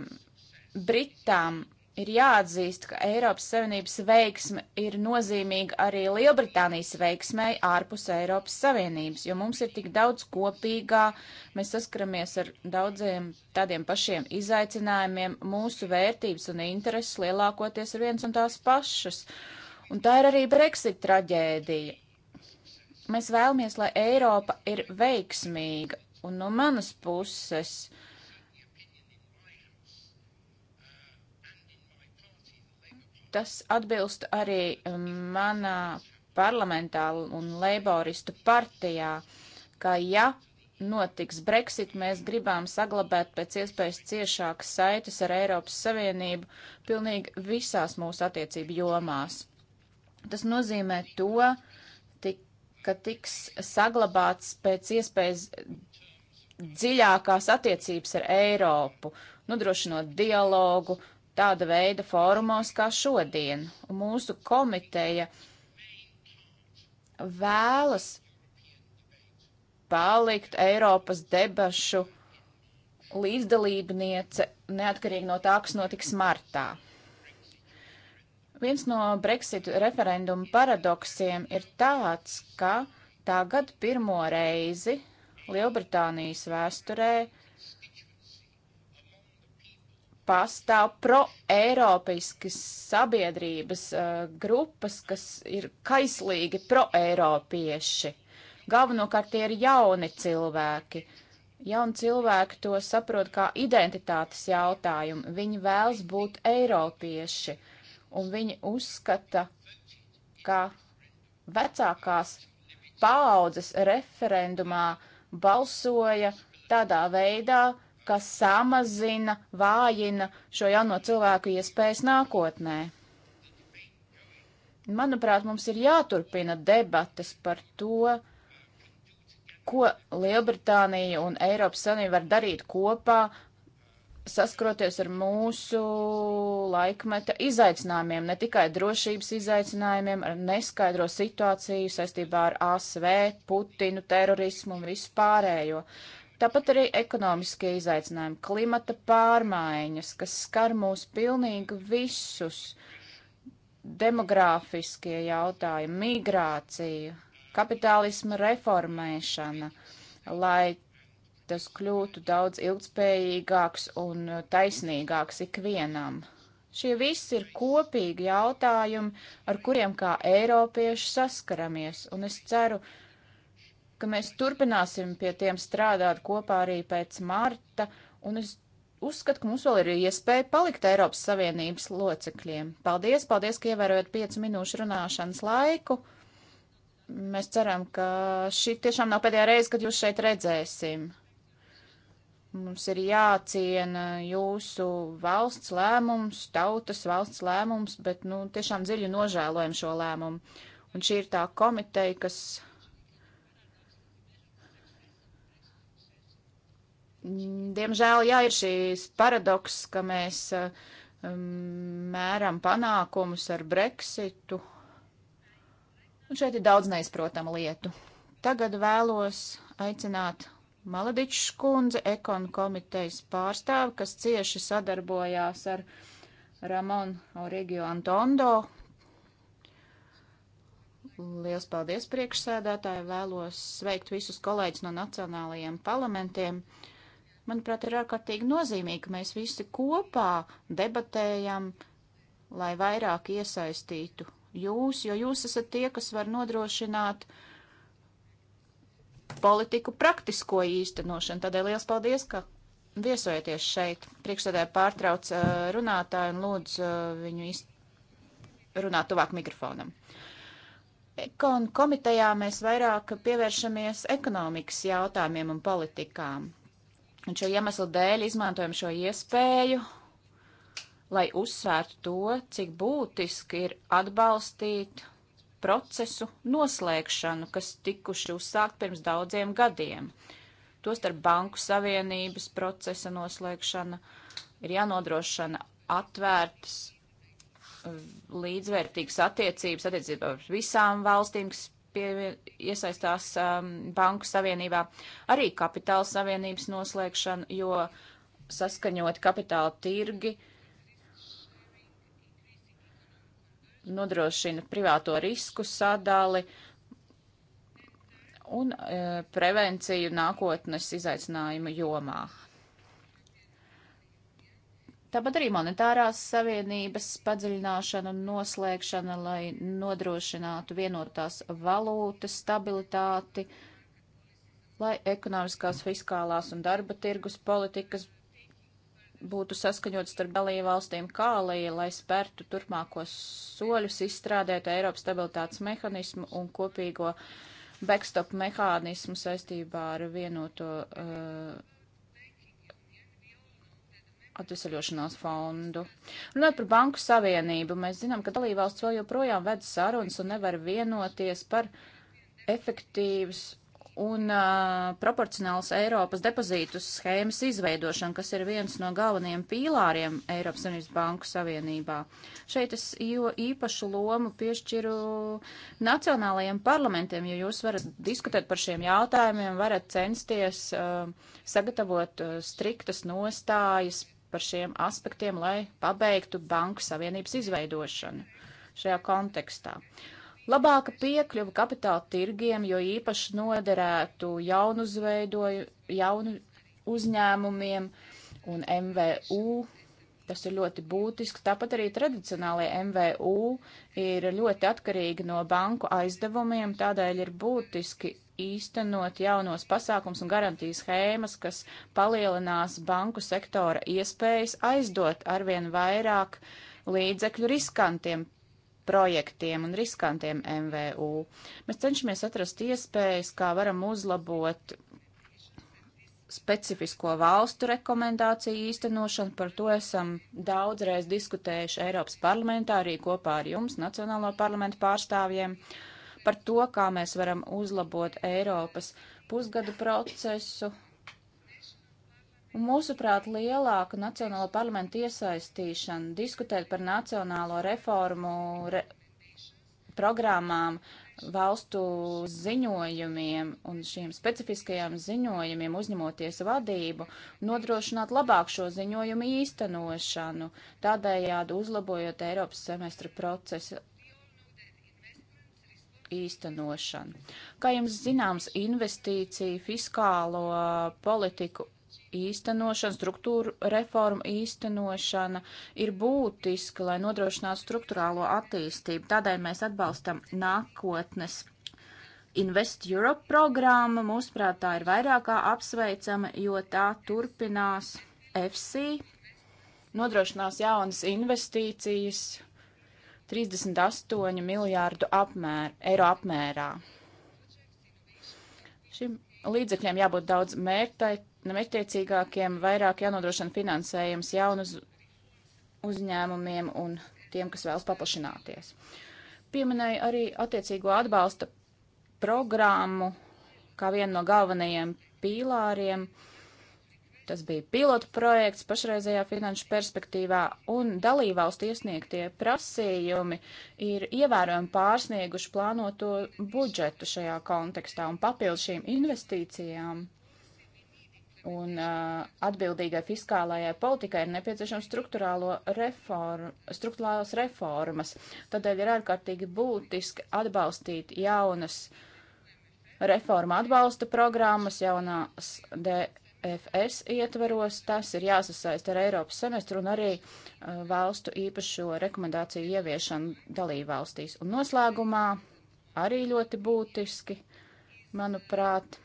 Britām ir jāatzīst, ka Eiropas Savienības veiksme ir nozīmīga arī Lielbritānijas veiksmai ārpus Eiropas Savienības, jo mums ir tik daudz kopīgā, mēs saskaramies ar daudziem tādiem pašiem izaicinājumiem, mūsu vērtības un intereses lielākoties ir viens un tās pašas. Un tā ir arī Brexit traģēdija. Mēs vēlamies, lai Eiropa ir veiksmīga, un no manas puses. Uh, tas atbilst arī um, manā parlamentā un leiboristu partijā, ka ja notiks Brexit, mēs gribam saglabāt pēc iespējas ciešākas saites ar Eiropas Savienību pilnīgi visās mūsu attiecību jomās. Tas nozīmē to, tik, ka tiks saglabāts pēc iespējas dziļākās attiecības ar Eiropu, nodrošinot dialogu, uh, tāda veida fórumos kā šodien. Un mūsu komiteja vēlas palikt Eiropas debašu līdzdalībniece neatkarīgi no tā, kas notiks martā. Viens no Brexit referenduma paradoksiem ir tāds, ka tagad pirmo reizi Lielbritānijas vēsturē pastāv pro-eiropiskas sabiedrības uh, grupas, kas ir kaislīgi pro-eiropieši. Galvenokārt tie ir jauni cilvēki. Jauni cilvēki to saprot kā identitātes jautājumu. Viņi vēlas būt eiropieši, un viņi uzskata, ka vecākās paaudzes referendumā balsoja tādā veidā, uh, kas samazina, vājina šo jauno cilvēku iespējas nākotnē. Manuprāt, mums ir jāturpina debates par to, ko Lielbritānija un Eiropas Savienība var darīt kopā, saskroties ar mūsu laikmeta izaicinājumiem, ne tikai drošības izaicinājumiem, ar neskaidro situāciju saistībā ar ASV, Putinu, terorismu un visu pārējo. Uh, Tāpat arī ekonomiskie izaicinājumi, klimata pārmaiņas, kas skar mūs pilnīgi visus, demogrāfiskie jautājumi, migrācija, kapitālisma reformēšana, lai tas kļūtu daudz ilgspējīgāks un taisnīgāks ikvienam. Šie visi ir kopīgi jautājumi, ar kuriem kā Eiropieši saskaramies, un es ceru, ka ka mēs turpināsim pie tiem strādāt kopā arī pēc marta, un es uzskatu, ka mums vēl ir iespēja palikt Eiropas Savienības locekļiem. Paldies, paldies, ka ievērojat piecu minūšu runāšanas laiku. Mēs ceram, ka šī tiešām nav pēdējā reize, kad jūs šeit redzēsim. Mums ir jāciena jūsu valsts lēmums, tautas valsts lēmums, bet, nu, tiešām dziļi nožēlojam šo lēmumu. Un šī ir tā komiteja, kas Mm, diemžēl, jā, ir šīs paradoks, ka mēs eh, mēram panākumus ar Brexitu. Un šeit ir daudz neizprotama lietu. Tagad vēlos aicināt Maladičs kundze, ekonu komitejas pārstāvi, kas cieši sadarbojās ar Ramonu Origio Antondo. Liels paldies priekšsēdētāji, vēlos sveikt visus kolēģis no nacionālajiem parlamentiem. Uh, Manuprāt, ir ārkārtīgi nozīmīgi, ka mēs visi kopā debatējam, lai vairāk iesaistītu jūs, jo jūs esat tie, kas var nodrošināt politiku praktisko īstenošanu. Tādēļ liels paldies, ka viesojieties šeit. Priekšsēdē pārtrauc uh, runātāju un lūdzu uh, viņu runāt tuvāk mikrofonam. Ekon komitejā mēs vairāk pievēršamies ekonomikas jautājumiem un politikām. Un šo iemeslu dēļ izmantojam šo iespēju, lai uzsvērtu to, cik būtiski ir atbalstīt procesu noslēgšanu, kas tikuši uzsākt pirms daudziem gadiem. Tostarp Banku Savienības procesa noslēgšana ir jānodrošina atvērtas līdzvērtīgas attiecības attiecībā ar visām valstīm, kas pie, iesaistās um, Banku Savienībā, arī kapitāla savienības noslēgšanu, jo saskaņot kapitāla tirgi nodrošina privāto risku sadali un e, prevenciju nākotnes izaicinājumu jomā. Tāpat arī monetārās savienības padziļināšana un noslēgšana, lai nodrošinātu vienotās valūtas stabilitāti, lai ekonomiskās, fiskālās un darba tirgus politikas būtu saskaņotas starp dalību valstīm, kā lai, lai spērtu turpmākos soļus, izstrādētu Eiropas stabilitātes mehānismu un kopīgo backstop mehānismu saistībā ar vienoto. Uh, atvesaļošanās fondu. Runājot par banku savienību, mēs zinām, ka dalībvalsts vēl joprojām ved sarunas un nevar vienoties par efektīvas un uh, proporcionāls Eiropas depozītu schēmas izveidošana, kas ir viens no galvenajiem pīlāriem Eiropas Savienības Banku Savienībā. Šeit es jo īpašu lomu piešķiru nacionālajiem parlamentiem, jo jūs varat diskutēt par šiem jautājumiem, varat censties uh, sagatavot uh, striktas nostājas par šiem aspektiem, lai pabeigtu Banku Savienības izveidošanu šajā kontekstā. Labāka piekļuva kapitāla tirgiem, jo īpaši noderētu jaunu, zveidoju, jaunu uzņēmumiem un MVU. Tas ir ļoti būtisks. Tāpat arī tradicionālajie MVU ir ļoti atkarīgi no banku aizdevumiem, tādēļ ir būtiski īstenot jaunos pasākums un garantijas schēmas, kas palielinās banku sektora iespējas aizdot arvien vairāk līdzekļu riskantiem projektiem un riskantiem MVU. Mēs cenšamies atrast iespējas, kā varam uzlabot specifisko valstu rekomendāciju īstenošanu. Par to esam daudzreiz diskutējuši Eiropas parlamentā, arī kopā ar jums, Nacionālo parlamentu pārstāvjiem. Uh, par to, kā mēs varam uzlabot Eiropas pusgada procesu. Un mūsuprāt, lielāka nacionāla parlamenta iesaistīšana, diskutēt par nacionālo reformu re, programmām, valstu ziņojumiem un šiem specifiskajiem ziņojumiem uzņemoties vadību, nodrošināt labāk šo ziņojumu īstenošanu, tādējādi uzlabojot Eiropas semestra procesa īstenošanu. Kā jums zināms, investīciju, fiskālo politiku īstenošana, struktūra reforma īstenošana ir būtiska, lai nodrošinātu struktūrālo attīstību. Tādēļ mēs atbalstam nākotnes Invest Europe programma. Mūsuprāt, tā ir vairākā apsveicama, jo tā turpinās FC, nodrošinās jaunas investīcijas 38 miljārdu apmēr, eiro apmērā. Šim līdzekļiem jābūt daudz mērtai, mērķtiecīgākiem, vairāk jānodrošina finansējums jaunu uz, uzņēmumiem un tiem, kas vēlas paplašināties. Pieminēja arī attiecīgo atbalsta programmu kā vienu no galvenajiem pīlāriem. Uh, Tas bija pilotu projekts pašreizējā finanšu perspektīvā, un dalībvalstu iesniegtie prasījumi ir ievērojami pārsnieguši plānoto budžetu šajā kontekstā un papildu šīm investīcijām. Un uh, atbildīgai fiskālajai politikai ir nepieciešams reform, struktūrālās reformas. Tādēļ ir ārkārtīgi būtiski atbalstīt jaunas reforma atbalsta programmas, jaunās D EFS ietveros, tas ir jāsasaist ar Eiropas semestru un arī uh, valstu īpašo rekomendāciju ieviešanu dalībvalstīs. Un noslēgumā arī ļoti būtiski, manuprāt,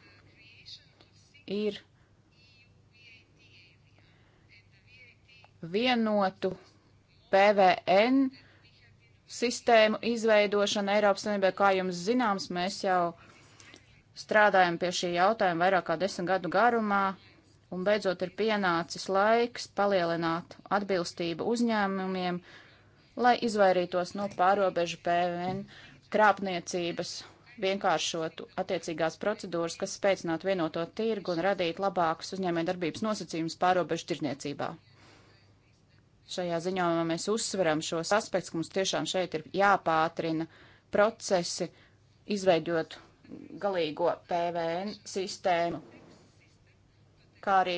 ir vienotu PVN sistēmu izveidošana Eiropas Savienībā, kā jums zināms, mēs jau uh, strādājam pie šī jautājuma vairāk kā desmit gadu garumā, un beidzot ir pienācis laiks palielināt atbilstību uzņēmumiem, lai izvairītos no pārobežu PVN krāpniecības, vienkāršotu attiecīgās procedūras, kas spēcinātu vienoto tirgu un radītu labākus uzņēmējdarbības nosacījumus pārobežu tirniecībā. Šajā ziņojumā mēs uzsveram šos aspektus, ka mums tiešām šeit ir jāpātrina procesi, izveidot galīgo PVN sistēmu, kā arī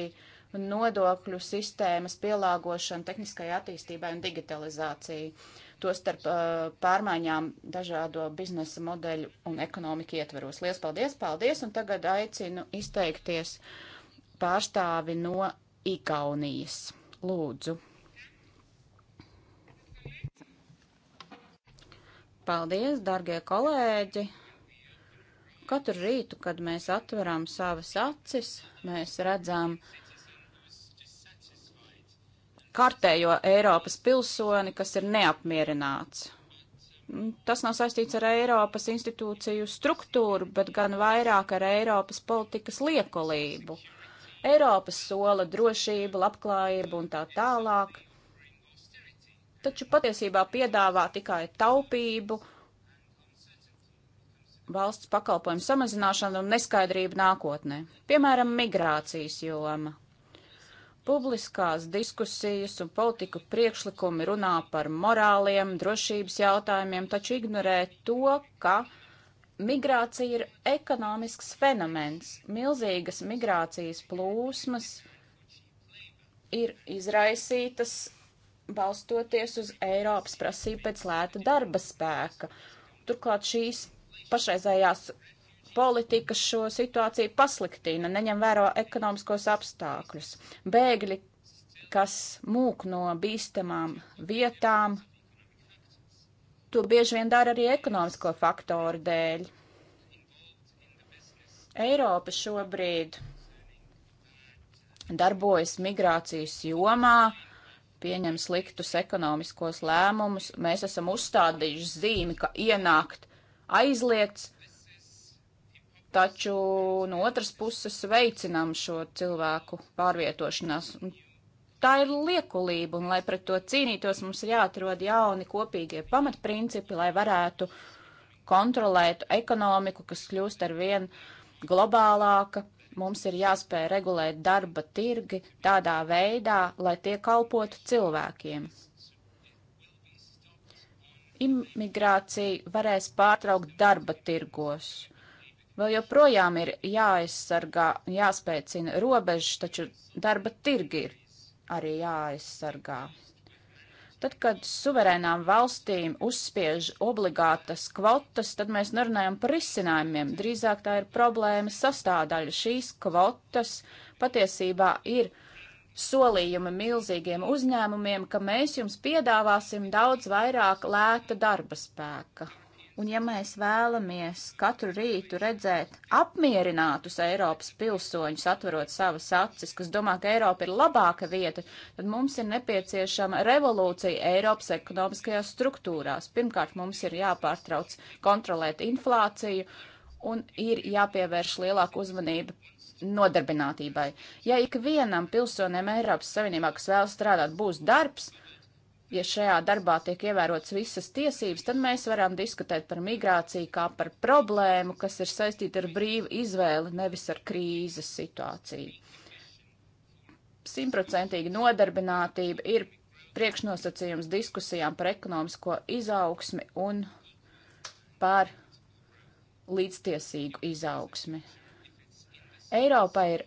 nodokļu sistēmas pielāgošanu tehniskai attīstībai un digitalizāciju, tostarp uh, pārmaiņām dažādo biznesa modeļu un ekonomiku ietveros. Lielas paldies, paldies, un tagad aicinu izteikties pārstāvi no Igaunijas. Lūdzu. Paldies, darbie kolēģi! Katru rītu, kad mēs atveram savas acis, mēs redzam kārtējo Eiropas pilsoni, kas ir neapmierināts. Tas nav saistīts ar Eiropas institūciju struktūru, bet gan vairāk ar Eiropas politikas liekolību. Eiropas sola drošību, labklājību un tā tālāk, taču patiesībā piedāvā tikai taupību valsts pakalpojumu samazināšanu un neskaidrību nākotnē. Piemēram, migrācijas joma. Publiskās diskusijas un politiku priekšlikumi runā par morāliem, drošības jautājumiem, taču ignorē to, ka migrācija ir ekonomisks fenomens. Milzīgas migrācijas plūsmas ir izraisītas balstoties uz Eiropas prasību pēc lēta darba spēka. Turklāt šīs pašreizējās politikas šo situāciju pasliktina, neņem vērā ekonomiskos apstākļus. Bēgļi, kas mūk no bīstamām vietām, to bieži vien dara arī ekonomisko faktoru dēļ. Eiropa šobrīd darbojas migrācijas jomā, pieņem sliktus ekonomiskos lēmumus. Mēs esam uzstādījuši zīmi, ka ienākt aizliegts, taču no otras puses veicinām šo cilvēku pārvietošanās. Un tā ir liekulība, un lai pret to cīnītos, mums ir jāatrod jauni kopīgie pamatprincipi, lai varētu kontrolēt ekonomiku, kas kļūst ar vien globālāka. Mums ir jāspēj regulēt darba tirgi tādā veidā, lai tie kalpotu cilvēkiem imigrāciju varēs pārtraukt darba tirgos. Vēl joprojām ir jāaizsargā, jāspēcina robežas, taču darba tirgi ir arī jāaizsargā. Tad, kad suverēnām valstīm uzspiež obligātas kvotas, tad mēs nerunājam par risinājumiem. Drīzāk tā ir problēma sastāvdaļa. Šīs kvotas patiesībā ir solījuma milzīgiem uzņēmumiem, ka mēs jums piedāvāsim daudz vairāk lēta darba spēka. Un ja mēs vēlamies katru rītu redzēt apmierinātus Eiropas pilsoņus, atverot savas acis, kas domā, ka Eiropa ir labāka vieta, tad mums ir nepieciešama revolūcija Eiropas ekonomiskajās struktūrās. Pirmkārt, mums ir jāpārtrauc kontrolēt inflāciju un ir jāpievērš lielāka uzmanība nodarbinātībai. Ja ikvienam pilsonim Eiropas Savienībā, kas vēl strādāt, būs darbs, ja šajā darbā tiek ievērotas visas tiesības, tad mēs varam diskutēt par migrāciju kā par problēmu, kas ir saistīta ar brīvu izvēli, nevis ar krīzes situāciju. Simtprocentīga nodarbinātība ir priekšnosacījums diskusijām par ekonomisko izaugsmi un par līdztiesīgu izaugsmi. Eiropa ir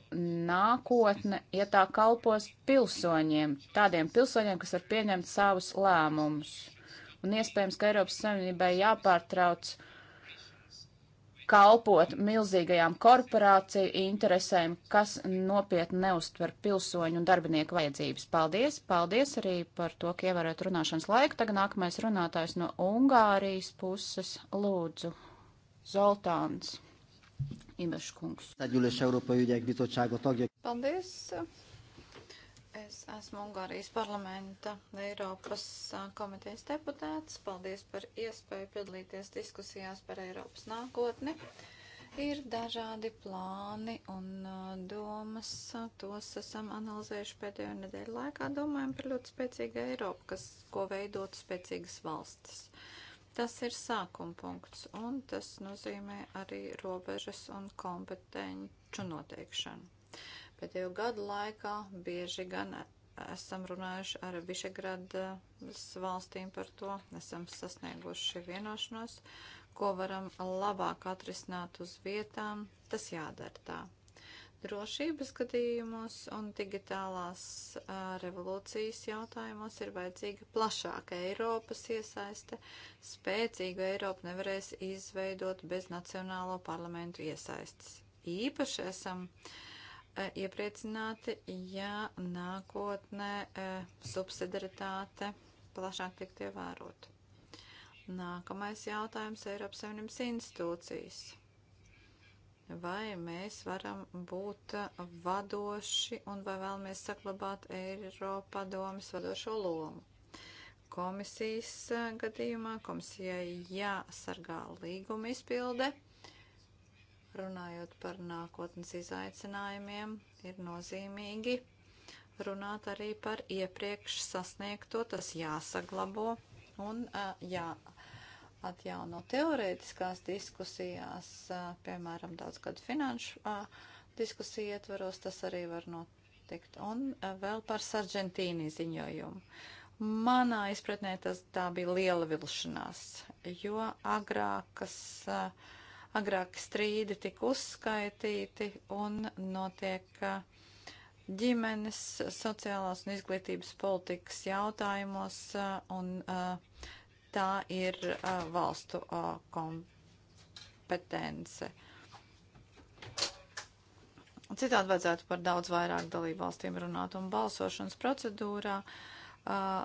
nākotne, ja tā kalpos pilsoņiem, tādiem pilsoņiem, kas var pieņemt savus lēmumus. Un iespējams, ka Eiropas Savienībai jāpārtrauc kalpot milzīgajām korporāciju interesēm, kas nopietni neustver pilsoņu un darbinieku vajadzības. Paldies! Paldies arī par to, ka ievērojat runāšanas laiku. Tagad nākamais runātājs no Ungārijas puses - Lūdzu Zoltāns. Imeša kungs. Tādjulies Eiropa Juļiek Bizočāga tagja. Paldies. Es esmu Ungārijas parlamenta Eiropas komitejas deputāts. Paldies par iespēju piedalīties diskusijās par Eiropas nākotni. Ir dažādi plāni un uh, domas. Tos esam analizējuši pēdējo nedēļu laikā. Domājam par ļoti spēcīgu Eiropu, kas, ko veidot spēcīgas valstis. Uh, Tas ir sākuma punkts, un tas nozīmē arī robežas un kompetenču noteikšanu. Pēdējo gadu laikā bieži gan esam runājuši ar Višegradas valstīm par to, esam sasnieguši vienošanos, ko varam labāk atrisināt uz vietām, tas jādara tā drošības gadījumos un digitālās a, revolūcijas jautājumos ir vajadzīga plašāka Eiropas iesaiste. Spēcīgu Eiropu nevarēs izveidot bez nacionālo parlamentu iesaistes. Īpaši esam a, iepriecināti, ja nākotnē a, subsidaritāte plašāk tiktu ievērota. Nākamais jautājums Eiropas Savienības institūcijas vai mēs varam būt vadoši un vai vēlamies saglabāt Eiropadomas vadošo lomu. Komisijas gadījumā komisijai jāsargā līguma izpilde. Runājot par nākotnes izaicinājumiem, ir nozīmīgi runāt arī par iepriekš sasniegto, tas jāsaglabo un jā. Uh, atjauno teorētiskās diskusijās, piemēram, daudz gadu finanšu diskusiju ietvaros, tas arī var notikt. Un vēl par Sargentīni ziņojumu. Manā izpratnē tas tā bija liela vilšanās, jo agrākas, agrāk strīdi tika uzskaitīti un notiek ģimenes, sociālās un izglītības politikas jautājumos un uh, tā ir uh, valstu uh, kompetence. Citādi vajadzētu par daudz vairāk dalību valstīm runāt un balsošanas procedūrā. Uh,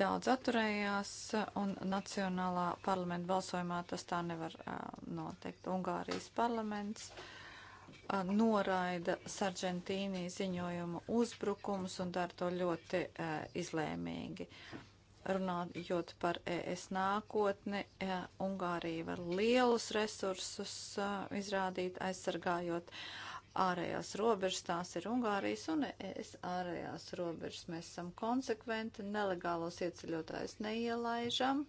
daudz atturējās, un Nacionālā parlamenta balsojumā tas tā nevar uh, noteikt. Ungārijas parlaments uh, noraida Sargentīnī ziņojumu uzbrukumus un dara to ļoti izlēmīgi. Uh, runājot par ES nākotni, e, Ungārija var lielus resursus e, izrādīt, aizsargājot ārējās robežas. Tās ir Ungārijas un ES ārējās robežas. Mēs esam konsekventi, nelegālos ieceļotājus neielaižam,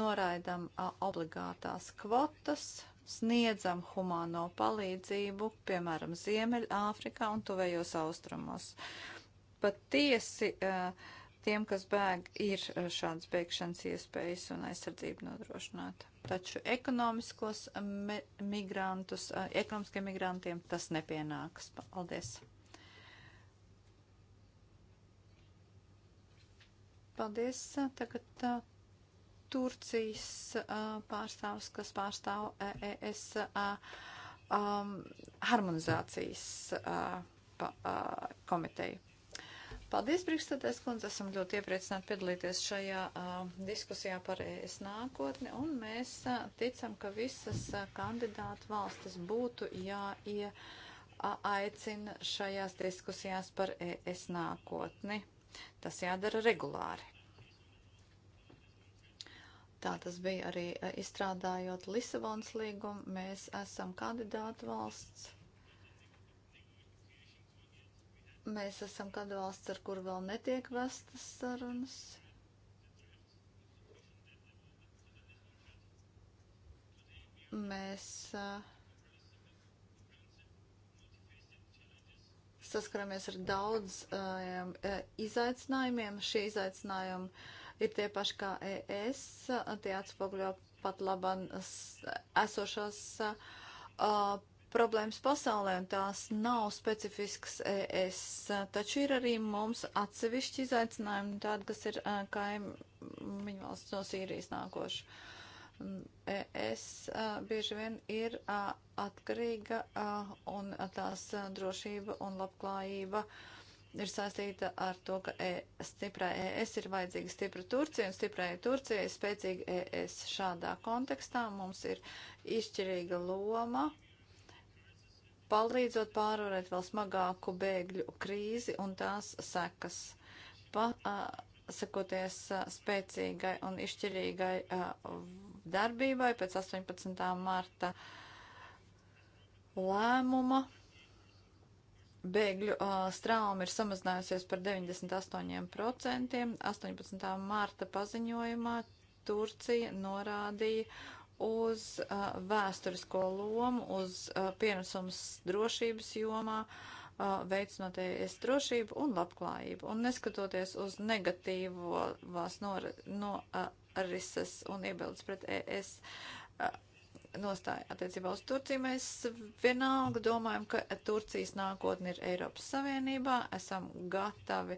noraidam obligātās kvotas, sniedzam humāno palīdzību, piemēram, Ziemeļāfrikā un tuvējos austrumos. Patiesi uh, tiem, kas bēg, ir eh, šādas bēgšanas iespējas un aizsardzība nodrošināta. Taču ekonomiskos eh, migrantus, eh, ekonomiskiem migrantiem tas nepienāks. Paldies! Paldies! Tagad uh, Turcijas uh, pārstāvs, kas pārstāv ES e uh, um, harmonizācijas komiteju. Paldies, Brīkstotēs kundze, esam ļoti iepriecināti piedalīties šajā uh, diskusijā par ES nākotni, un mēs uh, ticam, ka visas uh, kandidātu valstis būtu jāieaicina šajās diskusijās par ES nākotni. Tas jādara regulāri. Tā tas bija arī uh, izstrādājot Lisabonas līgumu. Mēs esam kandidātu valsts Mēs esam kāda valsts, ar kuru vēl netiek vestas sarunas. Mēs uh, saskaramies ar daudziem um, uh, e, izaicinājumiem. Šie izaicinājumi ir tie paši kā ES, uh, tie atspoguļo pat labam esošos uh, problēmas pasaulē, un tās nav specifiskas ES. Taču ir arī mums atsevišķi izaicinājumi, tādi, kas ir kaimiņu valsts no Sīrijas nākoši. ES bieži vien ir atkarīga un tās drošība un labklājība ir saistīta ar to, ka e, stiprai ES ir vajadzīga stipra Turcija un stiprai Turcijai spēcīga ES. Šādā kontekstā mums ir izšķirīga loma palīdzot pārvarēt vēl smagāku bēgļu krīzi un tās sekas. Pa, a, sekoties a, spēcīgai un izšķirīgai a, darbībai pēc 18. marta lēmuma bēgļu uh, strauma ir samazinājusies par 98%. 18. mārta paziņojumā Turcija norādīja uz uh, vēsturisko lomu, uz uh, pienesums drošības jomā, uh, veicinoties drošību un labklājību. Un neskatoties uz negatīvās norises uh, un iebildes pret ES. Uh, nostāja attiecībā uz Turciju. Mēs vienalga domājam, ka Turcijas nākotne ir Eiropas Savienībā. Esam gatavi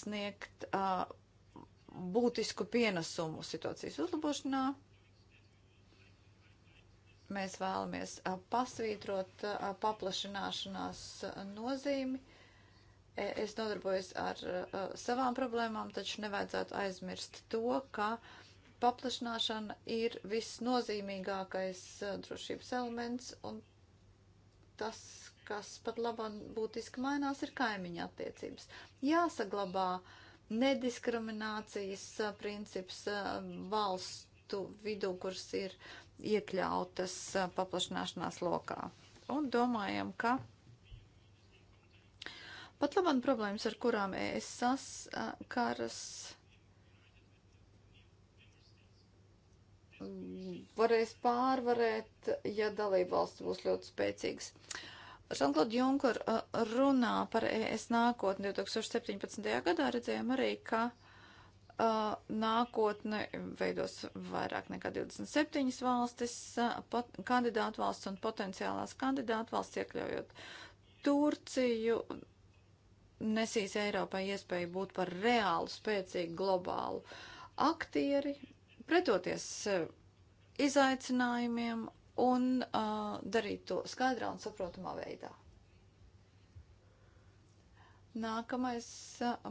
sniegt uh, būtisku pienesumu situācijas uzlabošanā. Mēs vēlamies pasvītrot paplašināšanās nozīmi. E, es nodarbojos ar savām problēmām, taču nevajadzētu aizmirst to, ka paplašināšana ir visnozīmīgākais drošības elements, un tas, kas pat labāk būtiski mainās, ir kaimiņa attiecības. Jāsaglabā nediskriminācijas princips valstu vidū, kuras ir uh, iekļautas paplašanāšanās lokā. Un domājam, ka pat labam problēmas, ar kurām es saskaras, varēs pārvarēt, ja dalība valsts būs ļoti spēcīgas. Žanklod Junkur runā par ES nākotni 2017. gadā, redzējām arī, ka uh, Uh, nākotne veidos vairāk nekā 27 valstis, uh, pot, kandidātu valsts un potenciālās kandidātu valsts iekļaujot Turciju, nesīs Eiropai iespēju būt par reālu, spēcīgu globālu aktieri, pretoties uh, izaicinājumiem un uh, darīt to skaidrā un saprotamā veidā. Nākamais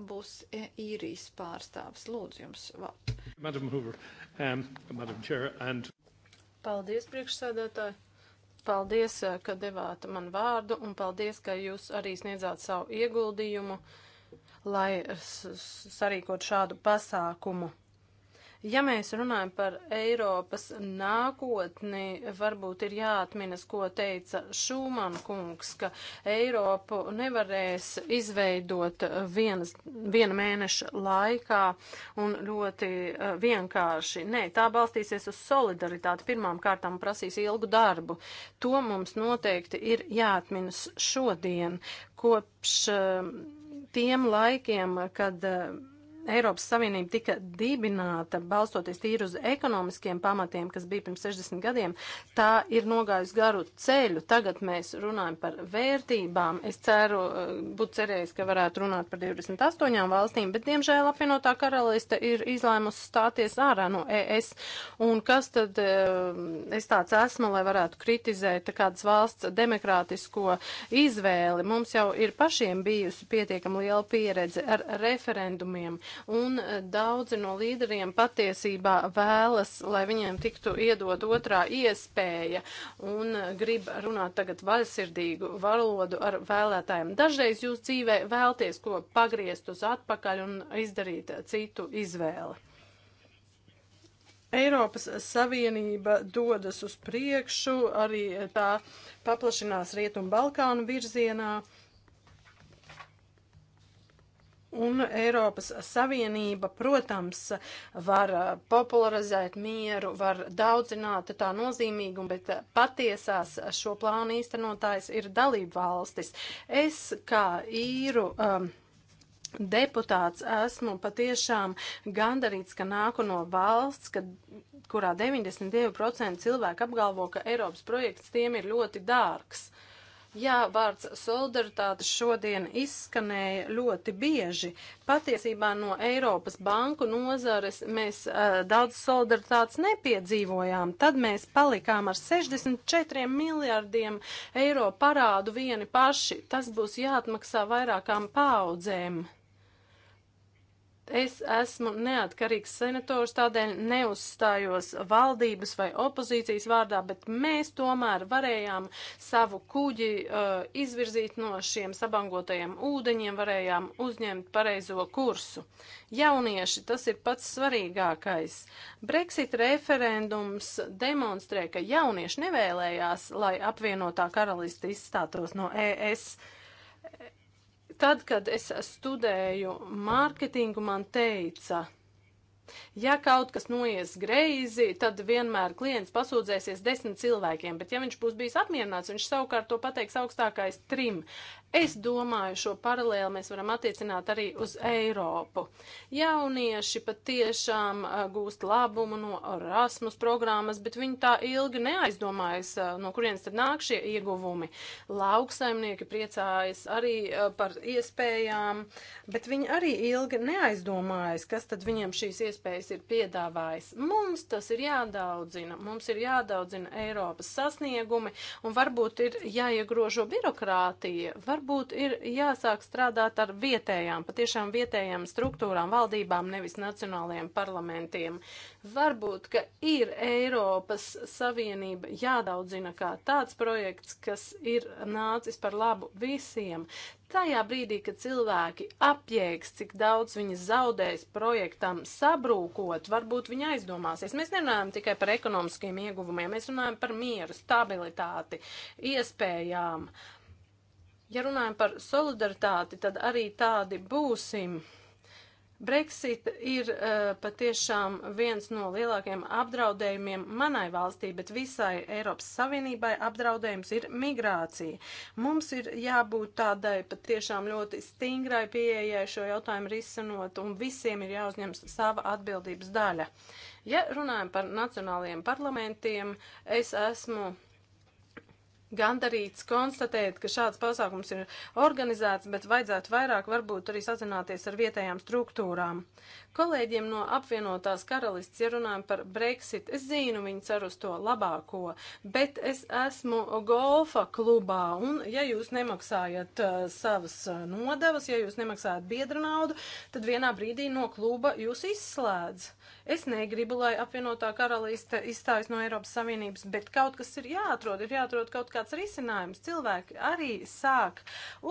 būs e, īrijas pārstāvis. Lūdzu, jums vārds. Madam Hoover, um, Madam Chair, and. Paldies, priekšsēdētāji. Paldies, ka devāt man vārdu, un paldies, ka jūs arī sniedzāt savu ieguldījumu, lai sarīkot šādu pasākumu. Ja mēs runājam par Eiropas nākotni, varbūt ir jāatminas, ko teica Šūman kungs, ka Eiropu nevarēs izveidot vienas, viena mēneša laikā un ļoti uh, vienkārši. Nē, tā balstīsies uz solidaritāti pirmām kārtām prasīs ilgu darbu. To mums noteikti ir jāatminas šodien, kopš uh, tiem laikiem, kad uh, Eiropas Savienība tika dibināta balstoties tīri uz ekonomiskiem pamatiem, kas bija pirms 60 gadiem, tā ir nogājusi garu ceļu. Tagad mēs runājam par vērtībām. Es ceru, eh, būtu cerējis, ka varētu runāt par 28 valstīm, bet diemžēl apvienotā karaliste ir izlēmusi stāties ārā no ES. Un kas tad eh, es tāds esmu, lai varētu kritizēt kādas valsts demokrātisko izvēli? Mums jau ir pašiem bijusi pietiekam liela pieredze ar referendumiem un eh, daudzi no līderiem patiesībā vēlas, lai viņiem tiktu iedod otrā iespēja un eh, grib runāt tagad vaļsirdīgu valodu ar vēlētājiem. Dažreiz jūs dzīvē vēlties ko pagriezt uz atpakaļ un izdarīt eh, citu izvēli. Eiropas Savienība dodas uz priekšu, arī tā paplašinās Rietumu Balkānu virzienā. Uh, Un Eiropas Savienība, protams, var uh, popularizēt mieru, var daudzināt tā nozīmīgumu, bet uh, patiesās uh, šo plānu īstenotājs ir dalību valstis. Es kā īru. Um, Deputāts esmu patiešām gandarīts, ka nāku no valsts, kad, kurā 92% cilvēku apgalvo, ka Eiropas projekts tiem ir ļoti dārgs. Uh, Jā, vārds solidaritāte šodien izskanēja ļoti bieži. Patiesībā no Eiropas banku nozares mēs uh, daudz solidaritātes nepiedzīvojām. Tad mēs palikām ar 64 miljārdiem eiro parādu vieni paši. Tas būs jāatmaksā vairākām paudzēm. Es esmu neatkarīgs senators, tādēļ neuzstājos valdības vai opozīcijas vārdā, bet mēs tomēr varējām savu kuģi uh, izvirzīt no šiem sabangotajiem ūdeņiem, varējām uzņemt pareizo kursu. Jaunieši, tas ir pats svarīgākais. Brexit referendums demonstrē, ka jaunieši nevēlējās, lai apvienotā karaliste izstātos no ES. Tad, kad es studēju mārketingu, man teica, Ja kaut kas noies greizi, tad vienmēr klients pasūdzēsies desmit cilvēkiem, bet ja viņš būs bijis apmierināts, viņš savukārt to pateiks augstākais trim. Es domāju, šo paralēli mēs varam attiecināt arī uz Eiropu. Jaunieši patiešām uh, gūst labumu no Erasmus programmas, bet viņi tā ilgi neaizdomājas, uh, no kurienes tad nāk šie ieguvumi. Lauksaimnieki priecājas arī uh, par iespējām, bet viņi arī ilgi neaizdomājas, kas tad viņiem šīs iespējas ir piedāvājis. Mums tas ir jādaudzina, mums ir jādaudzina Eiropas sasniegumi un varbūt ir jāiegrožo birokrātija. Varbūt varbūt ir jāsāk strādāt ar vietējām, patiešām vietējām struktūrām, valdībām, nevis nacionālajiem parlamentiem. Varbūt, ka ir Eiropas Savienība jādaudzina kā tāds projekts, kas ir nācis par labu visiem. Tajā brīdī, kad cilvēki apjēgs, cik daudz viņi zaudēs projektam sabrūkot, varbūt viņi aizdomāsies. Mēs nerunājam tikai par ekonomiskiem ieguvumiem, mēs runājam par mieru, stabilitāti, iespējām. Uh, Ja runājam par solidaritāti, tad arī tādi būsim. Brexit ir uh, patiešām viens no lielākajiem apdraudējumiem manai valstī, bet visai Eiropas Savienībai apdraudējums ir migrācija. Mums ir jābūt tādai patiešām ļoti stingrai pieejai šo jautājumu risinot, un visiem ir jāuzņems sava atbildības daļa. Ja runājam par nacionālajiem parlamentiem, es esmu gandarīts konstatēt, ka šāds pasākums ir organizēts, bet vajadzētu vairāk varbūt arī sazināties ar vietējām struktūrām. Kolēģiem no apvienotās karalists, ja runājam par Brexit, es zinu, viņi cer uz to labāko, bet es esmu golfa klubā, un ja jūs nemaksājat uh, savas eh, nodevas, ja jūs nemaksājat biedra naudu, tad vienā brīdī no kluba jūs izslēdz. Es negribu, lai apvienotā karaliste izstājas no Eiropas Savienības, bet kaut kas ir jāatrod, ir jāatrod kaut kāds risinājums. Cilvēki arī sāk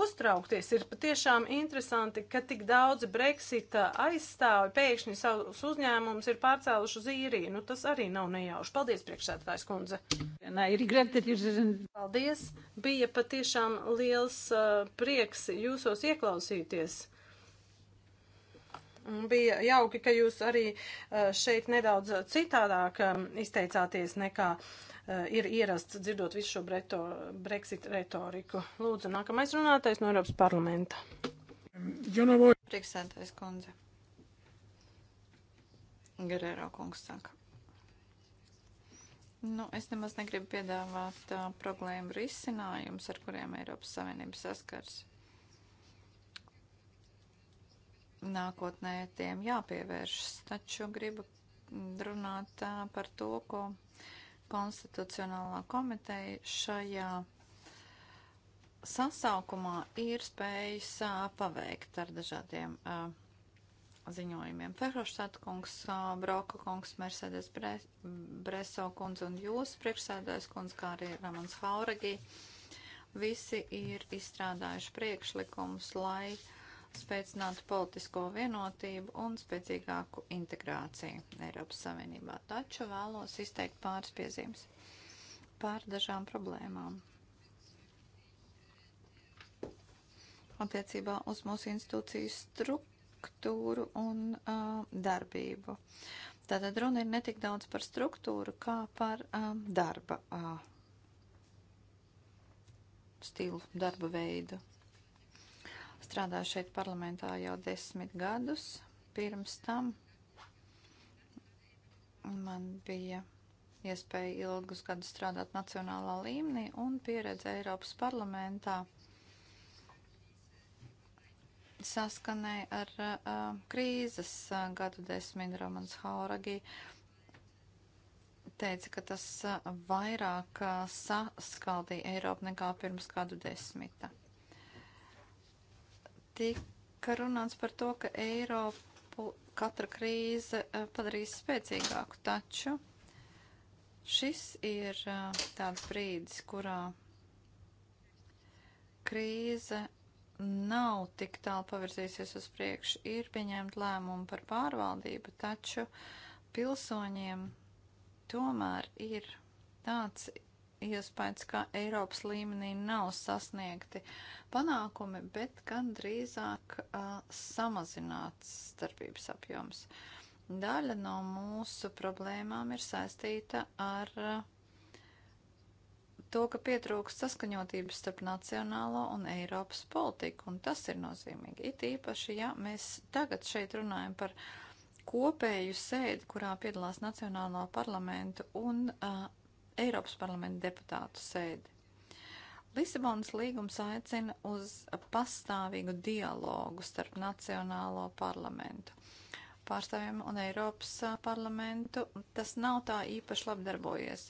uztraukties. Ir patiešām interesanti, ka tik daudzi Brexita aizstāvi pēkšņi savus uzņēmumus ir pārcēluši uz īriju. Nu, tas arī nav nejauši. Paldies, priekšsēdētājs kundze. Paldies. Bija patiešām liels uh, prieks jūsos ieklausīties. Bija jauki, ka jūs arī eh, šeit nedaudz citādāk eh, izteicāties nekā eh, ir ierasts dzirdot visu šo breto, Brexit retoriku. Lūdzu, nākamais runātais no Eiropas parlamenta. Priekšsēdētājs kundze. Gerēro kungs saka. Nu, es nemaz negribu piedāvāt uh, problēmu risinājumus, ar kuriem Eiropas Savienība saskars. nākotnē tiem jāpievēršas. Taču gribu runāt par to, ko konstitucionālā komiteja šajā sasaukumā ir spējis paveikt ar dažādiem ziņojumiem. Ferhoštāt kungs, Broka kungs, Mercedes Bre Breso kundze un jūs, priekšsēdājs kundze, kā arī Ramons Hauragī, visi ir izstrādājuši priekšlikumus, lai uh, spēcinātu politisko vienotību un spēcīgāku integrāciju Eiropas Savienībā. Taču vēlos izteikt pāris piezīmes pār dažām problēmām. attiecībā uz mūsu institūciju struktūru un uh, darbību. Tātad runa ir netik daudz par struktūru, kā par um, darba uh, stilu, darba veidu. Strādāju šeit parlamentā jau desmit gadus. Pirms tam man bija iespēja ilgus gadus strādāt nacionālā līmenī un pieredze Eiropas parlamentā saskanēja ar uh, krīzes uh, gadu desmit Romans Hauragi teica, ka tas uh, vairāk uh, saskaldīja Eiropu nekā pirms gadu desmita. Tika runāts par to, ka Eiropu katra krīze eh, padarīs spēcīgāku, taču šis ir eh, tāds brīdis, kurā krīze nav tik tālu pavirzījusies uz priekšu. Ir pieņemta lēmuma par pārvaldību, taču pilsoņiem tomēr ir tāds iespējas, ka Eiropas līmenī nav sasniegti panākumi, bet gan drīzāk uh, samazināts starpības apjoms. Daļa no mūsu problēmām ir saistīta ar uh, to, ka pietrūkst saskaņotības starp nacionālo un Eiropas politiku, un tas ir nozīmīgi. It īpaši, ja mēs tagad šeit runājam par kopēju sēdi, kurā piedalās Nacionālo parlamentu un uh, Eiropas parlamenta deputātu sēdi. Lisabonas līgums aicina uz pastāvīgu dialogu starp Nacionālo parlamentu pārstāvjiem un Eiropas parlamentu. Tas nav tā īpaši labi darbojies.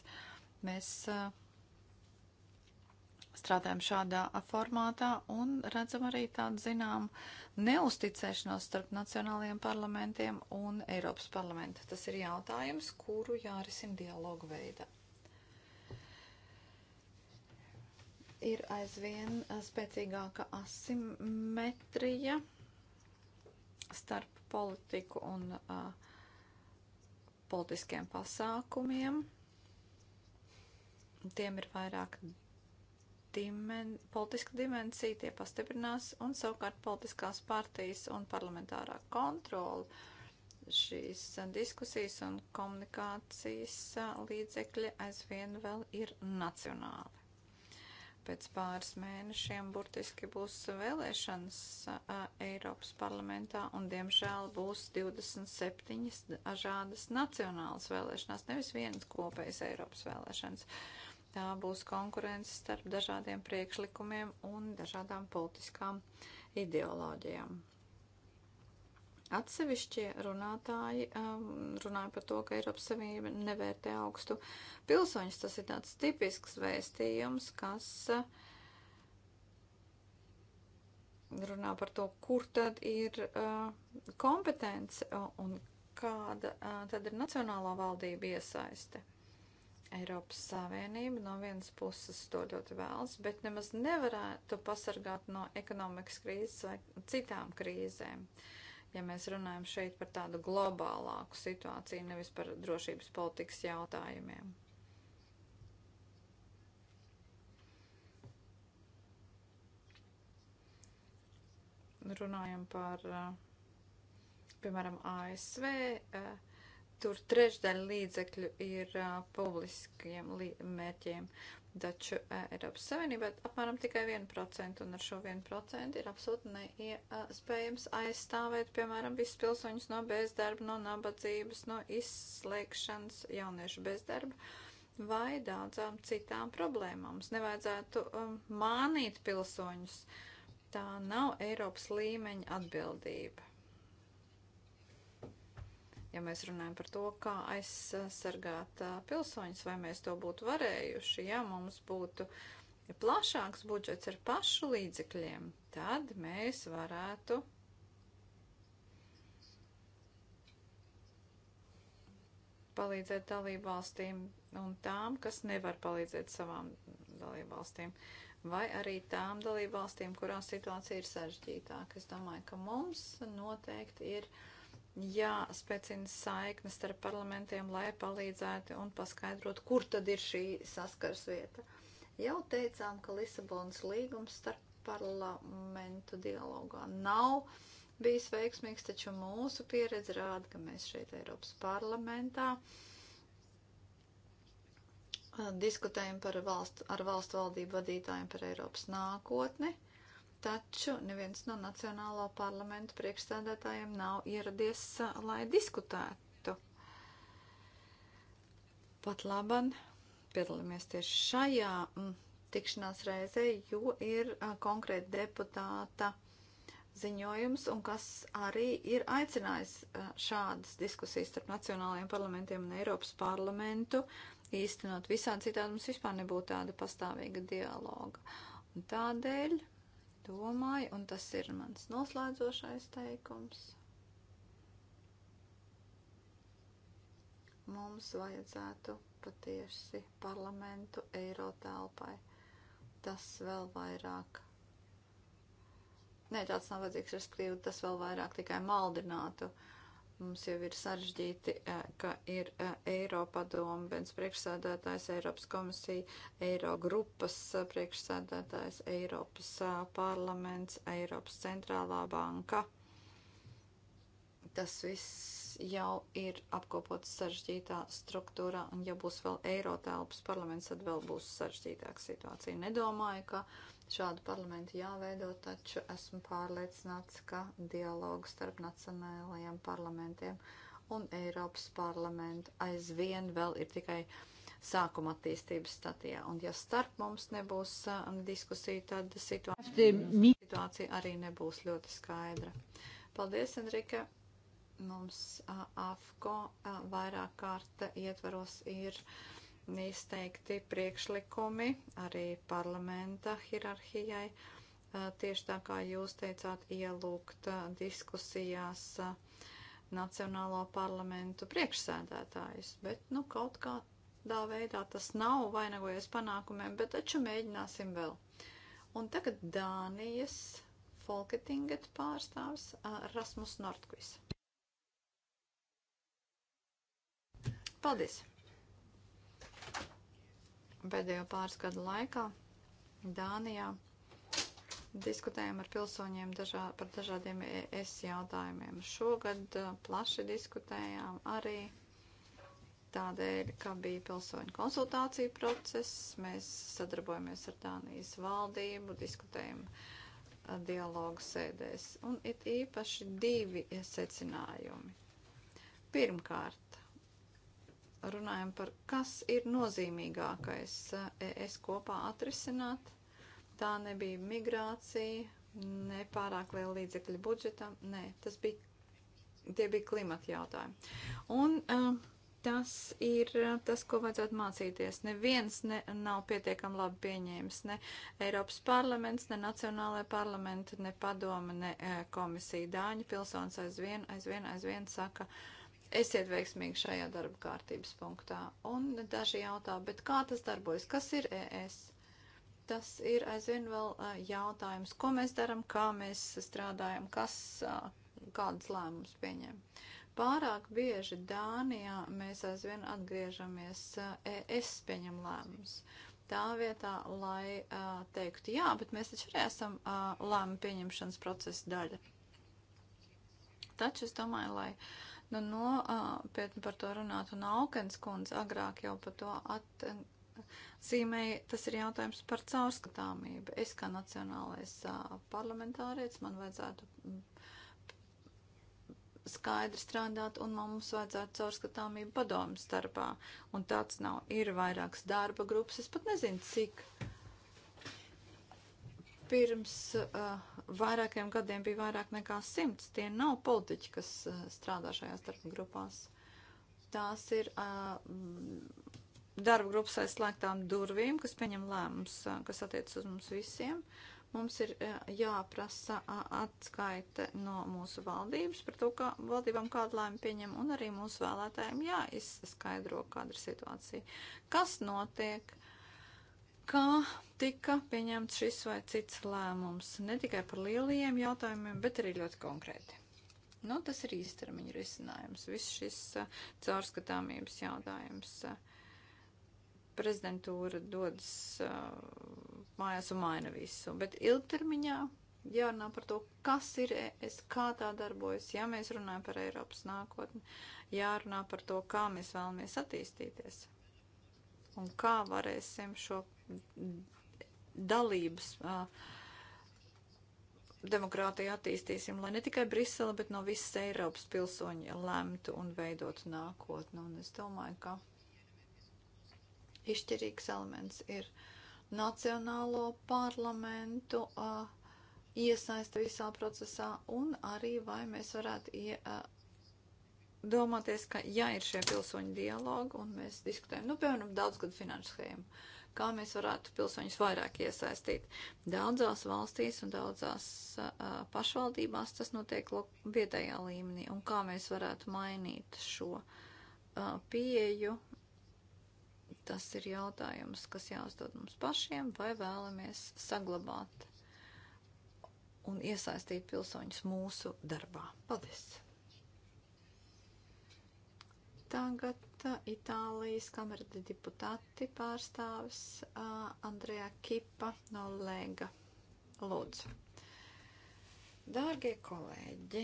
Mēs strādājam šādā formātā un redzam arī tādu zinām neusticēšanos starp nacionālajiem parlamentiem un Eiropas parlamentu. Tas ir jautājums, kuru jārisina dialogu veidā. ir aizvien eh, spēcīgāka asimetrija starp politiku un uh, politiskiem pasākumiem. Tiem ir vairāk dimen politiska dimensija, tie pastiprinās, un savukārt politiskās partijas un parlamentārā kontrola šīs eh, diskusijas un komunikācijas līdzekļi aizvien vēl ir nacionāli. Pēc pāris mēnešiem burtiski būs vēlēšanas Eiropas parlamentā un, diemžēl, būs 27 dažādas nacionālas vēlēšanās, nevis vienas kopējas Eiropas vēlēšanas. Tā būs konkurence starp dažādiem priekšlikumiem un dažādām politiskām ideoloģijām. Atsevišķie runātāji um, runāja par to, ka Eiropas Savienība nevērtē augstu pilsoņus. Tas ir tāds tipisks vēstījums, kas uh, runā par to, kur tad ir uh, kompetence uh, un kāda tad ir nacionālā valdība iesaiste. Eiropas Savienība no vienas puses to ļoti vēlas, bet nemaz nevarētu pasargāt no ekonomikas krīzes vai citām krīzēm. Uh, ja mēs runājam šeit par tādu globālāku situāciju, nevis par drošības politikas jautājumiem. Runājam par, eh, piemēram, ASV. Eh, tur trešdaļa līdzekļu ir eh, publiskiem mērķiem. Taču Eiropas Savienībā apmēram tikai 1% un ar šo 1% ir absolūti neiespējams aizstāvēt, piemēram, visus pilsoņus no bezdarba, no nabadzības, no izslēgšanas, jauniešu bezdarba vai daudzām citām problēmām. Mums nevajadzētu um, mānīt pilsoņus. Tā nav Eiropas līmeņa atbildība ja mēs runājam par to, kā aizsargāt pilsoņus, vai mēs to būtu varējuši, ja mums būtu plašāks budžets ar pašu līdzekļiem, tad mēs varētu palīdzēt dalību valstīm un tām, kas nevar palīdzēt savām dalību valstīm, vai arī tām dalību valstīm, kurās situācija ir sarežģītāka. Es domāju, ka mums noteikti ir uh, jāspēcina saikne starp parlamentiem, lai palīdzētu un paskaidrot, kur tad ir šī saskars vieta. Jau teicām, ka Lisabonas līgums starp parlamentu dialogā nav bijis veiksmīgs, taču mūsu pieredze rāda, ka mēs šeit Eiropas parlamentā diskutējam par valstu, ar valstu valdību vadītājiem par Eiropas nākotni. Uh, taču neviens no Nacionālo parlamentu priekšstādātājiem nav ieradies, lai diskutētu. Pat laban piedalāmies tieši šajā tikšanās reizē, jo ir konkrēti deputāta ziņojums, un kas arī ir aicinājis šādas diskusijas starp nacionālajiem parlamentiem un Eiropas parlamentu īstenot. Visādi citādi mums vispār nebūtu tāda pastāvīga dialoga. Un tādēļ domāju, un tas ir mans noslēdzošais teikums. Mums vajadzētu patiesi parlamentu eiro telpai. Tas vēl vairāk. Nē, tāds nav vajadzīgs ar skrīvu, tas vēl vairāk tikai maldinātu uh, Mums jau ir sarežģīti, eh, ka ir eh, Eiropadoma, viens priekšsādātājs, Eiropas komisija, Eiro grupas eh, priekšsādātājs, Eiropas parlaments, Eiropas centrālā banka. Tas viss jau ir apkopots sarežģītā struktūrā, un ja būs vēl Eirotelpas parlaments, tad vēl būs sarežģītāka situācija. Nedomāju, ka. Uh, Šādu parlamentu jāveido, taču esmu pārliecināts, ka dialogu starp nacionālajiem parlamentiem un Eiropas parlamentu aizvien vēl ir tikai sākuma attīstības stadijā. Un ja starp mums nebūs uh, diskusija, tad situācija, situācija arī nebūs ļoti skaidra. Paldies, Enrika! Mums uh, AFCO uh, vairāk kārta ietvaros ir. Uh, izteikti priekšlikumi arī parlamenta hierarhijai. Tieši tā kā jūs teicāt, ielūgt diskusijās Nacionālo parlamentu priekšsēdētājus, bet nu kaut kādā veidā tas nav vainagojies panākumiem, bet taču mēģināsim vēl. Un tagad Dānijas Folketinget pārstāvs Rasmus Nordkvis. Paldies! pēdējo pāris gadu laikā Dānijā diskutējam ar pilsoņiem dažā, par dažādiem ES jautājumiem. Šogad uh, plaši diskutējām arī tādēļ, ka bija pilsoņu konsultāciju process. Mēs sadarbojamies ar Dānijas valdību, diskutējam uh, dialogu sēdēs. Un ir īpaši divi secinājumi. Pirmkārt, runājam par, kas ir nozīmīgākais eh, ES kopā atrisināt. Tā nebija migrācija, ne pārāk liela līdzekļa budžetam, nē, tas bija, tie bija klimata jautājumi. Un uh, tas ir eh, tas, ko vajadzētu mācīties. Neviens ne, nav pietiekam labi pieņēmis, ne Eiropas parlaments, ne Nacionālajā parlamenta, ne padoma, ne uh, komisija. Dāņu pilsonis aizvien, aizvien, aizvien saka, uh, Esiet veiksmīgi šajā darba kārtības punktā. Un daži jautā, bet kā tas darbojas? Kas ir ES? Tas ir aizvien vēl jautājums, ko mēs darām, kā mēs strādājam, kas, kādas lēmumus pieņem. Pārāk bieži Dānijā mēs aizvien atgriežamies ES pieņem lēmumus tā vietā, lai uh, teiktu, jā, bet mēs taču arī esam uh, lēma pieņemšanas procesa daļa. Taču es domāju, lai Nu, nopietni par to runāt, un Aukens kundze agrāk jau par to atzīmēja, tas ir jautājums par caurskatāmību. Es kā nacionālais parlamentārietis, man vajadzētu skaidri strādāt, un mums vajadzētu caurskatāmību padomu starpā. Un tāds nav. Ir vairākas darba grupas, es pat nezinu, cik. Uh, Pirms uh, vairākiem gadiem bija vairāk nekā simts. Tie nav politiķi, kas uh, strādā šajās darba grupās. Tās ir uh, darba grupas aizslēgtām durvīm, kas pieņem lēmums, uh, kas attiec uz mums visiem. Mums ir uh, jāprasa uh, atskaite no mūsu valdības par to, ka valdībām kādu lēmumu pieņem, un arī mūsu vēlētājiem jāizskaidro, kāda ir situācija. Kas notiek? kā tika pieņemts šis vai cits lēmums. Ne tikai par lielajiem jautājumiem, bet arī ļoti konkrēti. Nu, tas ir īstermiņa risinājums. Viss šis uh, caurskatāmības jautājums. Prezidentūra dodas uh, mājās un maina visu. Bet ilgtermiņā jārunā par to, kas ir ES, kā tā darbojas, ja mēs runājam par Eiropas nākotni, jārunā par to, kā mēs vēlamies attīstīties un kā varēsim šo dalības uh, demokrātiju attīstīsim, lai ne tikai Brisele, bet no visas Eiropas pilsoņi lemtu un veidotu nākotni. Un es domāju, ka izšķirīgs elements ir nacionālo parlamentu uh, iesaista visā procesā un arī vai mēs varētu ie, uh, domāties, ka ja ir šie pilsoņu dialogi un mēs diskutējam, nu, piemēram, daudzgadu finanšu schēmu, kā mēs varētu pilsoņus vairāk iesaistīt. Daudzās valstīs un daudzās uh, pašvaldībās tas notiek vietējā līmenī un kā mēs varētu mainīt šo uh, pieeju. Tas ir jautājums, kas jāuzdod mums pašiem, vai vēlamies saglabāt un iesaistīt pilsoņus mūsu darbā. Paldies! Tagad uh, Itālijas kamerada deputāti pārstāvis uh, Andrejā Kipa no Lega. Lūdzu. Dārgie kolēģi,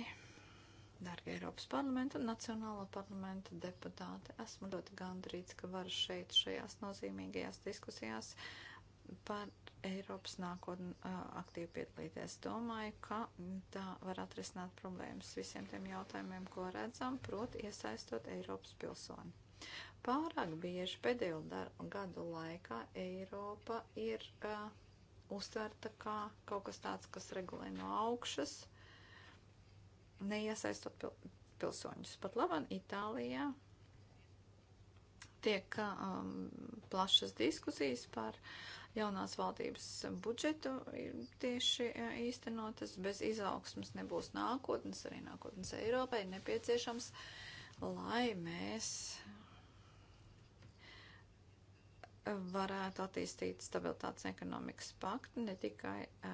dārgie Eiropas parlamenta un Nacionālā parlamenta deputāti, esmu ļoti gandrīts, ka varu šeit šajās nozīmīgajās diskusijās par Eiropas nākotni aktīvi piedalīties. Domāju, ka tā var atrisināt problēmas visiem tiem jautājumiem, ko redzam, proti iesaistot Eiropas pilsoni. Pārāk bieži pēdējo gadu laikā Eiropa ir uh, uztverta kā kaut kas tāds, kas regulē no augšas, neiesaistot pil pilsoņus. Pat labam Itālijā tiek um, plašas diskusijas par uh, jaunās valdības budžetu tieši e, īstenotas. Bez izaugsmas nebūs nākotnes, arī nākotnes Eiropai ir nepieciešams, lai mēs varētu attīstīt stabilitātes ekonomikas paktu ne tikai e,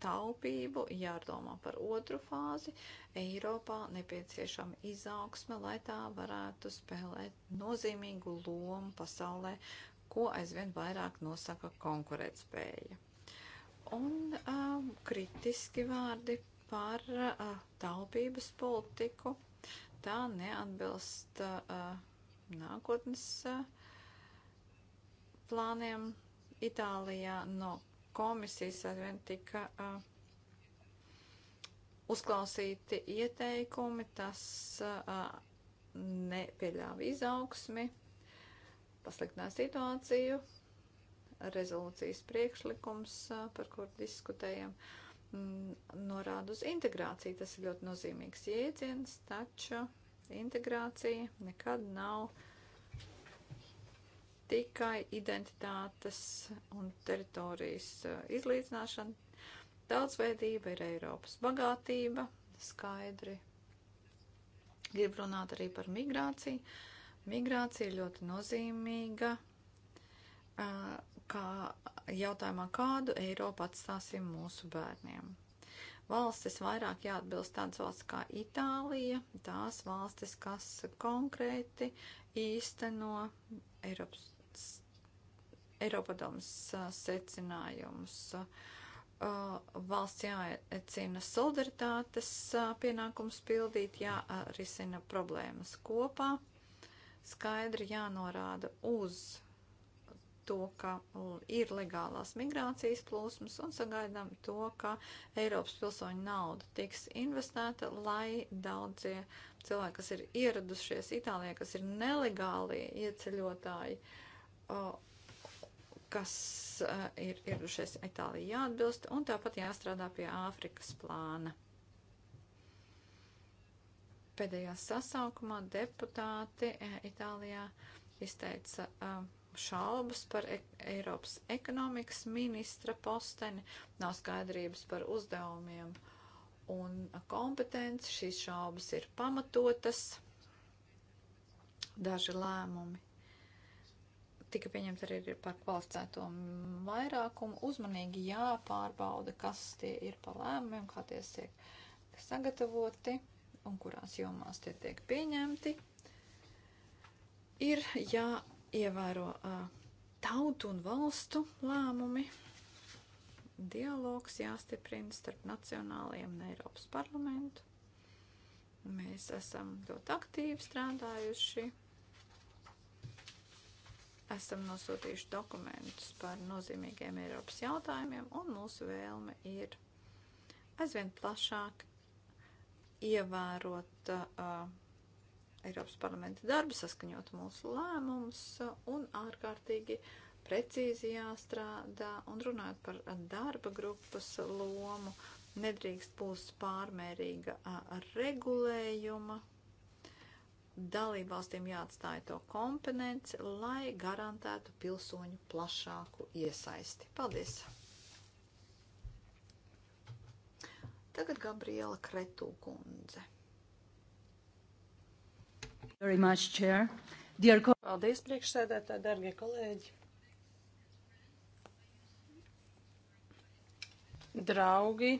taupību, jādomā par otru fāzi. Eiropā nepieciešama izaugsme, lai tā varētu spēlēt nozīmīgu lomu pasaulē ko aizvien vairāk nosaka konkurētspēja. Un um, kritiski vārdi par uh, taupības politiku. Tā neatbilst uh, nākotnes uh, plāniem. Itālijā no komisijas arvien tika uh, uzklausīti ieteikumi, tas uh, nepieļāva izaugsmi pasliktināja situāciju. Rezolūcijas priekšlikums, par kur diskutējam, mm, norāda uz integrāciju. Tas ir ļoti nozīmīgs jēdziens, taču integrācija nekad nav tikai identitātes un teritorijas izlīdzināšana. Daudzveidība ir Eiropas bagātība, skaidri. Grib runāt arī par migrāciju. Uh, Migrācija ļoti nozīmīga. Kā jautājumā, kādu Eiropu atstāsim mūsu bērniem? Valstis vairāk jāatbilst tādas valsts kā Itālija, tās valstis, kas konkrēti īsteno Eiropas, Eiropadomas secinājumus. Valsts jāecina solidaritātes pienākums pildīt, jārisina problēmas kopā skaidri jānorāda uz to, ka ir legālās migrācijas plūsmas un sagaidām to, ka Eiropas pilsoņu nauda tiks investēta, lai daudzie cilvēki, kas ir ieradušies Itālijā, kas ir nelegāli ieceļotāji, kas e, ir ieradušies Itālijā jāatbilst, un tāpat jāstrādā pie Āfrikas plāna pēdējā sasaukumā deputāti eh, Itālijā izteica eh, šaubas par e Eiropas ekonomikas ministra posteni, nav skaidrības par uzdevumiem un kompetenci. Šīs šaubas ir pamatotas. Daži lēmumi tika pieņemti arī par kvalificēto vairākumu. Uzmanīgi jāpārbauda, kas tie ir pa lēmumiem, kā tie tiek sagatavoti un kurās jomās tie tiek pieņemti, ir jāievēro tautu un valstu lēmumi. Dialogs jāstiprina starp nacionālajiem un Eiropas parlamentu. Mēs esam ļoti aktīvi strādājuši esam nosūtījuši dokumentus par nozīmīgiem Eiropas jautājumiem, un mūsu vēlme ir aizvien plašāk ievērot uh, Eiropas parlamenta darbu, saskaņot mūsu lēmumus uh, un ārkārtīgi precīzi jāstrādā un runājot par uh, darba grupas lomu. Nedrīkst būs pārmērīga uh, regulējuma. Dalībvalstīm jāatstāja to kompetenci, lai garantētu pilsoņu plašāku iesaisti. Paldies! Tagad Gabriela Kretu kundze. Very much, Chair. Dear Paldies, priekšsēdētāji, darbie kolēģi. Draugi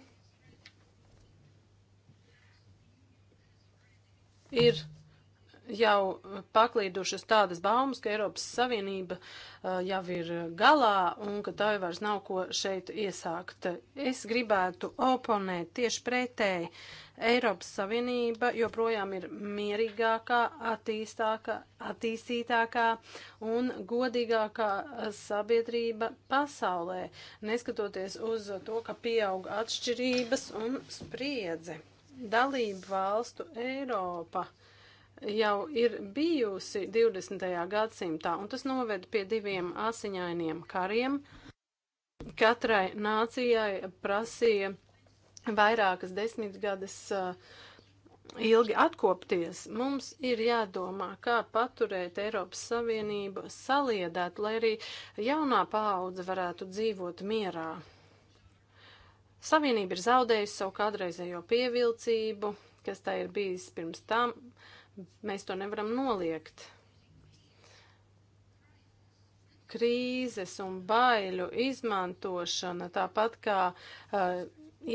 ir jau eh, paklīdušas tādas baumas, ka Eiropas Savienība uh, jau ir galā un ka tā jau vairs nav ko šeit iesākt. Es gribētu oponēt tieši pretēji. Eiropas Savienība joprojām ir mierīgākā, attīstākā, attīstītākā un godīgākā eh, sabiedrība pasaulē, neskatoties uz to, ka pieaug atšķirības un spriedze. Dalība valstu Eiropa. Uh, jau ir bijusi 20. gadsimtā, un tas noved pie diviem asiņainiem kariem. Katrai nācijai prasīja vairākas desmitgades uh, ilgi atkopties, mums ir jādomā, kā paturēt Eiropas Savienību saliedēt, lai arī jaunā paudze varētu dzīvot mierā. Savienība ir zaudējusi savu kādreizējo pievilcību, kas tā ir bijis pirms tam. Uh, Mēs to nevaram noliegt. Krīzes un baiļu izmantošana, tāpat kā uh,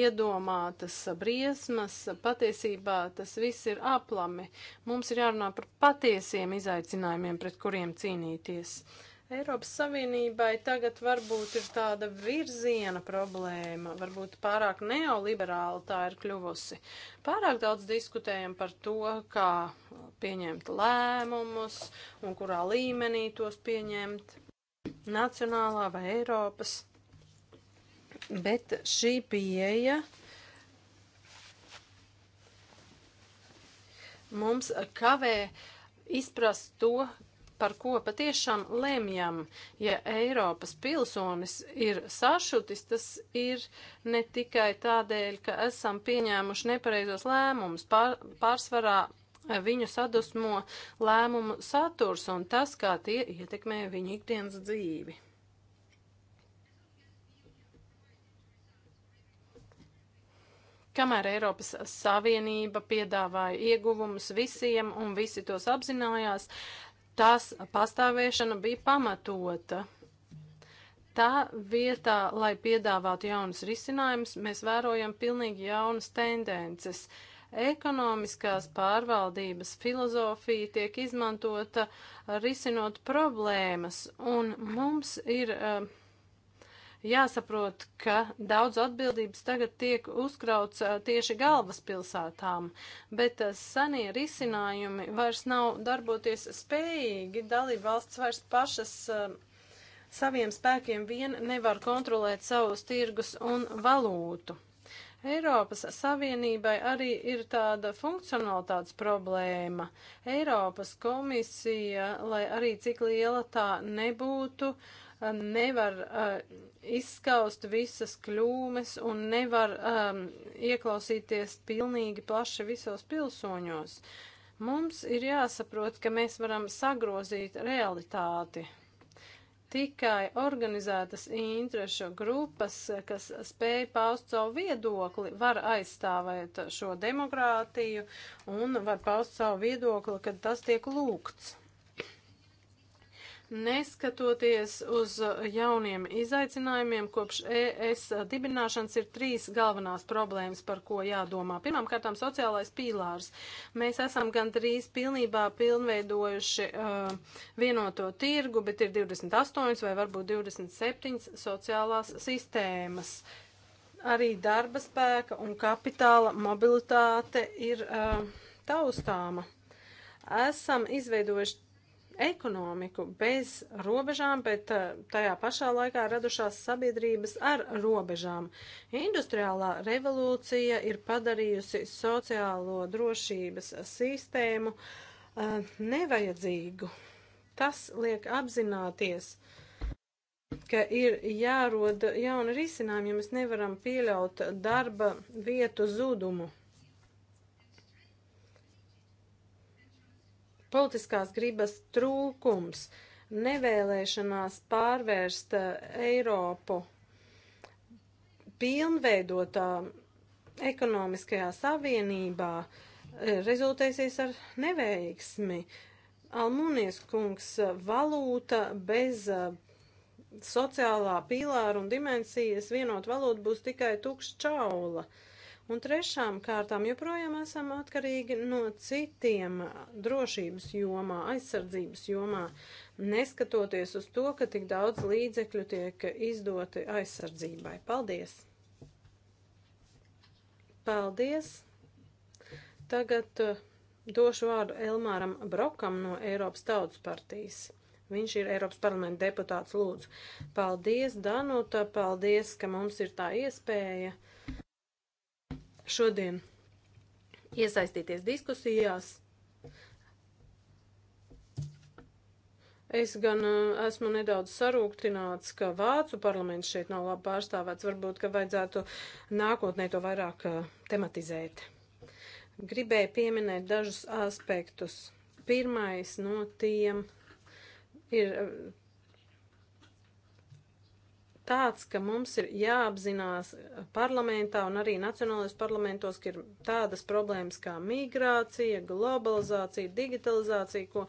iedomātas briesmas, patiesībā tas viss ir aplami. Mums ir jārunā par patiesiem izaicinājumiem, pret kuriem cīnīties. Uh, Eiropas Savienībai tagad varbūt ir tāda virziena problēma, varbūt pārāk neoliberāla tā ir kļuvusi. Pārāk daudz diskutējam par to, kā pieņemt lēmumus un kurā līmenī tos pieņemt - nacionālā vai Eiropas. Bet šī pieeja mums kavē izprast to, par ko patiešām lemjam. Ja Eiropas pilsonis ir sašutis, tas ir ne tikai tādēļ, ka esam pieņēmuši nepareizos lēmumus, pār, pārsvarā viņu sadusmo lēmumu saturs un tas, kā tie ietekmē viņu ikdienas dzīvi. Kamēr Eiropas Savienība piedāvāja ieguvumus visiem un visi tos apzinājās, tās pastāvēšana bija pamatota. Tā vietā, lai piedāvātu jaunas risinājumus, mēs vērojam pilnīgi jaunas tendences. Ekonomiskās pārvaldības filozofija tiek izmantota risinot problēmas, un mums ir uh, Jāsaprot, ka daudz atbildības tagad tiek uzkrauts tieši galvaspilsētām, bet senie risinājumi vairs nav darboties spējīgi, dalība valsts vairs pašas saviem spēkiem vien nevar kontrolēt savus tirgus un valūtu. Eiropas Savienībai arī ir tāda funkcionalitātes problēma. Eiropas komisija, lai arī cik liela tā nebūtu, uh, nevar uh, izskaust visas kļūmes un nevar um, ieklausīties pilnīgi plaši visos pilsoņos. Mums ir jāsaprot, ka mēs varam sagrozīt realitāti tikai organizētas interešu grupas, kas spēj paust savu viedokli, var aizstāvēt šo demokrātiju un var paust savu viedokli, kad tas tiek lūgts. Neskatoties uz jauniem izaicinājumiem, kopš ES dibināšanas ir trīs galvenās problēmas, par ko jādomā. Pirmkārt, sociālais pīlārs. Mēs esam gandrīz pilnībā pilnveidojuši uh, vienoto tirgu, bet ir 28 vai varbūt 27 sociālās sistēmas arī darba spēka un kapitāla mobilitāte ir uh, taustāma. Esam izveidojuši ekonomiku bez robežām, bet eh, tajā pašā laikā radušās sabiedrības ar robežām. Industriālā revolūcija ir padarījusi sociālo drošības sistēmu uh, nevajadzīgu. Tas liek apzināties, ka ir jārod jauni risinājumi, ja mēs nevaram pieļaut darba vietu zudumu. politiskās gribas trūkums, nevēlēšanās pārvērst eh, Eiropu pilnveidotā eh, ekonomiskajā savienībā eh, rezultēsies ar neveiksmi. Almūnijas kungs valūta bez sociālā pīlāra un dimensijas vienot valūtu būs tikai tukša čaula. Uh, Un trešām kārtām joprojām esam atkarīgi no citiem drošības jomā, aizsardzības jomā, neskatoties uz to, ka tik daudz līdzekļu tiek izdoti aizsardzībai. Paldies! Paldies! Tagad uh, došu vārdu Elmāram Brokam no Eiropas Tautas partijas. Viņš ir Eiropas parlamenta deputāts lūdzu. Paldies, Danuta, paldies, ka mums ir tā iespēja uh, šodien iesaistīties diskusijās. Es gan uh, esmu nedaudz sarūktināts, ka Vācu parlaments šeit nav labi pārstāvēts. Varbūt, ka vajadzētu nākotnē to vairāk uh, tematizēt. Gribēju pieminēt dažus aspektus. Pirmais no tiem ir uh, tāds, ka mums ir jāapzinās parlamentā un arī nacionālajos parlamentos, ka ir tādas problēmas kā migrācija, globalizācija, digitalizācija, ko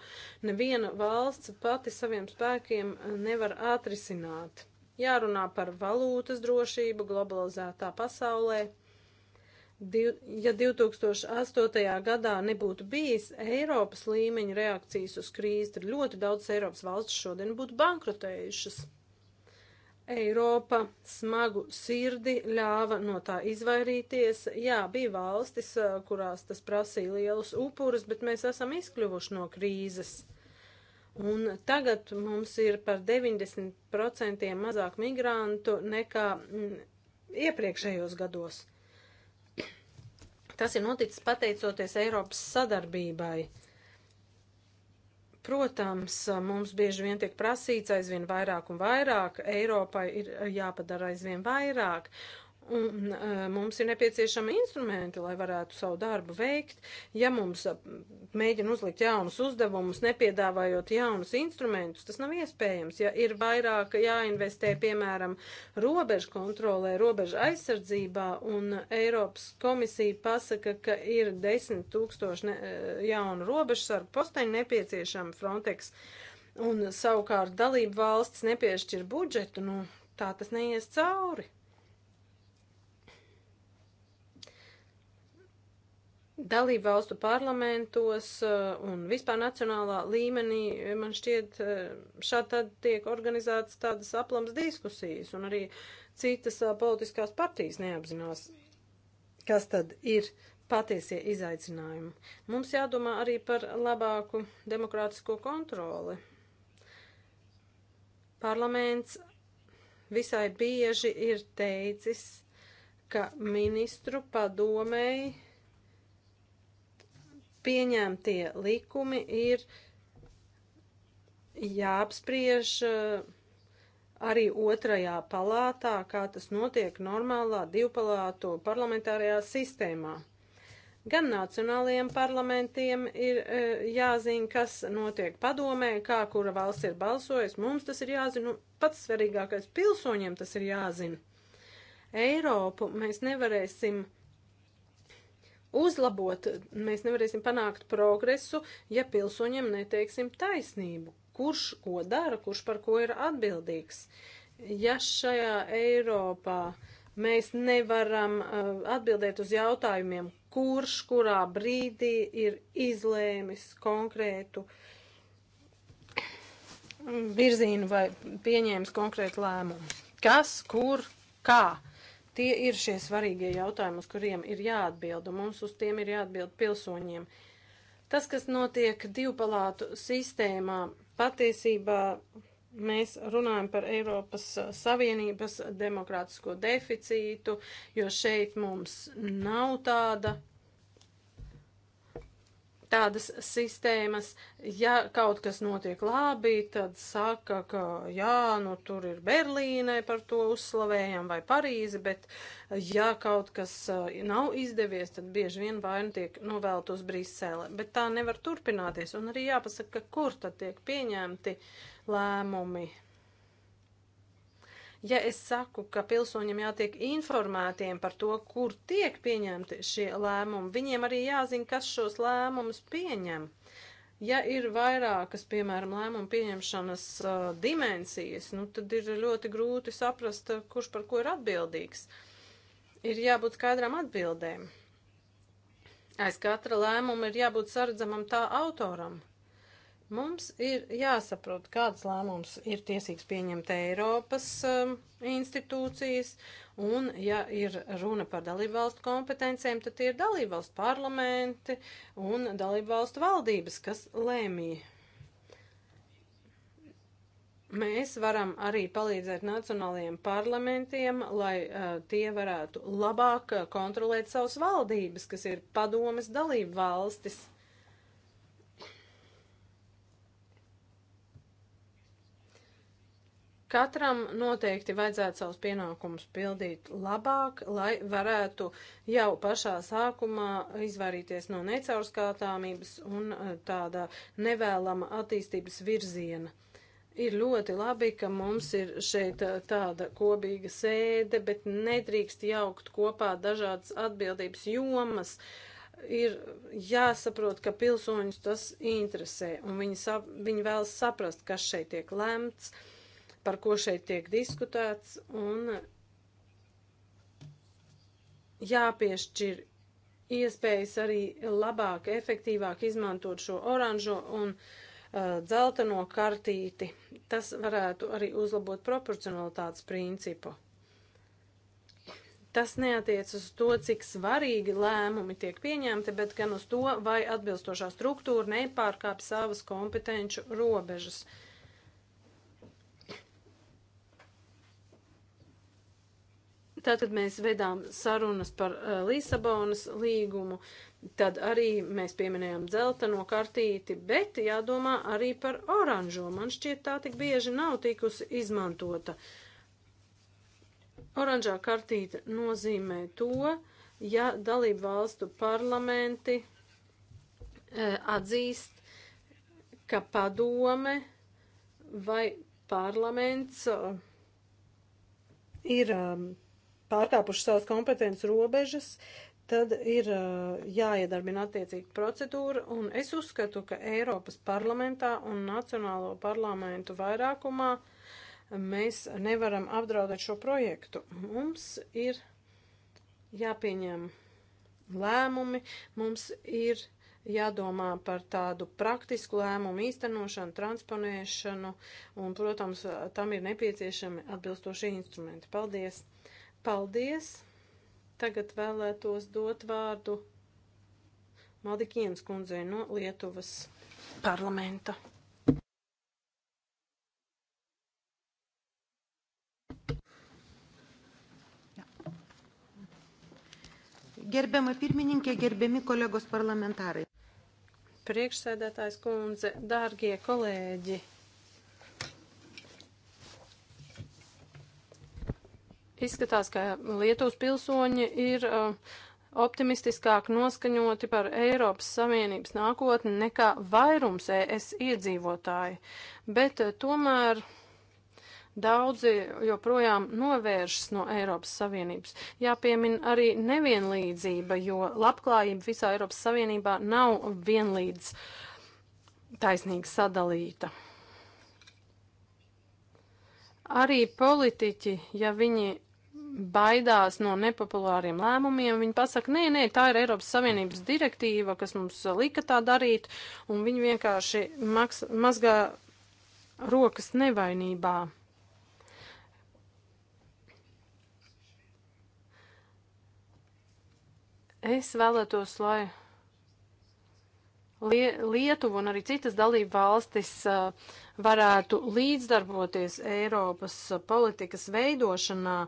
neviena valsts pati saviem spēkiem nevar atrisināt. Jārunā par valūtas drošību globalizētā pasaulē. Ja 2008. gadā nebūtu bijis Eiropas līmeņa reakcijas uz krīzi, tad ļoti daudz Eiropas valsts šodien būtu bankrotējušas. Eiropa smagu sirdi ļāva no tā izvairīties. Jā, bija valstis, eh, kurās tas prasīja lielus upurus, bet mēs esam izkļuvuši no krīzes. Un tagad mums ir par 90% mazāk migrantu nekā mm, iepriekšējos gados. Tas ir noticis pateicoties Eiropas sadarbībai. Protams, mums bieži vien tiek prasīts aizvien vairāk un vairāk, Eiropai ir jāpadara aizvien vairāk, Un uh, mums ir nepieciešami instrumenti, lai varētu savu darbu veikt. Ja mums uh, mēģina uzlikt jaunus uzdevumus, nepiedāvājot jaunus instrumentus, tas nav iespējams. Ja ir vairāk jāinvestē, piemēram, robežu kontrolē, robežu aizsardzībā, un Eiropas komisija pasaka, ka ir desmit tūkstoši ne, uh, jaunu robežu sargu posteņu nepieciešama Frontex, un savukārt dalību valstis nepiešķir budžetu, nu tā tas neies cauri. dalību valstu parlamentos eh, un vispār nacionālā līmenī, eh, man šķiet, eh, šādi tad tiek organizētas tādas aplams diskusijas, un arī citas politiskās partijas neapzinās, kas tad ir patiesie izaicinājumi. Mums jādomā arī par labāku demokrātisko kontroli. Parlaments visai bieži ir teicis, ka ministru padomēji pieņemtie likumi ir jāapspriež eh, arī otrajā palātā, kā tas notiek normālā divpalātu parlamentārajā sistēmā. Gan nacionālajiem parlamentiem ir e, jāzina, kas notiek padomē, kā kura valsts ir balsojusi. Mums tas ir jāzina, pats svarīgākais pilsoņiem tas ir jāzina. Eiropu mēs nevarēsim uh, uzlabot. Mēs nevarēsim panākt progresu, ja pilsoņiem neteiksim taisnību, kurš ko dara, kurš par ko ir atbildīgs. Ja šajā Eiropā mēs nevaram uh, atbildēt uz jautājumiem, kurš kurā brīdī ir izlēmis konkrētu virzienu vai pieņēmis konkrētu lēmumu. Kas, kur, kā. Uh, Tie ir šie svarīgie jautājumi, uz kuriem ir jāatbild, un mums uz tiem ir jāatbild pilsoņiem. Tas, kas notiek divpalātu sistēmā, patiesībā mēs runājam par Eiropas Savienības demokrātisko deficītu, jo šeit mums nav tāda tādas sistēmas, ja kaut kas notiek labi, tad saka, ka jā, nu tur ir Berlīne par to uzslavējam vai Parīze, bet eh, ja kaut kas eh, nav izdevies, tad bieži vien vaina tiek novelt uz Brisele. Bet tā nevar turpināties un arī jāpasaka, kur tad tiek pieņemti lēmumi Ja es saku, ka pilsoņiem jātiek informētiem par to, kur tiek pieņemti šie lēmumi, viņiem arī jāzina, kas šos lēmumus pieņem. Ja ir vairākas, piemēram, lēmumu pieņemšanas uh, dimensijas, nu, tad ir ļoti grūti saprast, kurš par ko ir atbildīgs. Ir jābūt skaidrām atbildēm. Aiz katra lēmuma ir jābūt saredzamam tā autoram. Mums ir jāsaprot, kādas lēmumus ir tiesīgs pieņemt Eiropas um, institūcijas, un ja ir runa par dalībvalstu kompetencijiem, tad tie ir dalībvalstu parlamenti un dalībvalstu valdības, kas lēmīja. Mēs varam arī palīdzēt nacionālajiem parlamentiem, lai uh, tie varētu labāk uh, kontrolēt savas valdības, kas ir padomas dalību valstis. Katram noteikti vajadzētu savus pienākumus pildīt labāk, lai varētu jau pašā sākumā izvairīties no necaurskatāmības un eh, tāda nevēlama attīstības virziena. Ir ļoti labi, ka mums ir šeit eh, tāda kopīga sēde, bet nedrīkst jaukt kopā dažādas atbildības jomas. Ir jāsaprot, ka pilsoņus tas interesē, un viņi, sap, viņi vēlas saprast, kas šeit tiek lemts. Uh, par ko šeit tiek diskutēts, un jāpiešķir iespējas arī labāk, efektīvāk izmantot šo oranžo un uh, dzelteno kartīti. Tas varētu arī uzlabot proporcionalitātes principu. Tas neatiec uz to, cik svarīgi lēmumi tiek pieņemti, bet gan uz to, vai atbilstošā struktūra nepārkāp savas kompetenču robežas. Uh, Tad, kad mēs vedām sarunas par uh, Līsabonas līgumu, tad arī mēs pieminējām dzelteno kartīti, bet jādomā arī par oranžo. Man šķiet, tā tik bieži nav tikusi izmantota. Oranžā kartīte nozīmē to, ja dalību valstu parlamenti uh, atzīst ka padome vai parlaments uh, ir um, pārkāpuši savas kompetences robežas, tad ir jāiedarbina attiecīga procedūra, un es uzskatu, ka Eiropas parlamentā un Nacionālo parlamentu vairākumā mēs nevaram apdraudēt šo projektu. Mums ir jāpieņem lēmumi, mums ir jādomā par tādu praktisku lēmumu īstenošanu, transponēšanu, un, protams, tam ir nepieciešami atbilstoši instrumenti. Paldies! Paldies! Tagad vēlētos dot vārdu Maldikienas kundzei no Lietuvas parlamenta. Gerbiama pirmininkė, gerbiami kolegos parlamentarai. Priekšsēdētājs kundze, dārgie kolēģi, Izskatās, ka Lietuvas pilsoņi ir uh, optimistiskāk noskaņoti par Eiropas Savienības nākotni nekā vairums ES iedzīvotāji, bet uh, tomēr daudzi joprojām novēršas no Eiropas Savienības. Jāpiemin arī nevienlīdzība, jo labklājība visā Eiropas Savienībā nav vienlīdz taisnīgi sadalīta. Arī politiķi, ja viņi baidās no nepopulāriem lēmumiem. Viņi pasaka, nē, nē, tā ir Eiropas Savienības direktīva, kas mums lika tā darīt, un viņi vienkārši maks, mazgā rokas nevainībā. Es vēlētos, lai Lietuva un arī citas dalību valstis uh, varētu līdzdarboties Eiropas uh, politikas veidošanā,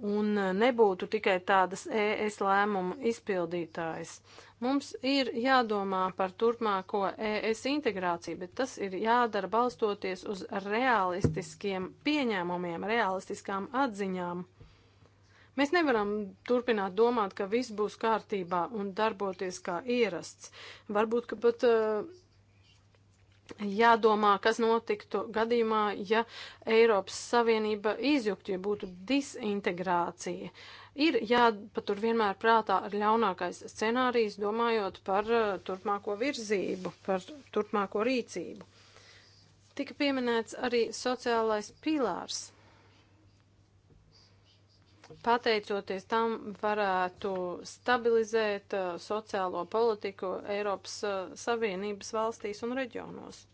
un nebūtu tikai tādas ES lēmumu izpildītājas. Mums ir jādomā par turpmāko ES integrāciju, bet tas ir jādara balstoties uz realistiskiem pieņēmumiem, realistiskām atziņām. Mēs nevaram turpināt domāt, ka viss būs kārtībā un darboties kā ierasts. Varbūt, ka pat uh, jādomā, kas notiktu gadījumā, ja Eiropas Savienība izjuktu, ja būtu disintegrācija. Ir jāpatur vienmēr prātā ar ļaunākais scenārijs, domājot par uh, turpmāko virzību, par turpmāko rīcību. Tika pieminēts arī sociālais pilārs pateicoties tam varētu stabilizēt uh, sociālo politiku Eiropas uh, Savienības valstīs un reģionos.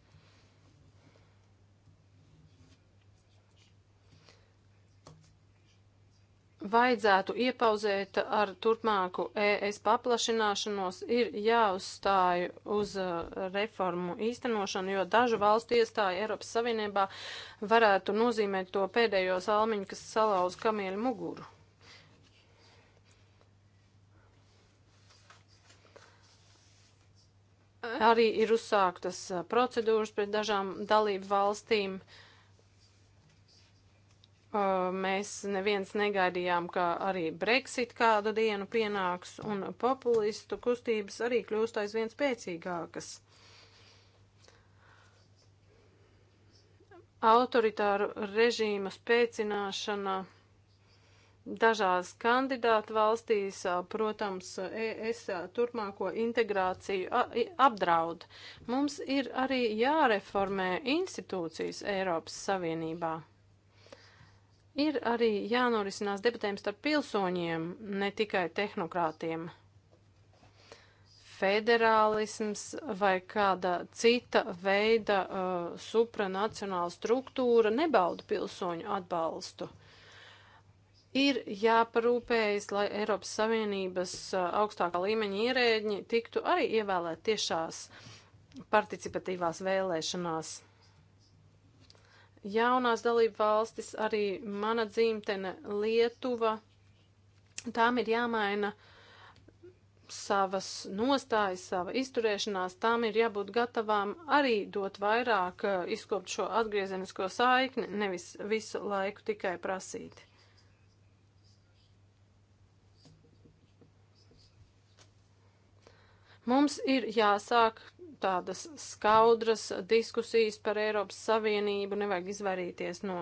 Vajadzētu iepauzēt ar turpmāku ES paplašināšanos, ir jāuzstāj uz uh, reformu īstenošanu, jo dažu valstu iestāja Eiropas Savienībā varētu nozīmēt to pēdējo salmiņu, kas salauz kamieļu muguru. arī ir uzsāktas procedūras pret dažām dalību valstīm. Mēs neviens negaidījām, ka arī Brexit kādu dienu pienāks, un populistu kustības arī kļūst aizvien spēcīgākas. Autoritāru režīma spēcināšana Dažās kandidātu valstīs, protams, ES turpmāko integrāciju apdraud. Mums ir arī jāreformē institūcijas Eiropas Savienībā. Ir arī jānorisinās debatēm starp pilsoņiem, ne tikai tehnokrātiem federālisms vai kāda cita veida uh, supranacionāla struktūra nebauda pilsoņu atbalstu. Uh, Ir jāparūpējas, lai Eiropas Savienības augstākā līmeņa ierēģi tiktu arī ievēlēt tiešās participatīvās vēlēšanās. Jaunās dalība valstis, arī mana dzimtene Lietuva, tām ir jāmaina savas nostājas, sava izturēšanās, tām ir jābūt gatavām arī dot vairāk, izkopt šo atgriezenisko saikni, nevis visu laiku tikai prasīt. Mums ir jāsāk tādas skaudras diskusijas par Eiropas Savienību, nevajag izvairīties no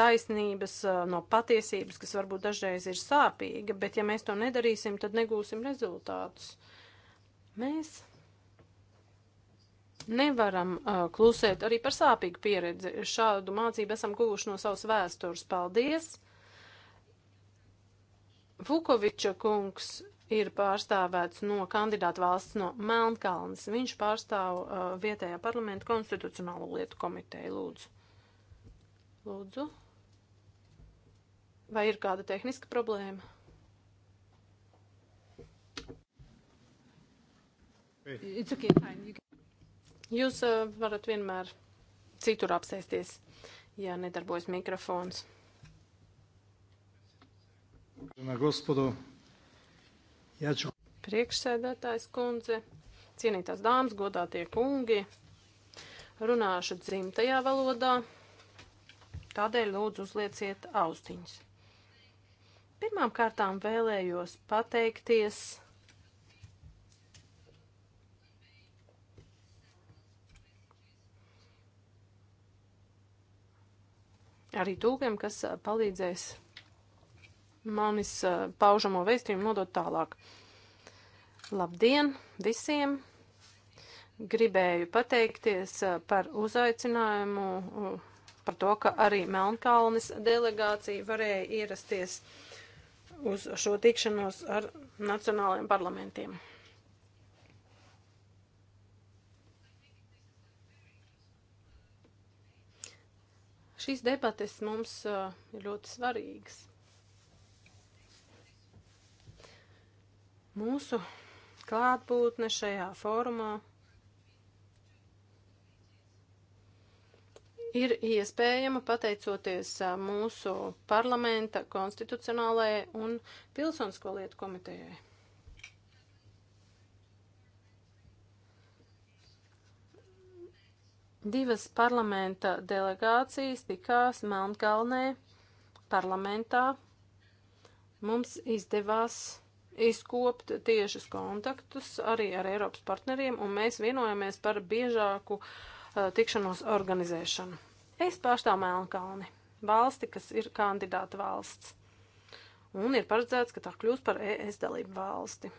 taisnības, eh, no patiesības, kas varbūt dažreiz ir sāpīga, bet ja mēs to nedarīsim, tad negūsim rezultātus. Mēs nevaram uh, klusēt arī par sāpīgu pieredzi. Šādu mācību esam guvuši no savas vēstures. Paldies! Vukoviča kungs, ir pārstāvēts no kandidāta valsts no Melnkalnes. Viņš pārstāv uh, vietējā parlamenta konstitucionālo lietu komiteju. Lūdzu. Lūdzu. Vai ir kāda tehniska problēma? Okay, can... Jūs uh, varat vienmēr citur apsēsties, ja nedarbojas mikrofons. Na gospodo, Priekšsēdētājs kundze, cienītās dāmas, godātie kungi, runāšu dzimtajā valodā, tādēļ lūdzu uzlieciet austiņas. Pirmām kārtām vēlējos pateikties arī tūkiem, kas palīdzēs manis paužamo vēstījumu nodot tālāk. Labdien visiem! Gribēju pateikties par uzaicinājumu, par to, ka arī Melnkalnes delegācija varēja ierasties uz šo tikšanos ar nacionālajiem parlamentiem. Šīs debates mums ir ļoti svarīgas. Mūsu klātbūtne šajā fórumā ir iespējama pateicoties mūsu parlamenta konstitucionālajai un pilsonisko lietu komitejai. Divas parlamenta delegācijas tikās Melnkalnē parlamentā. Mums izdevās izkopt tiešus kontaktus arī ar Eiropas partneriem, un mēs vienojamies par biežāku uh, tikšanos organizēšanu. Es pārstāvu Melnkalni, valsti, kas ir kandidāta valsts, un ir paredzēts, ka tā kļūs par ES dalību valsti.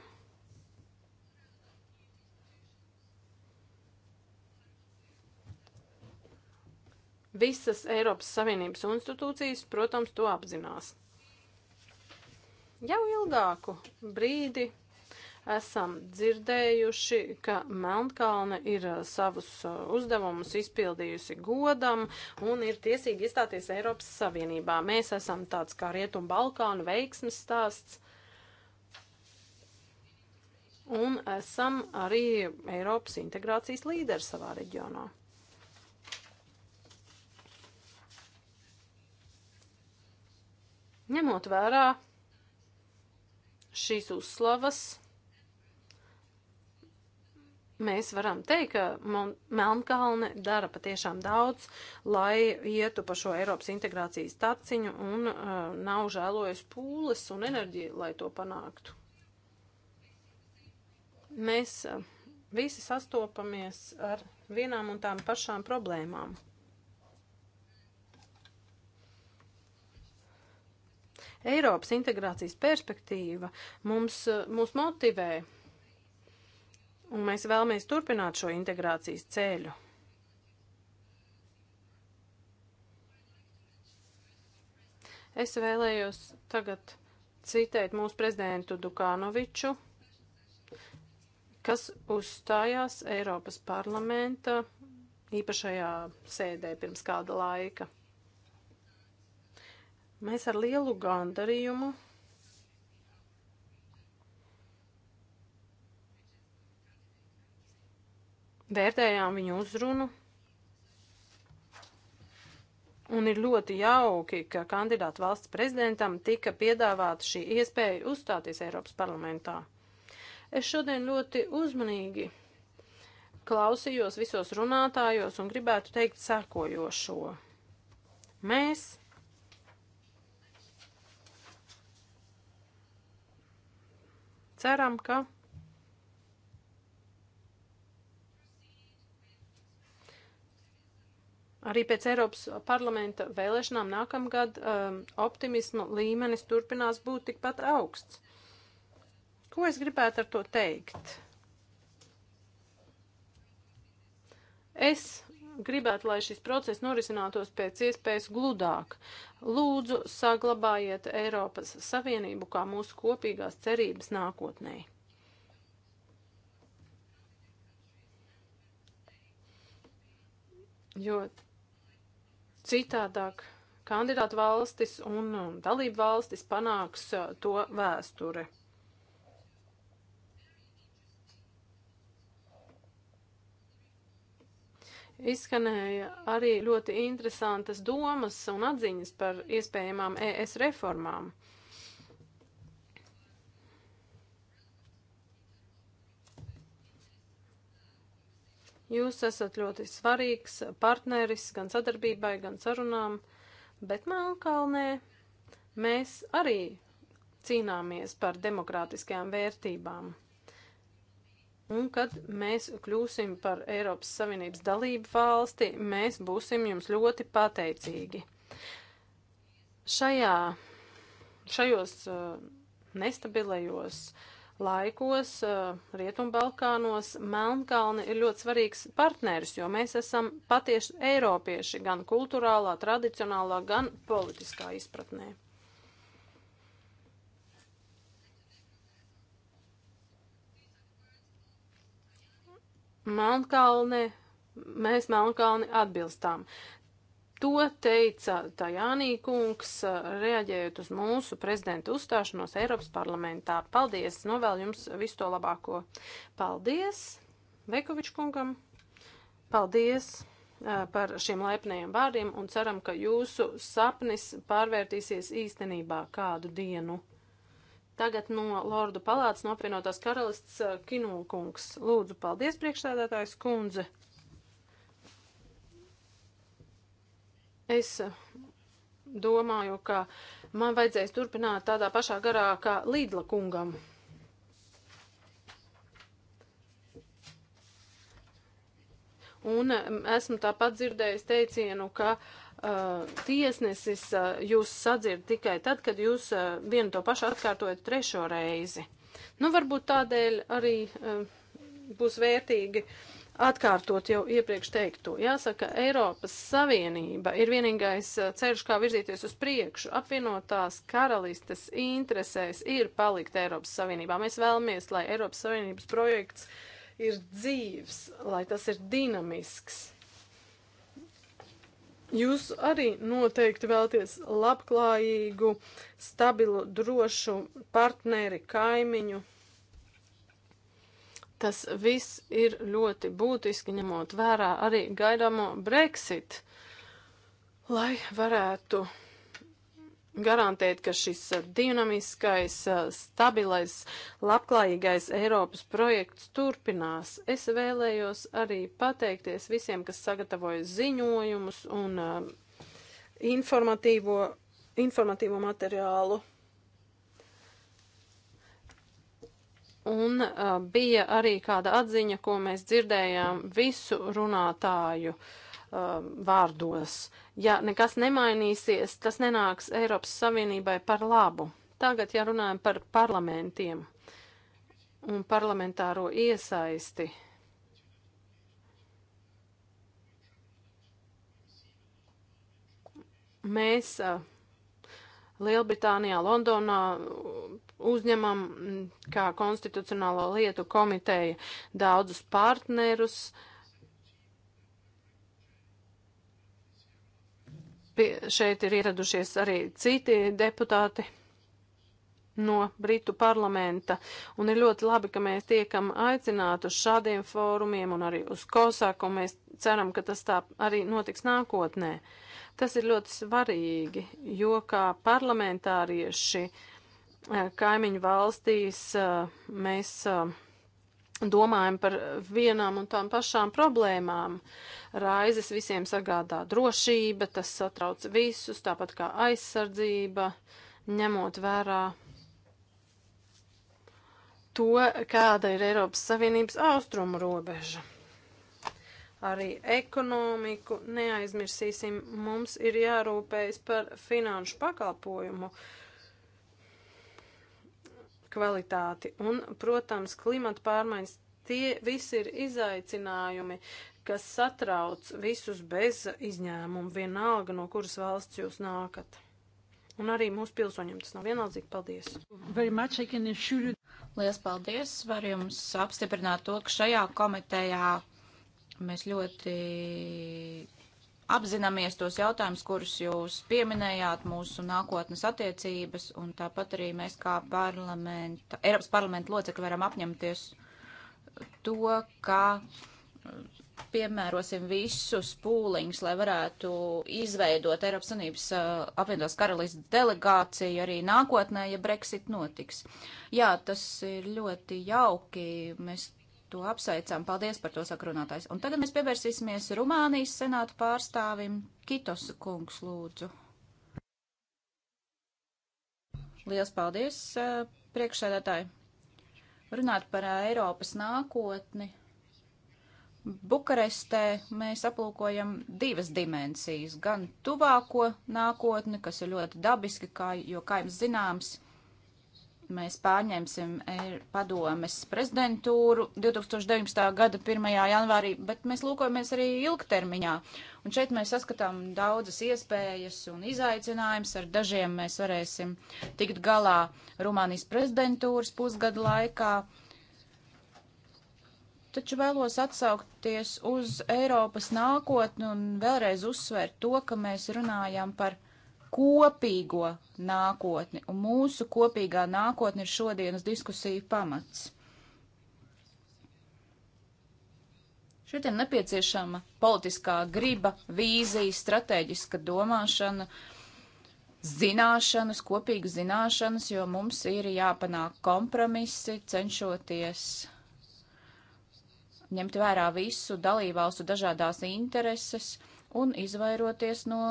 Visas Eiropas Savienības institūcijas, protams, to apzinās. Jau ilgāku brīdi esam dzirdējuši, ka Melnkalne ir uh, savus uh, uzdevumus izpildījusi godam un ir tiesīgi iestāties Eiropas Savienībā. Mēs esam tāds kā Rietumu Balkānu veiksmes stāsts un esam arī Eiropas integrācijas līderi savā reģionā. Ņemot vērā šīs uzslavas mēs varam teikt, ka Melnkalne dara patiešām daudz, lai ietu pa šo Eiropas integrācijas taciņu un uh, nav žēlojas pūles un enerģija, lai to panāktu. Mēs uh, visi sastopamies ar vienām un tām pašām problēmām. Eiropas integrācijas perspektīva mums, eh, mums motivē, un mēs vēlamies turpināt šo integrācijas ceļu. Es vēlējos tagad citēt mūsu prezidentu Dukānoviču, kas uzstājās Eiropas parlamenta īpašajā sēdē pirms kāda laika. Mēs ar lielu gandarījumu vērtējām viņu uzrunu. Un ir ļoti jauki, ka kandidātu valsts prezidentam tika piedāvāta šī iespēja uzstāties Eiropas parlamentā. Es šodien ļoti uzmanīgi klausījos visos runātājos un gribētu teikt sekojošo. Mēs ceram, ka arī pēc Eiropas parlamenta vēlēšanām nākamgad um, optimisma līmenis turpinās būt tikpat augsts. Ko es gribētu ar to teikt? Es gribētu, lai šis process norisinātos pēc iespējas gludāk. Lūdzu, saglabājiet Eiropas Savienību kā mūsu kopīgās cerības nākotnē. Jo citādāk kandidātu valstis un dalību valstis panāks uh, to vēsture. Izskanēja arī ļoti interesantas domas un atziņas par iespējamām ES reformām. Jūs esat ļoti svarīgs partneris gan sadarbībai, gan sarunām, bet Melnkalnē mēs arī cīnāmies par demokrātiskajām vērtībām. Un kad mēs kļūsim par Eiropas Savienības dalību valsti, mēs būsim jums ļoti pateicīgi. Šajā, šajos uh, nestabilajos laikos uh, Rietumbalkānos Melnkalni ir ļoti svarīgs partneris, jo mēs esam patieši eiropieši gan kultūrālā, tradicionālā, gan politiskā izpratnē. Melnkalne, mēs Melnkalni atbilstām. To teica Tajānī kungs, reaģējot uz mūsu prezidenta uzstāšanos Eiropas parlamentā. Paldies! Novēl nu, jums visu to labāko. Paldies Vekoviču kungam! Paldies! par šiem laipniem vārdiem un ceram, ka jūsu sapnis pārvērtīsies īstenībā kādu dienu. Tagad no Lordu palātas no apvienotās karalists eh, Kinulkungs. Lūdzu, paldies priekšstādātājs kundze. Es eh, domāju, ka man vajadzēs turpināt tādā pašā garā kā Līdla kungam. Un eh, esmu tāpat dzirdējis teicienu, ka uh, uh, tiesnesis uh, jūs sadzird tikai tad, kad jūs uh, vienu to pašu atkārtojat trešo reizi. Nu, varbūt tādēļ arī uh, būs vērtīgi atkārtot jau iepriekš teikto. Jāsaka, Eiropas Savienība ir vienīgais uh, ceļš, kā virzīties uz priekšu. Apvienotās karalistes interesēs ir palikt Eiropas Savienībā. Mēs vēlamies, lai Eiropas Savienības projekts ir dzīvs, lai tas ir dinamisks Jūs arī noteikti vēlties labklājīgu, stabilu, drošu partneri, kaimiņu. Tas viss ir ļoti būtiski, ņemot vērā arī gaidāmo Brexit, lai varētu garantēt, ka šis uh, dinamiskais, uh, stabilais, labklājīgais Eiropas projekts turpinās. Es vēlējos arī pateikties visiem, kas sagatavoja ziņojumus un uh, informatīvo, informatīvo materiālu. Un uh, bija arī kāda atziņa, ko mēs dzirdējām visu runātāju uh, um, vārdos. Ja nekas nemainīsies, tas nenāks Eiropas Savienībai par labu. Tagad, ja runājam par parlamentiem un parlamentāro iesaisti. Mēs uh, Lielbritānijā, Londonā uh, uzņemam mm, kā konstitucionālo lietu komiteja daudzus partnerus, uh, Pie, šeit ir ieradušies arī citi deputāti no Britu parlamenta, un ir ļoti labi, ka mēs tiekam aicināti uz šādiem fórumiem un arī uz kosāku, un mēs ceram, ka tas tā arī notiks nākotnē. Tas ir ļoti svarīgi, jo kā parlamentārieši eh, kaimiņu valstīs eh, mēs eh, domājam par vienām un tām pašām problēmām. Raizes visiem sagādā drošība, tas satrauc visus, tāpat kā aizsardzība, ņemot vērā to, kāda ir Eiropas Savienības austrumu robeža. Arī ekonomiku neaizmirsīsim, mums ir jārūpējas par finanšu pakalpojumu. Uh, kvalitāti. Un, protams, klimata pārmaiņas tie visi ir izaicinājumi, kas satrauc visus bez izņēmumu, vienalga no kuras valsts jūs nākat. Un arī mūsu pilsoņiem tas nav vienaldzīgi. Paldies! Lielas paldies! Var jums apstiprināt to, ka šajā komitejā mēs ļoti apzināmies tos jautājumus, kurus jūs pieminējāt, mūsu nākotnes attiecības, un tāpat arī mēs kā parlamenta, Eiropas parlamenta locekļi varam apņemties to, ka uh, piemērosim visus pūliņus, lai varētu izveidot Eiropas Sanības uh, apvienotās karalistas delegāciju arī nākotnē, ja Brexit notiks. Jā, tas ir ļoti jauki. Mēs To apsveicam. Paldies par to sakrunātājs. Un tagad mēs pievērsīsimies Rumānijas senāta pārstāvim Kitos kungs lūdzu. Liels paldies, eh, priekšsēdētāji. Runāt par eh, Eiropas nākotni. Bukarestē mēs aplūkojam divas dimensijas - gan tuvāko nākotni, kas ir ļoti dabiski, kā, jo, kā jums zināms, mēs pārņemsim padomes prezidentūru 2019. gada 1. janvārī, bet mēs lūkojamies arī ilgtermiņā. Un šeit mēs saskatām daudzas iespējas un izaicinājums, ar dažiem mēs varēsim tikt galā Rumānijas prezidentūras pusgada laikā. Taču vēlos atsaukties uz Eiropas nākotni un vēlreiz uzsvērt to, ka mēs runājam par kopīgo nākotni, un mūsu kopīgā nākotne ir šodienas diskusiju pamats. Šitiem nepieciešama politiskā griba, vīzija, strateģiska domāšana, zināšanas, kopīgas zināšanas, jo mums ir jāpanāk kompromisi, cenšoties ņemt vērā visu dalībvalstu dažādās intereses un izvairoties no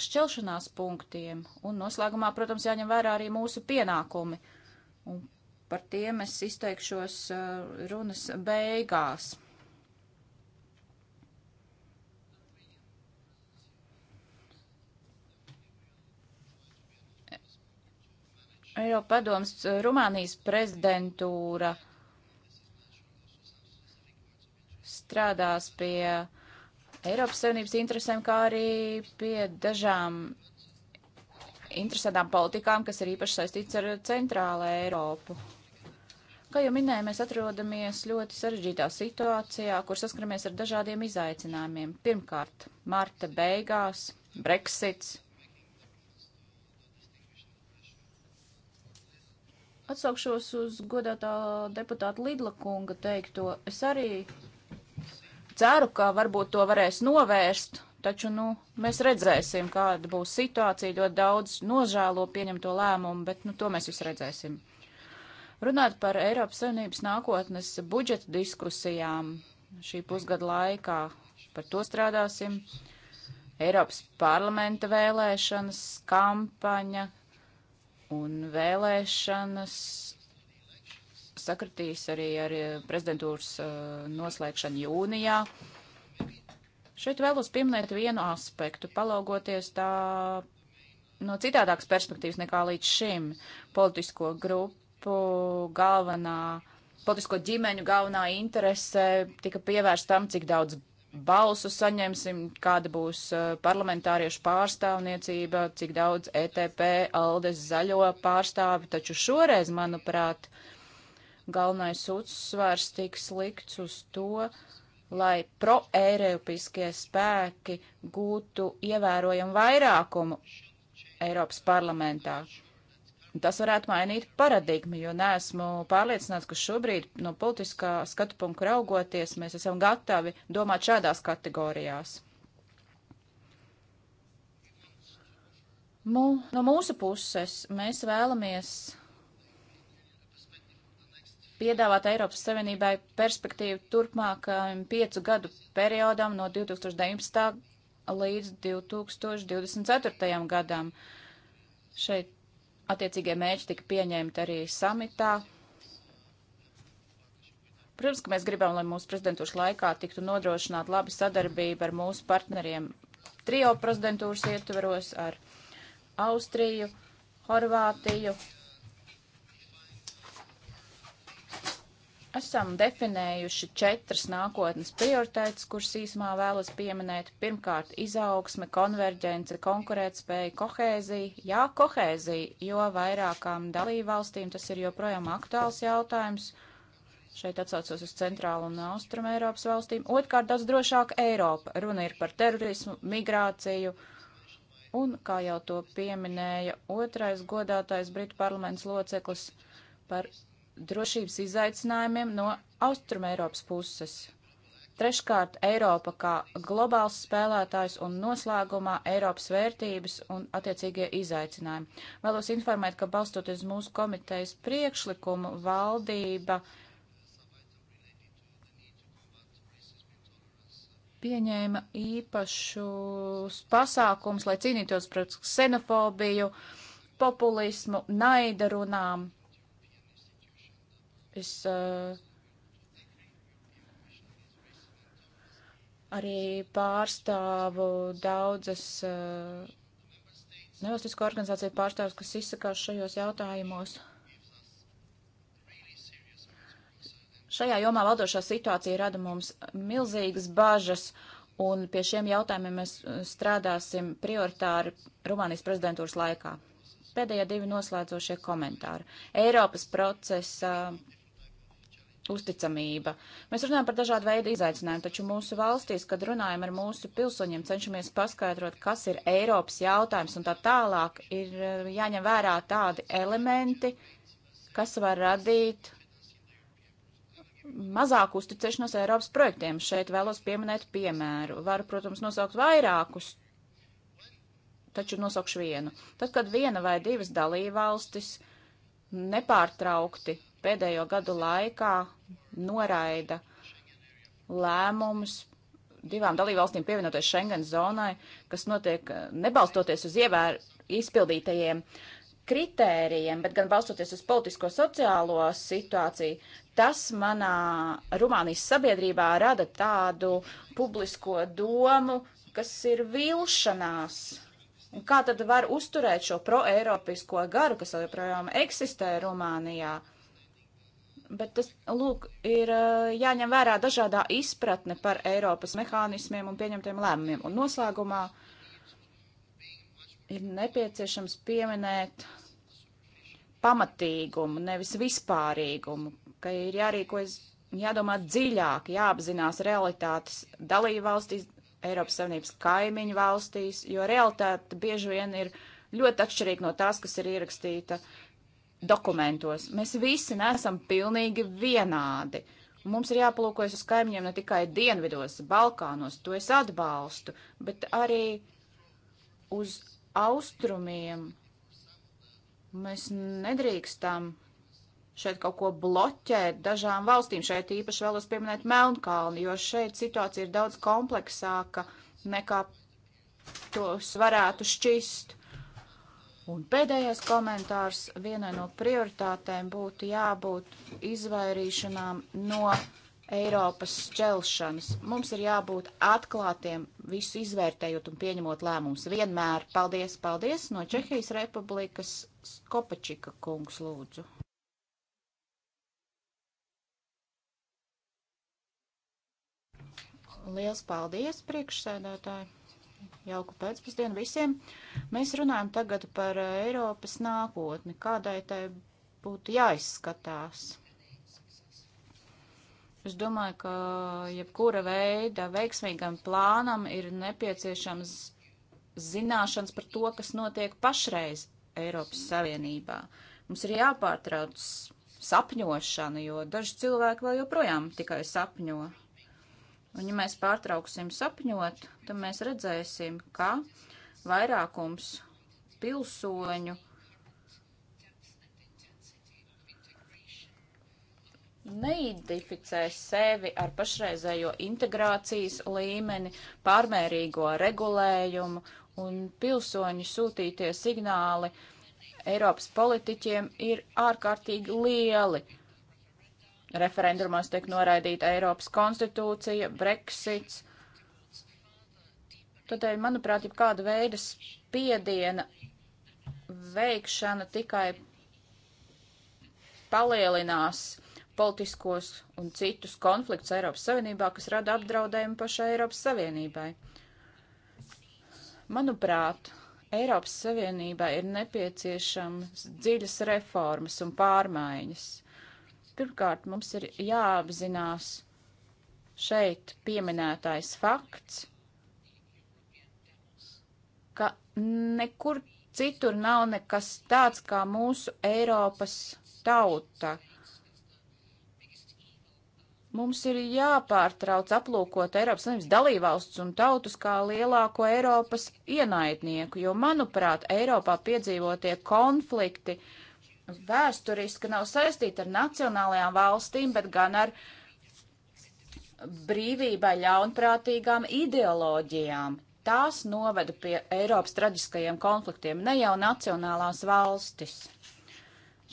šķelšanās punktiem. Un noslēgumā, protams, jāņem vērā arī mūsu pienākumi. Un par tiem es izteikšos uh, runas beigās. Eiropa padoms uh, Rumānijas prezidentūra strādās pie Eiropas Savienības interesēm, kā arī pie dažām interesantām politikām, kas ir īpaši saistīts ar centrālu Eiropu. Kā jau minēju, mēs atrodamies ļoti sarežģītā situācijā, kur saskaramies ar dažādiem izaicinājumiem. Pirmkārt, marta beigās, Brexits. Atsaukšos uz godātā deputāta Lidla kunga teikto. Es arī ceru, ka varbūt to varēs novērst, taču, nu, mēs redzēsim, kāda būs situācija. Ļoti daudz nožēlo pieņemto lēmumu, bet, nu, to mēs visu redzēsim. Runāt par Eiropas Savienības nākotnes budžeta diskusijām šī pusgada laikā, par to strādāsim. Eiropas parlamenta vēlēšanas, kampaņa un vēlēšanas sakritīs arī ar eh, prezidentūras eh, noslēgšanu jūnijā. Šeit vēlos pieminēt vienu aspektu, palaugoties tā no citādākas perspektīvas nekā līdz šim politisko grupu galvenā, politisko ģimeņu galvenā interese tika pievērsta tam, cik daudz balsu saņemsim, kāda būs eh, parlamentāriešu pārstāvniecība, cik daudz ETP, Aldes zaļo pārstāvi, taču šoreiz, manuprāt, galvenais uzsvars tiks likts uz to, lai proeiropiskie spēki gūtu ievērojumu vairākumu Eiropas parlamentā. Tas varētu mainīt paradigmu, jo neesmu pārliecināts, ka šobrīd no politiskā skatu punktu raugoties mēs esam gatavi domāt šādās kategorijās. Mū, no mūsu puses mēs vēlamies piedāvāt Eiropas Savienībai perspektīvu turpmākajam piecu gadu periodam no 2019. līdz 2024. gadam. Šeit attiecīgie mēģi tika pieņemti arī samitā. Protams, ka mēs gribam, lai mūsu prezidentūras laikā tiktu nodrošināta laba sadarbība ar mūsu partneriem trio prezidentūras ietveros ar Austriju, Horvātiju Esam definējuši četras nākotnes prioritētes, kuras īsumā vēlas pieminēt. Pirmkārt, izaugsme, konverģence, konkurētspēja, kohēzija. Jā, kohēzija, jo vairākām dalībvalstīm tas ir joprojām aktuāls jautājums. Šeit atsaucos uz centrālu un austrumu Eiropas valstīm. Otkārt, daudz drošāka Eiropa. Runa ir par terorismu, migrāciju. Un, kā jau to pieminēja otrais godātais Britu parlaments loceklis, par drošības izaicinājumiem no Austruma Eiropas puses. Treškārt, Eiropa kā globāls spēlētājs un noslēgumā Eiropas vērtības un attiecīgie izaicinājumi. Vēlos informēt, ka balstoties mūsu komitejas priekšlikumu, valdība pieņēma īpašus pasākums, lai cīnītos pret ksenofobiju, populismu, naida runām es uh, arī pārstāvu daudzas uh, nevalstisko organizāciju pārstāvus, kas izsakās šajos jautājumos. Šajā jomā valdošā situācija rada mums milzīgas bažas, un pie šiem jautājumiem mēs eh, strādāsim prioritāri Rumānijas prezidentūras laikā. Pēdējie divi noslēdzošie komentāri. Eiropas procesa uzticamība. Mēs runājam par dažādu veidu izaicinājumu, taču mūsu valstīs, kad runājam ar mūsu pilsoņiem, cenšamies paskaidrot, kas ir Eiropas jautājums un tā tālāk, ir eh, jāņem vērā tādi elementi, kas var radīt mazāku uzticēšanos Eiropas projektiem. Šeit vēlos pieminēt piemēru. Varu, protams, nosaukt vairākus, taču nosaukšu vienu. Tad, kad viena vai divas dalībvalstis nepārtraukti pēdējo gadu laikā noraida lēmumus divām dalībvalstīm pievienoties Schengen zonai, kas notiek nebalstoties uz ievēr izpildītajiem kritērijiem, bet gan balstoties uz politisko sociālo situāciju, tas manā Rumānijas sabiedrībā rada tādu publisko domu, kas ir vilšanās. Un kā tad var uzturēt šo proeiropisko garu, kas joprojām eksistē Rumānijā? Uh, Bet tas, lūk, ir eh, jāņem vērā dažādā izpratne par Eiropas mehānismiem un pieņemtiem lēmumiem. Un noslēgumā ir nepieciešams pieminēt pamatīgumu, nevis vispārīgumu, ka ir jārīkojas, jādomā dziļāk, jāapzinās realitātes dalību valstīs, Eiropas Savienības kaimiņu valstīs, jo realitāte bieži vien ir ļoti atšķirīga no tās, kas ir ierakstīta uh, dokumentos. Mēs visi neesam pilnīgi vienādi. Un mums ir jāpalūkojas uz kaimiņiem ne tikai dienvidos, Balkānos, to es atbalstu, bet arī uz austrumiem. Mēs nedrīkstam šeit kaut ko bloķēt dažām valstīm. Šeit īpaši vēlos pieminēt Melnkalni, jo šeit situācija ir daudz kompleksāka nekā tos varētu šķist. Un pēdējais komentārs vienai no prioritātēm būtu jābūt izvairīšanām no Eiropas šķelšanas. Mums ir jābūt atklātiem, visu izvērtējot un pieņemot lēmumus. Vienmēr paldies, paldies no Čehijas Republikas Skopačika kungs lūdzu. Liels paldies, priekšsēdētāji! Jauku pēcpusdienu visiem. Mēs runājam tagad par Eiropas nākotni, kādai tai būtu jāizskatās. Es domāju, ka jebkura veida veiksmīgam plānam ir nepieciešams zināšanas par to, kas notiek pašreiz Eiropas Savienībā. Mums ir jāpārtrauc sapņošana, jo daži cilvēki vēl joprojām tikai sapņo. Un ja mēs pārtrauksim sapņot, tad mēs redzēsim, ka vairākums pilsoņu neidentificē sevi ar pašreizējo integrācijas līmeni, pārmērīgo regulējumu un pilsoņu sūtītie signāli Eiropas politiķiem ir ārkārtīgi lieli referendumos tiek noraidīta Eiropas konstitūcija, Brexits. Tādēļ, eh, manuprāt, jau kāda veida spiediena veikšana tikai palielinās politiskos un citus konfliktus Eiropas Savienībā, kas rada apdraudējumu pašai Eiropas Savienībai. Manuprāt, Eiropas Savienībai ir nepieciešams dziļas reformas un pārmaiņas. Pirmkārt, mums ir jāapzinās šeit pieminētais fakts, ka nekur citur nav nekas tāds kā mūsu Eiropas tauta. Mums ir jāpārtrauc aplūkot Eiropas Savienības dalībvalsts un tautus kā lielāko Eiropas ienaidnieku, jo, manuprāt, Eiropā piedzīvotie konflikti uh, vēsturiski nav saistīta ar nacionālajām valstīm, bet gan ar brīvībai ļaunprātīgām ideoloģijām. Tās noveda pie Eiropas traģiskajiem konfliktiem, ne jau nacionālās valstis.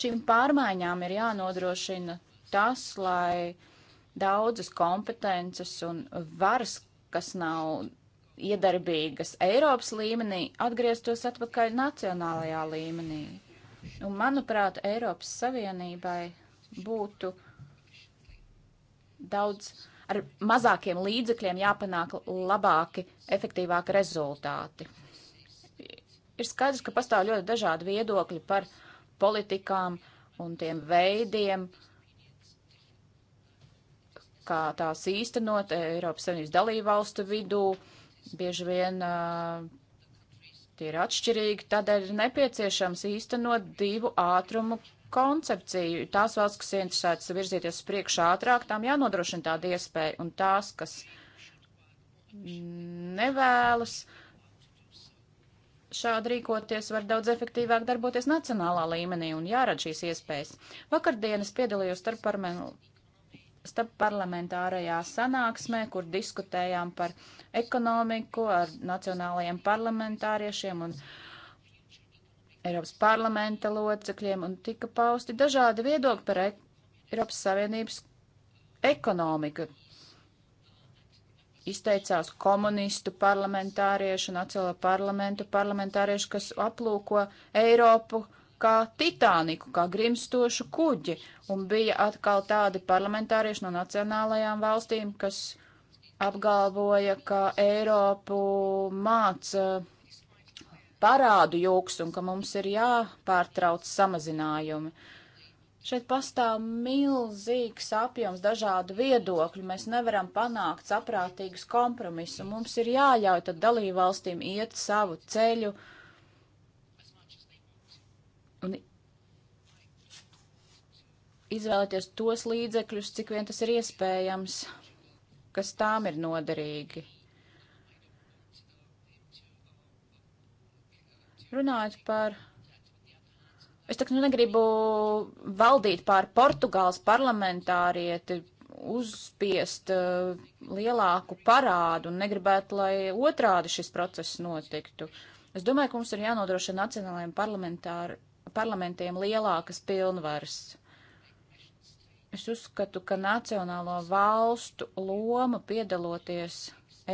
Šīm pārmaiņām ir jānodrošina tas, lai daudzas kompetences un varas, kas nav iedarbīgas Eiropas līmenī, atgrieztos atpakaļ nacionālajā līmenī. Un, nu, manuprāt, Eiropas Savienībai būtu daudz ar mazākiem līdzekļiem jāpanāk labāki, efektīvāki rezultāti. Ir skaidrs, ka pastāv ļoti dažādi viedokļi par politikām un tiem veidiem, kā tās īstenot Eiropas Savienības dalībvalstu vidū. Bieži vien uh, tie ir atšķirīgi, tādēļ ir nepieciešams īstenot divu ātrumu koncepciju. Tās valsts, kas interesētas virzīties priekšā ātrāk, tām jānodrošina tāda iespēja, un tās, kas nevēlas šādi rīkoties, var daudz efektīvāk darboties nacionālā līmenī un jārad šīs iespējas. Vakardien es piedalījos starpparlamentu starpparlamentārajā sanāksmē, kur diskutējām par ekonomiku ar nacionālajiem parlamentāriešiem un Eiropas parlamenta locekļiem, un tika pausti dažādi viedokļi par Eiropas Savienības ekonomiku. Izteicās komunistu parlamentāriešu, nacionālo parlamentu parlamentāriešu, kas aplūko Eiropu kā Titāniku, kā grimstošu kuģi, un bija atkal tādi parlamentārieši no nacionālajām valstīm, kas apgalvoja, ka Eiropu māca parādu jūks un ka mums ir jāpārtrauc samazinājumi. Šeit pastāv milzīgs apjoms dažādu viedokļu. Mēs nevaram panākt saprātīgus kompromisus. Mums ir jāļauj tad dalībvalstīm iet savu ceļu, uh, un izvēlēties tos līdzekļus, cik vien tas ir iespējams, kas tām ir noderīgi. Runājot par Es tā, nu, negribu valdīt pār Portugāles parlamentārieti, uzspiest uh, lielāku parādu un negribētu, lai otrādi šis process notiktu. Es domāju, ka mums ir jānodrošina nacionālajiem parlamentāri parlamentiem lielākas pilnvaras. Es uzskatu, ka nacionālo valstu loma piedaloties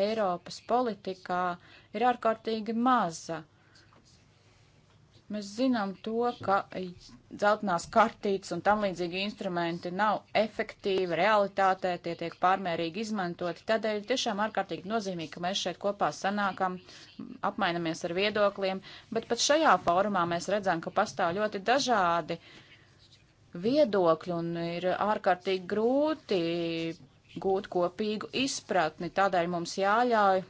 Eiropas politikā ir ārkārtīgi maza. Uh, Mēs zinām to, ka dzeltenās kartītes un tam līdzīgi instrumenti nav efektīvi realitātē, tie tiek pārmērīgi izmantoti. Tādēļ tiešām ārkārtīgi nozīmīgi, ka mēs šeit kopā sanākam, apmainamies ar viedokļiem, bet pat šajā fórumā mēs redzam, ka pastāv ļoti dažādi viedokļi un ir ārkārtīgi grūti gūt kopīgu izpratni. Tādēļ mums jāļauj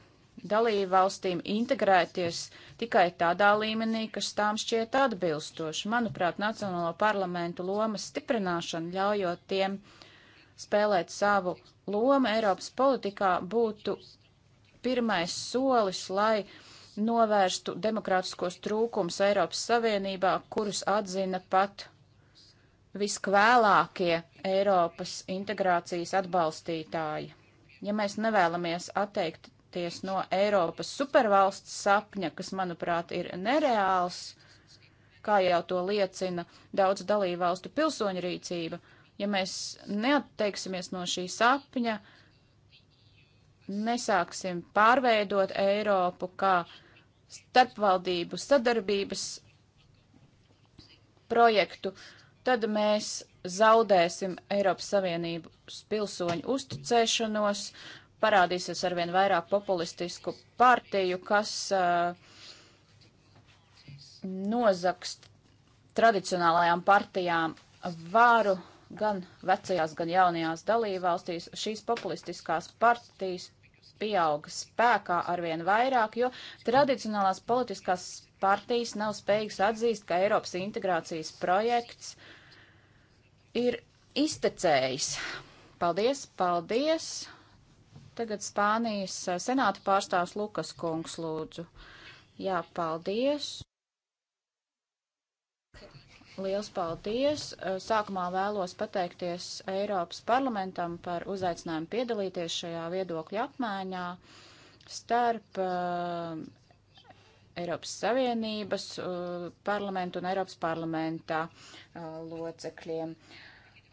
dalību valstīm integrēties tikai tādā līmenī, kas tām šķiet atbilstoši. Manuprāt, Nacionālo parlamentu lomas stiprināšana, ļaujot tiem spēlēt savu lomu Eiropas politikā, būtu pirmais solis, lai novērstu demokrātiskos trūkums Eiropas Savienībā, kurus atzina pat viskvēlākie Eiropas integrācijas atbalstītāji. Ja mēs nevēlamies atteikt atteikties no Eiropas supervalsts sapņa, kas, manuprāt, ir nereāls, kā jau to liecina daudz dalībvalstu pilsoņu rīcība. Ja mēs neatteiksimies no šī sapņa, nesāksim pārveidot Eiropu kā starpvaldību sadarbības projektu, tad mēs zaudēsim Eiropas Savienības pilsoņu uzticēšanos, parādīsies arvien vairāk populistisku partiju, kas uh, nozags tradicionālajām partijām varu gan vecajās, gan jaunajās dalībvalstīs. Šīs populistiskās partijas pieauga spēkā arvien vairāk, jo tradicionālās politiskās partijas nav spējīgas atzīst, ka Eiropas integrācijas projekts ir iztecējis. Paldies, paldies! Tagad Spānijas eh, senāta pārstāvs Lukas Kungs lūdzu. Jā, paldies. Liels paldies! Eh, sākumā vēlos pateikties Eiropas parlamentam par uzaicinājumu piedalīties šajā viedokļu apmaiņā starp uh, Eiropas Savienības uh, parlamentu un Eiropas parlamenta uh, locekļiem. Uh,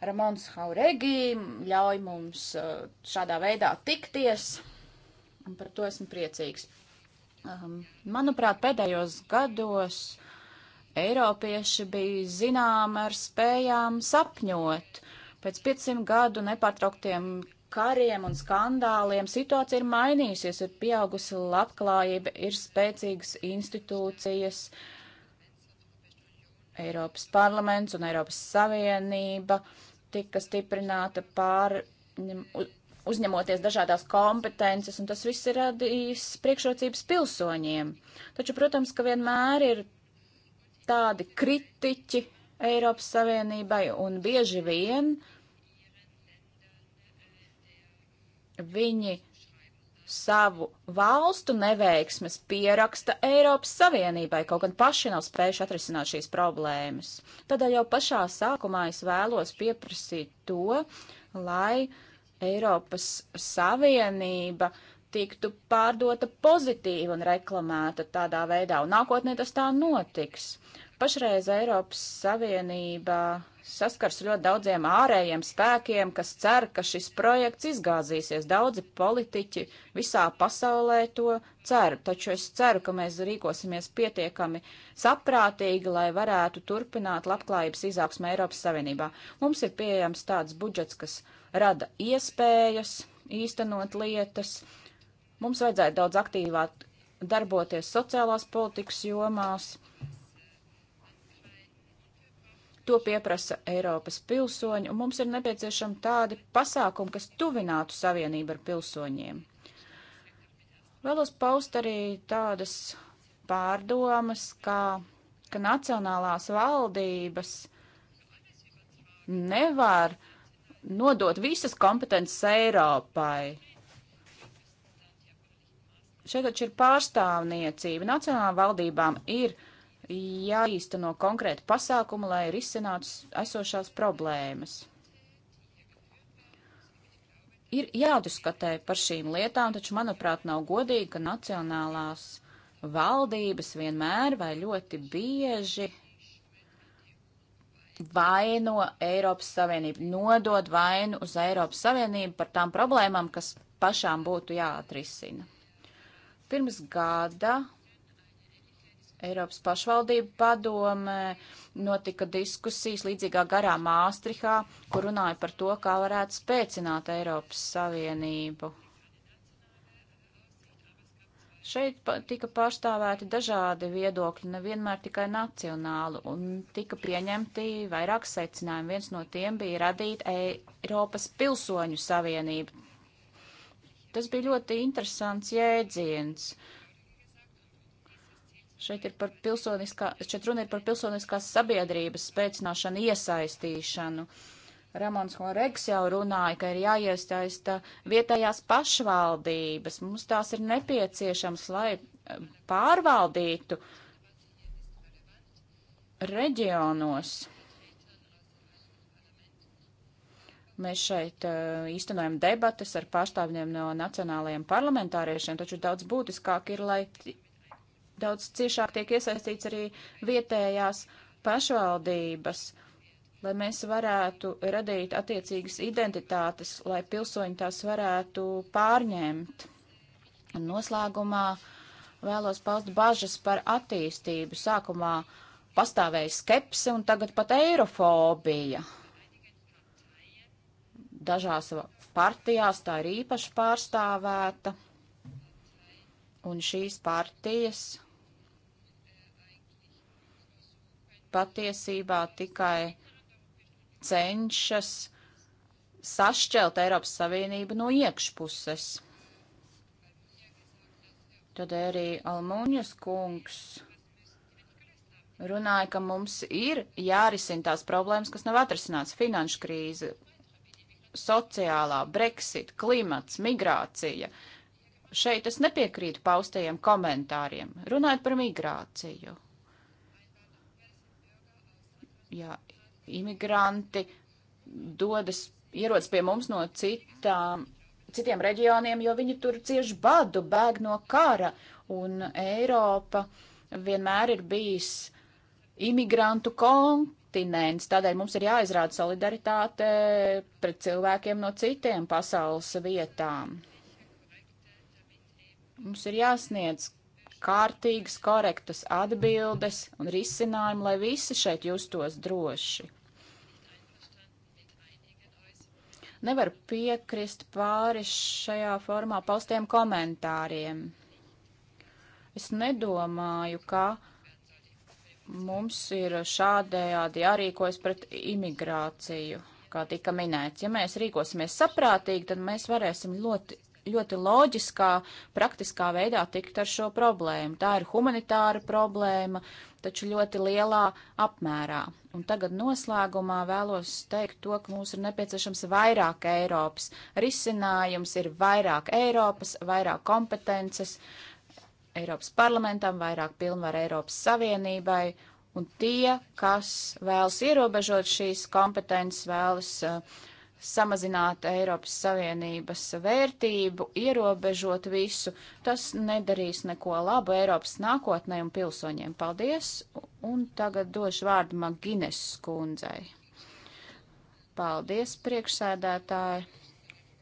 Ramons Hauregi ļauj mums uh, šādā veidā tikties, un par to esmu priecīgs. Um, manuprāt, pēdējos gados Eiropieši bija zināmi ar spējām sapņot. Pēc 500 gadu nepārtrauktiem kariem un skandāliem situācija ir mainījusies, ir pieaugusi labklājība, ir spēcīgas institūcijas, Eiropas parlaments un Eiropas Savienība. Uh, tika stiprināta pār uzņemoties dažādās kompetences, un tas viss ir radījis priekšrocības pilsoņiem. Taču, protams, ka vienmēr ir tādi kritiķi Eiropas Savienībai, un bieži vien viņi savu valstu neveiksmes pieraksta Eiropas Savienībai, kaut gan paši nav spējuši atrisināt šīs problēmas. Tādēļ jau pašā sākumā es vēlos pieprasīt to, lai Eiropas Savienība tiktu pārdota pozitīvi un reklamēta tādā veidā, un nākotnē tas tā notiks. Uh, Pašreiz Eiropas Savienība saskars ļoti daudziem ārējiem spēkiem, kas cer, ka šis projekts izgāzīsies. Daudzi politiķi visā pasaulē to cer, taču es ceru, ka mēs rīkosimies pietiekami saprātīgi, lai varētu turpināt labklājības izaugsmu Eiropas Savienībā. Mums ir pieejams tāds budžets, kas rada iespējas īstenot lietas. Mums vajadzētu daudz aktīvāk darboties sociālās politikas jomās. To pieprasa Eiropas pilsoņi, un mums ir nepieciešami tādi pasākumi, kas tuvinātu savienību ar pilsoņiem. Vēlos paust arī tādas pārdomas, kā, ka nacionālās valdības nevar nodot visas kompetences Eiropai. Šeit taču ir pārstāvniecība. Nacionālām valdībām ir uh, jāīsteno konkrēti pasākumi, lai risinātu esošās problēmas. Ir jādiskutē par šīm lietām, taču, manuprāt, nav godīgi, ka nacionālās valdības vienmēr vai ļoti bieži vaino Eiropas Savienību, nodod vainu uz Eiropas Savienību par tām problēmām, kas pašām būtu jāatrisina. Pirms gada Eiropas pašvaldību padome notika diskusijas līdzīgā garā Māstrihā, kur runāja par to, kā varētu spēcināt Eiropas Savienību. Šeit tika pārstāvēti dažādi viedokļi, nevienmēr tikai nacionāli, un tika pieņemti vairāk secinājumi. Viens no tiem bija radīt Eiropas pilsoņu savienību. Tas bija ļoti interesants jēdziens. Uh, Šeit, ir par šeit runa ir par pilsoniskās sabiedrības spēcināšanu, iesaistīšanu. Ramons Horeks jau runāja, ka ir jāiesaista vietējās pašvaldības. Mums tās ir nepieciešams, lai eh, pārvaldītu reģionos. Mēs šeit uh, īstenojam debatas ar pārstāvjiem no nacionālajiem parlamentāriešiem, taču daudz būtiskāk ir, lai daudz ciešāk tiek iesaistīts arī vietējās pašvaldības, lai mēs varētu radīt attiecīgas identitātes, lai pilsoņi tās varētu pārņemt. Un noslēgumā vēlos paust bažas par attīstību. Sākumā pastāvēja skepse un tagad pat eirofobija. Dažās partijās tā ir īpaši pārstāvēta. Un šīs partijas patiesībā tikai cenšas sašķelt Eiropas Savienību no iekšpuses. Tad arī Almūņas kungs runāja, ka mums ir jārisina tās problēmas, kas nav atrasināts - finanšu krīze, sociālā, Brexit, klimats, migrācija. Šeit es nepiekrītu paustajiem komentāriem. Runājot par migrāciju ja imigranti dodas, ierodas pie mums no citām, citiem reģioniem, jo viņi tur cieši badu, bēg no kara, un Eiropa vienmēr ir bijis imigrantu kontinents, tādēļ mums ir jāizrāda solidaritāte pret cilvēkiem no citiem pasaules vietām. Mums ir jāsniedz kārtīgas, korektas atbildes un risinājumi, lai visi šeit justos droši. Nevar piekrist pāris šajā formā paustiem komentāriem. Es nedomāju, ka mums ir šādējādi jārīkojas pret imigrāciju, kā tika minēts. Ja mēs rīkosimies saprātīgi, tad mēs varēsim ļoti ļoti loģiskā, praktiskā veidā tikt ar šo problēmu. Tā ir humanitāra problēma, taču ļoti lielā apmērā. Un tagad noslēgumā vēlos teikt to, ka mums ir nepieciešams vairāk Eiropas. Risinājums ir vairāk Eiropas, vairāk kompetences Eiropas parlamentam, vairāk pilnvaru Eiropas Savienībai. Un tie, kas vēlas ierobežot šīs kompetences, vēlas uh, samazināt Eiropas Savienības vērtību, ierobežot visu. Tas nedarīs neko labu Eiropas nākotnē un pilsoņiem. Paldies! Un tagad došu vārdu Magines skundzei. Paldies, priekšsēdētāji!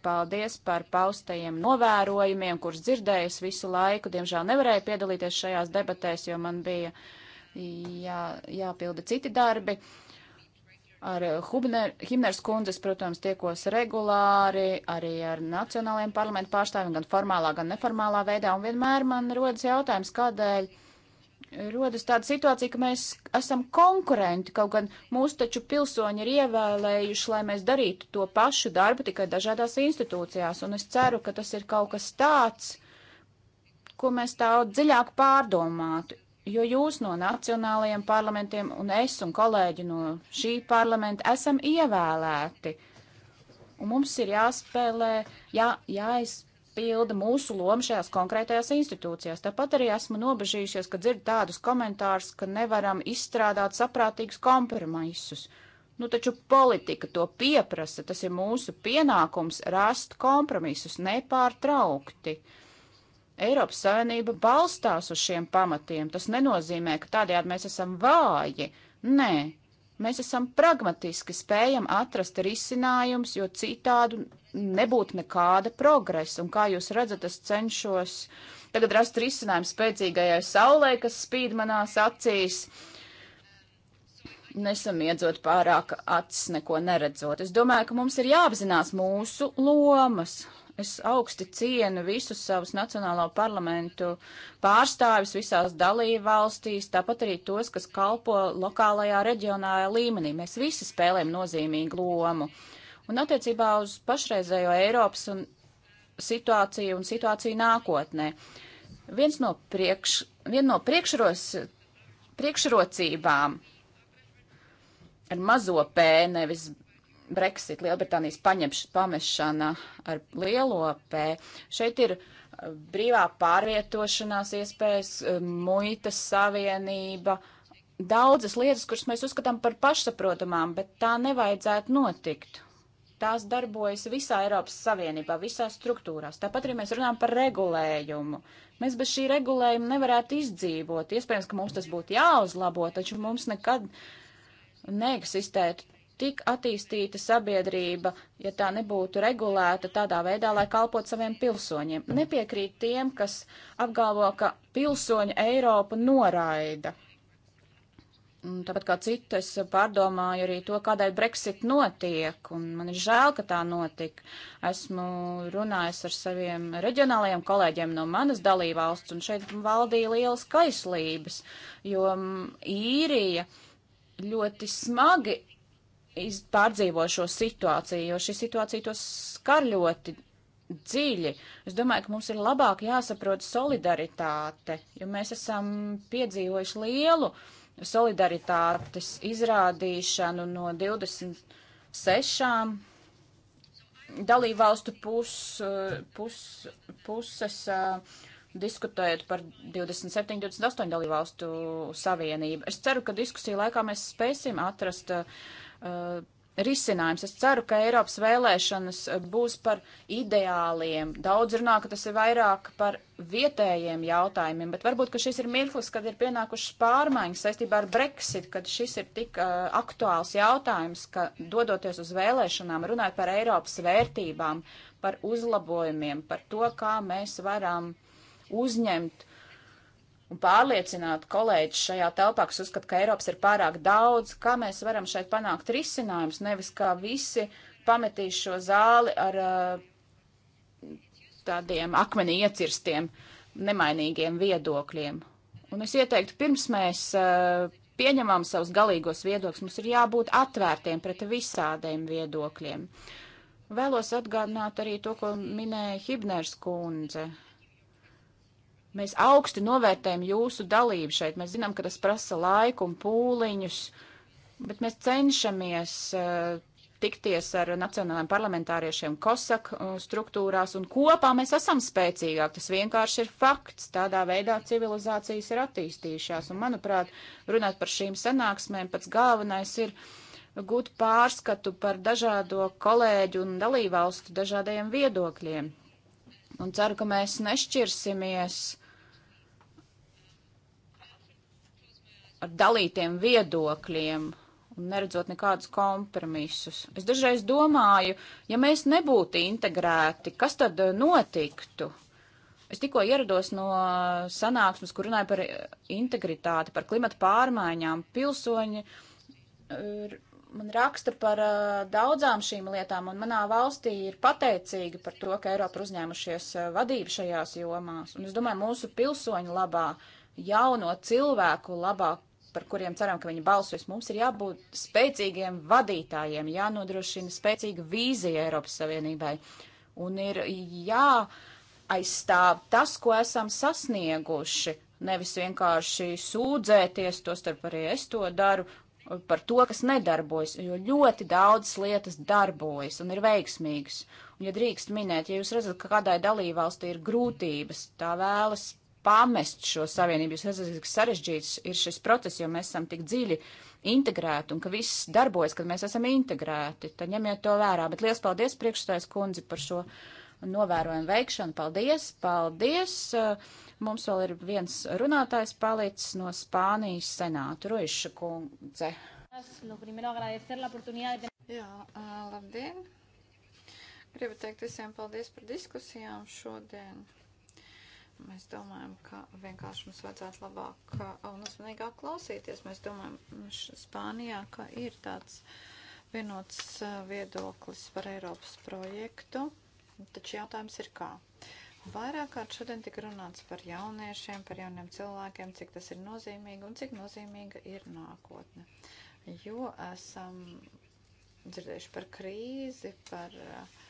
Paldies par paustajiem novērojumiem, kurus dzirdējis visu laiku. Diemžēl nevarēju piedalīties šajās debatēs, jo man bija jā, jāpilda citi darbi. Uh, Ar eh, Hubner, Himners kundzes, protams, tiekos regulāri, arī ar nacionālajiem parlamentu pārstāvjiem, gan formālā, gan neformālā veidā, un vienmēr man rodas jautājums, kādēļ rodas tāda situācija, ka mēs esam konkurenti, kaut gan mūs taču pilsoņi ir ievēlējuši, lai mēs darītu to pašu darbu tikai dažādās institūcijās, un es ceru, ka tas ir kaut kas tāds, ko mēs tā dziļāk pārdomātu jo jūs no nacionālajiem parlamentiem un es un kolēģi no šī parlamenta esam ievēlēti. Un mums ir jāspēlē, jā, jāizpilda mūsu loma šajās konkrētajās institūcijās. Tāpat arī esmu nobežījušies, ka dzirdu tādus komentārus, ka nevaram izstrādāt saprātīgus kompromisus. Nu, taču politika to pieprasa, tas ir mūsu pienākums rast kompromisus nepārtraukti. Uh, Eiropas Savienība balstās uz šiem pamatiem. Tas nenozīmē, ka tādējādi mēs esam vāji. Nē, mēs esam pragmatiski, spējam atrast risinājumus, jo citādi nebūtu nekāda progresa. Un kā jūs redzat, es cenšos tagad rast risinājumu spēcīgajai saulē, kas spīd manās acīs. Nesamiedzot pārāk acis, neko neredzot. Es domāju, ka mums ir jāapzinās mūsu lomas, Es augsti cienu visus savus nacionālo parlamentu pārstāvis visās dalību valstīs, tāpat arī tos, kas kalpo lokālajā reģionālajā līmenī. Mēs visi spēlējam nozīmīgu lomu. Un attiecībā uz pašreizējo Eiropas un situāciju un situāciju nākotnē. Viens no, priekš, vien no priekšros, priekšrocībām ar mazo P, nevis Brexit, Lielbritānijas paņemš, pamešana ar lielo P. Šeit ir uh, brīvā pārvietošanās iespējas, uh, muitas savienība, daudzas lietas, kuras mēs uzskatām par pašsaprotamām, bet tā nevajadzētu notikt. Tās darbojas visā Eiropas Savienībā, visās struktūrās. Tāpat arī mēs runājam par regulējumu. Mēs bez šī regulējuma nevarētu izdzīvot. Iespējams, ka mums tas būtu jāuzlabo, taču mums nekad neeksistētu tik attīstīta sabiedrība, ja tā nebūtu regulēta tādā veidā, lai kalpot saviem pilsoņiem. Nepiekrīt tiem, kas apgalvo, ka pilsoņu Eiropu noraida. Un tāpat kā citu, es pārdomāju arī to, kādēļ Brexit notiek, un man ir žēl, ka tā notika. Esmu runājis ar saviem reģionālajiem kolēģiem no manas dalībvalsts, un šeit valdīja lielas kaislības, jo mm, īrija ļoti smagi pārdzīvo šo situāciju, jo šī situācija tos skar ļoti dziļi. Es domāju, ka mums ir labāk jāsaprot solidaritāte, jo mēs esam piedzīvojuši lielu solidaritātes izrādīšanu no 26 dalībvalstu pus, pus, puses uh, diskutējot par 27, 28 dalībvalstu savienību. Es ceru, ka diskusiju laikā mēs spēsim atrast uh, uh, risinājums. Es ceru, ka Eiropas vēlēšanas uh, būs par ideāliem. Daudz runā, ka tas ir vairāk par vietējiem jautājumiem, bet varbūt, ka šis ir mirklis, kad ir pienākušas pārmaiņas saistībā ar Brexit, kad šis ir tik uh, aktuāls jautājums, ka dodoties uz vēlēšanām, runāt par Eiropas vērtībām, par uzlabojumiem, par to, kā mēs varam uzņemt un pārliecināt kolēģis šajā telpā, kas uzskata, ka Eiropas ir pārāk daudz, kā mēs varam šeit panākt risinājums, nevis kā visi pametīs šo zāli ar tādiem akmenī iecirstiem, nemainīgiem viedokļiem. Un es ieteiktu, pirms mēs pieņemam savus galīgos viedokļus, mums ir jābūt atvērtiem pret visādiem viedokļiem. Vēlos atgādināt arī to, ko minēja Hibners kundze. Mēs augsti novērtējam jūsu dalību šeit. Mēs zinām, ka tas prasa laiku un pūliņus, bet mēs cenšamies uh, tikties ar nacionālajiem parlamentāriešiem COSAK eh, struktūrās, un kopā mēs esam spēcīgāki. Tas vienkārši ir fakts. Tādā veidā civilizācijas ir attīstījušās, un, manuprāt, runāt par šīm sanāksmēm pats galvenais ir gūt pārskatu par dažādo kolēģu un dalībvalstu dažādajiem viedokļiem. Un ceru, ka mēs nešķirsimies ar dalītiem viedokļiem un neredzot nekādus kompromisus. Es dažreiz domāju, ja mēs nebūtu integrēti, kas tad eh, notiktu? Es tikko ierados no eh, sanāksmes, kur runāja par eh, integritāti, par klimatu pārmaiņām. Pilsoņi man raksta par daudzām šīm lietām, un manā valstī ir pateicīgi par to, ka Eiropa ir uzņēmušies vadību šajās jomās. Un es domāju, mūsu pilsoņu labā, jauno cilvēku labā, par kuriem ceram, ka viņi balsos. Mums ir jābūt spēcīgiem vadītājiem, jānodrošina spēcīga vīzija Eiropas Savienībai un ir jāaizstāv tas, ko esam sasnieguši. Nevis vienkārši sūdzēties, to starp arī es to daru, par to, kas nedarbojas, jo ļoti daudzas lietas darbojas un ir veiksmīgas. Un, ja drīkst minēt, ja jūs redzat, ka kādai dalībvalstī ir grūtības, tā vēlas pamest šo savienību. Jūs redzat, cik sarežģīts ir šis process, jo mēs esam tik dziļi integrēti un ka viss darbojas, kad mēs esam integrēti. Tad ņemiet to vērā. Bet liels paldies priekšstājs kundzi par šo novērojumu veikšanu. Paldies, paldies. Mums vēl ir viens runātājs palicis no Spānijas senāta, Roiša kundze. Jā, labdien! Gribu teikt visiem paldies par diskusijām šodien. Mēs domājam, ka vienkārši mums vajadzētu labāk uh, un uzmanīgāk klausīties. Mēs domājam, mm, Spānijā, ka ir tāds vienots uh, viedoklis par Eiropas projektu, taču jautājums ir kā. Vairāk kārt šodien tika runāts par jauniešiem, par jauniem cilvēkiem, cik tas ir nozīmīgi un cik nozīmīga ir nākotne. Jo esam dzirdējuši par krīzi, par uh,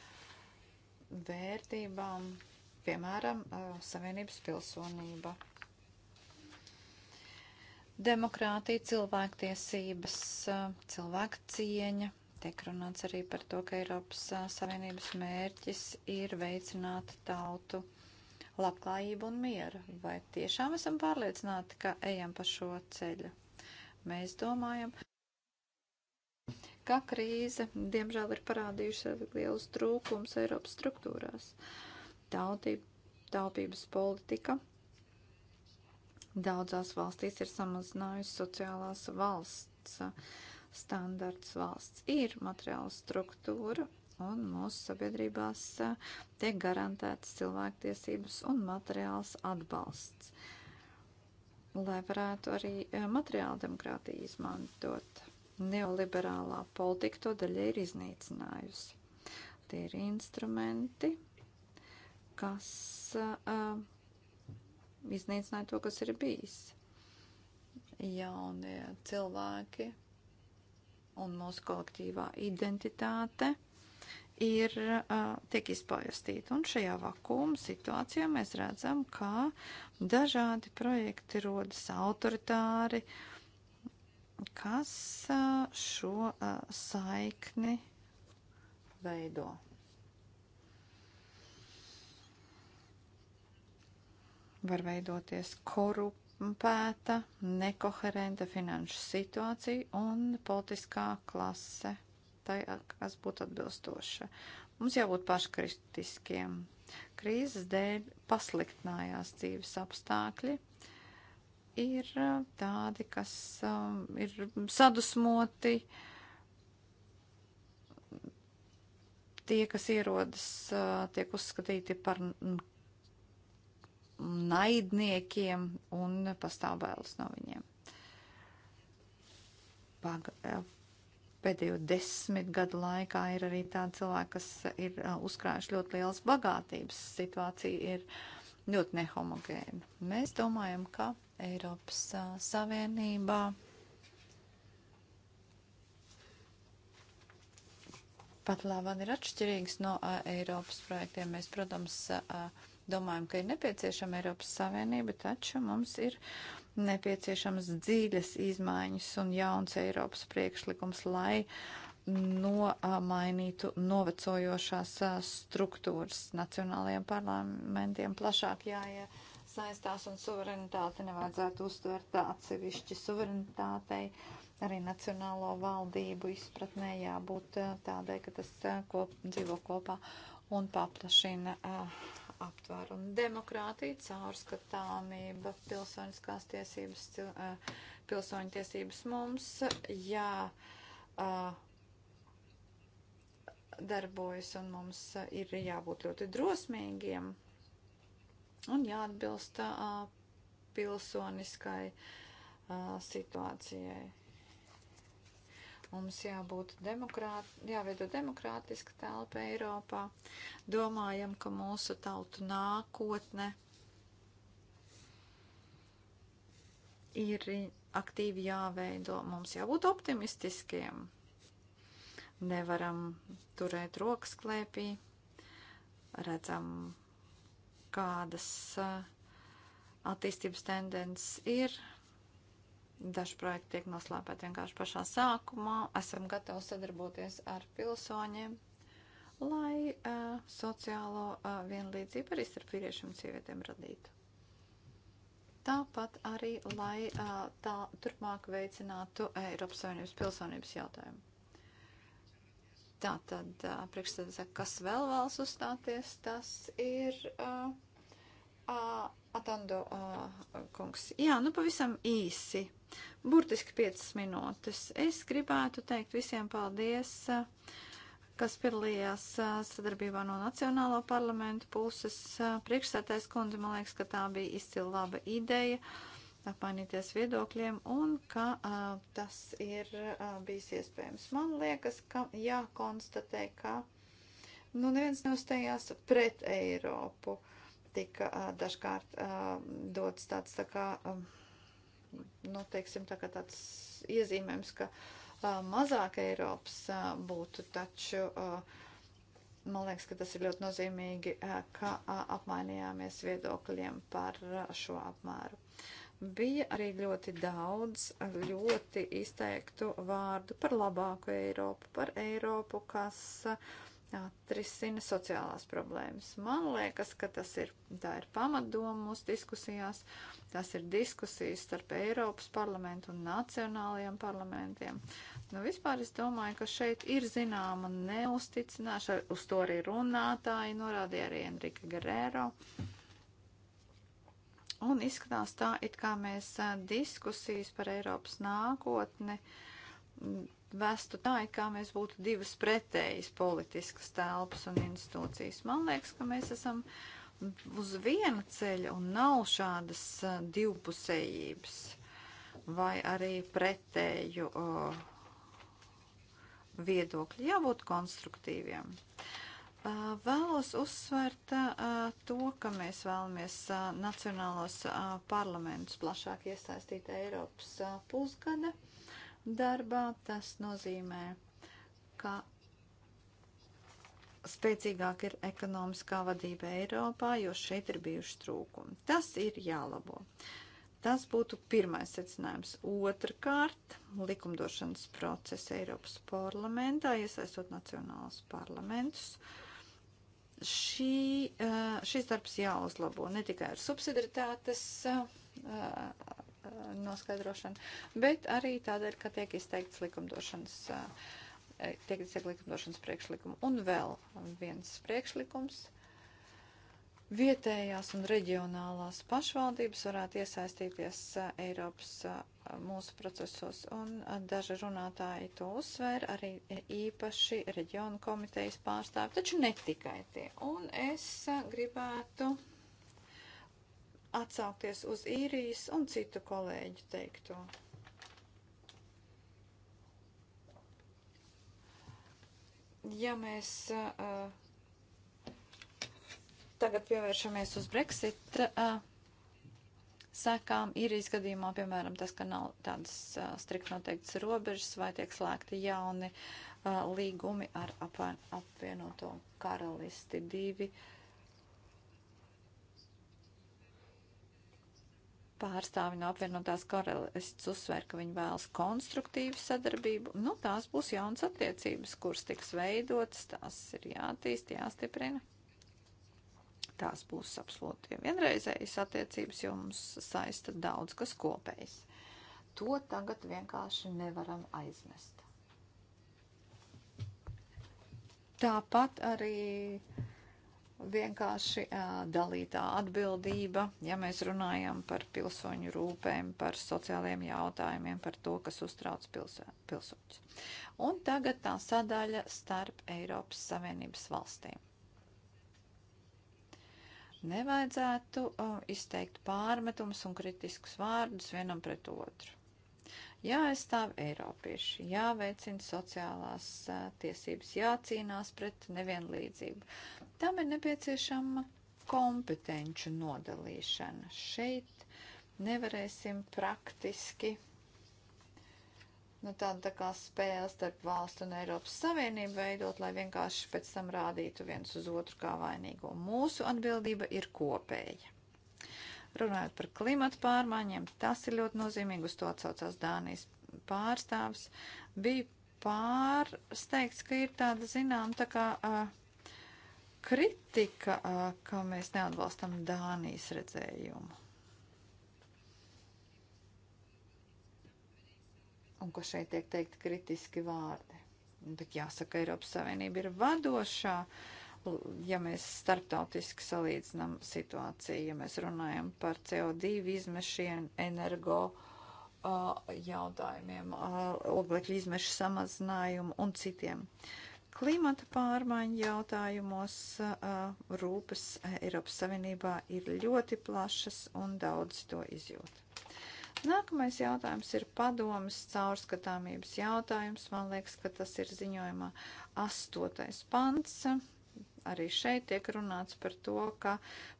vērtībām, piemēram, uh, Savienības pilsonība. Demokrātija, cilvēktiesības, uh, cilvēka cieņa. Tiek runāts arī par to, ka Eiropas uh, Savienības mērķis ir veicināt tautu labklājību un mieru. Vai tiešām esam pārliecināti, ka ejam pa šo ceļu? Mēs domājam, ka krīze, diemžēl, ir parādījusi lielus trūkums Eiropas struktūrās. Uh, tautība, taupības politika daudzās valstīs ir samazinājusi sociālās valsts standarts. Valsts ir materiāla struktūra un mūsu sabiedrībās tiek garantētas cilvēktiesības un materiāls atbalsts, lai varētu arī materiāla demokrātiju izmantot. Neoliberālā politika to daļai ir iznīcinājusi. Tie ir instrumenti, kas uh, iznīcināja to, kas ir bijis. Jaunie cilvēki un mūsu kolektīvā identitāte ir, uh, tiek izpaustīta. Un šajā vakuma situācijā mēs redzam, kā dažādi projekti rodas autoritāri, kas uh, šo uh, saikni veido. var veidoties korupēta, nekoherenta finanšu situācija un politiskā klase, tai, kas būtu atbilstoša. Mums jābūt paškritiskiem. Krīzes dēļ pasliktinājās dzīves apstākļi. Ir uh, tādi, kas um, ir sadusmoti, uh, tie, kas ierodas, uh, tiek uzskatīti par naidniekiem un pastāv bailes no viņiem. Paga, eh, pēdējo desmit gadu laikā ir arī tādi cilvēki, kas ir eh, uzkrājuši ļoti lielas bagātības. Situācija ir ļoti nehomogēna. Mēs domājam, ka Eiropas eh, Savienībā pat labāk ir atšķirīgs no Eiropas projektiem. Mēs, protams, a, Domājam, ka ir nepieciešama Eiropas Savienība, taču mums ir nepieciešams dziļas izmaiņas un jauns Eiropas priekšlikums, lai nomainītu novecojošās struktūras nacionālajiem parlamentiem plašāk jāiesaistās un suverenitāte nevajadzētu uztvert atsevišķi suverenitātei. Arī nacionālo valdību izpratnē jābūt tādai, ka tas kop, dzīvo kopā un paplašina uh, aptvērumu. Demokrātija, caurskatāmība, pilsoniskās tiesības, eh, pilsoņu tiesības mums jā eh, darbojas un mums eh, ir jābūt ļoti drosmīgiem un jāatbilst pilsoniskai situācijai. Mums jābūt demokrāt, jāveido demokrātiska telpa Eiropā. Domājam, ka mūsu tautu nākotne ir aktīvi jāveido. Mums jābūt optimistiskiem. Nevaram turēt rokas klēpī. Redzam, kādas uh, attīstības tendences ir Daži projekti tiek noslēpēti vienkārši pašā sākumā. Esam gatavi sadarboties ar pilsoņiem, lai uh, sociālo uh, vienlīdzību arī starp vīriešiem un sievietēm radītu. Tāpat arī, lai uh, tā turpmāk veicinātu Eiropas Savienības pilsonības jautājumu. Tā tad priekšstādā, kas vēl vēlas uzstāties, tas ir uh, uh, Atando uh, kungs. Jā, nu pavisam īsi. Burtiski 5 minūtes. Es gribētu teikt visiem paldies, kas piedalījās sadarbībā no Nacionālo parlamentu puses. Priekšsētais kundze, man liekas, ka tā bija izcila laba ideja apmainīties viedokļiem un ka a, tas ir a, bijis iespējams. Man liekas, ka jākonstatē, ka nu, neviens neuzstājās pret Eiropu. A, tika dažkārt dots tāds tā kā, nu, teiksim, tā kā tāds iezīmējums, ka mazāk Eiropas būtu, taču man liekas, ka tas ir ļoti nozīmīgi, ka apmainījāmies viedokļiem par šo apmēru. Bija arī ļoti daudz ļoti izteiktu vārdu par labāku Eiropu, par Eiropu, kas uh, atrisina sociālās problēmas. Man liekas, ka tas ir, tā ir pamatdoma mūsu diskusijās, tas ir diskusijas starp Eiropas parlamentu un nacionālajiem parlamentiem. Nu, vispār es domāju, ka šeit ir zināma neusticināšana, uz to arī runātāji norādīja arī Enrika Guerrero. Un izskatās tā, it kā mēs eh, diskusijas par Eiropas nākotni vestu tā, it kā mēs būtu divas pretējas politiskas telpas un institūcijas. Man liekas, ka mēs esam uz viena ceļa un nav šādas divpusējības vai arī pretēju uh, viedokļu. Jābūt konstruktīviem. Uh, vēlos uzsvērt uh, to, ka mēs vēlamies nacionālos parlamentus plašāk iesaistīt Eiropas pusgada darbā. Tas nozīmē, ka spēcīgāk ir ekonomiskā vadība Eiropā, jo šeit ir bijuši trūkumi. Tas ir jālabo. Tas būtu pirmais secinājums. Otrakārt, likumdošanas process Eiropas parlamentā, iesaistot nacionālus parlamentus. Šī, eh, šis darbs jāuzlabo ne tikai ar subsidaritātes eh, noskaidrošanu, bet arī tādēļ, ka tiek izteikts likumdošanas, eh, tiek izteikts likumdošanas priekšlikumu. Un vēl viens priekšlikums. Vietējās un reģionālās pašvaldības varētu iesaistīties eh, Eiropas eh, mūsu procesos, un daži runātāji to uzsver, arī īpaši reģionu komitejas pārstāvi, taču ne tikai tie. Un es gribētu atsaukties uz īrijas un citu kolēģu teikto. Ja mēs uh, tagad pievēršamies uz Brexit uh, sekām, īrijas gadījumā, piemēram, tas, ka nav tādas uh, strikt noteiktas robežas vai tiek slēgti jauni uh, līgumi ar apvienoto karalisti divi. Uh, pārstāvi no apvienotās karalists uzsver, ka viņi vēlas konstruktīvu sadarbību. Nu, tās būs jaunas attiecības, kuras tiks veidotas, tās ir jātīst, jāstiprina. Tās būs absolūti vienreizējas attiecības, jo mums saista daudz kas kopējs. To tagad vienkārši nevaram aizmest. Tāpat arī uh, vienkārši dalītā atbildība, ja mēs runājam par pilsoņu rūpēm, par sociālajiem jautājumiem, par to, kas uztrauc pilsoņus. Un tagad tā sadaļa starp Eiropas Savienības valstīm. Nevajadzētu uh, izteikt pārmetumus un kritiskus vārdus vienam pret otru. Jāaizstāv Eiropieši, jāveicina sociālās tiesības, jācīnās pret nevienlīdzību. Tam ir nepieciešama kompetenču nodalīšana. Šeit nevarēsim praktiski nu, tāda tā kā spēle starp valstu un Eiropas Savienību veidot, lai vienkārši pēc tam rādītu viens uz otru kā vainīgo. Mūsu atbildība ir kopēja. Runājot par klimatu pārmaiņiem, tas ir ļoti nozīmīgi, uz to atsaucās Dānijas pārstāvs. Bija pārsteigts, ka ir tāda zinām tā kā uh, kritika, uh, ka mēs neatbalstam Dānijas redzējumu. Un ka šeit tiek teikt kritiski vārdi. Bet jāsaka, Eiropas Savienība ir vadošā uh, ja mēs starptautiski salīdzinām situāciju, ja mēs runājam par CO2 izmešiem, energo uh, jautājumiem, uh, oglekļa izmešu samazinājumu un citiem. Klimata pārmaiņu jautājumos uh, rūpes Eiropas Savienībā ir ļoti plašas un daudz to izjūt. Nākamais jautājums ir padomas caurskatāmības jautājums. Man liekas, ka tas ir ziņojumā astotais pants. Arī šeit tiek runāts par to, ka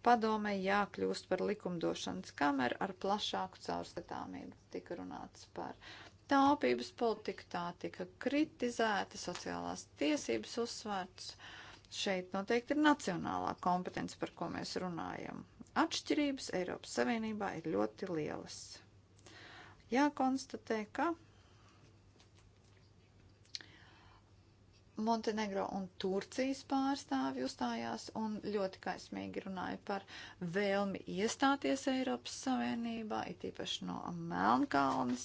padomē jākļūst par likumdošanas kameru ar plašāku caurskatāmību. Tika runāts par taupības politiku, tā tika kritizēta, sociālās tiesības uzsvērts. Šeit noteikti ir nacionālā kompetence, par ko mēs runājam. Atšķirības Eiropas Savienībā ir ļoti lielas. Jākonstatē, ka Montenegro un Turcijas pārstāvi uzstājās un ļoti kaismīgi runāja par vēlmi iestāties Eiropas Savienībā, it īpaši no Melnkalnes.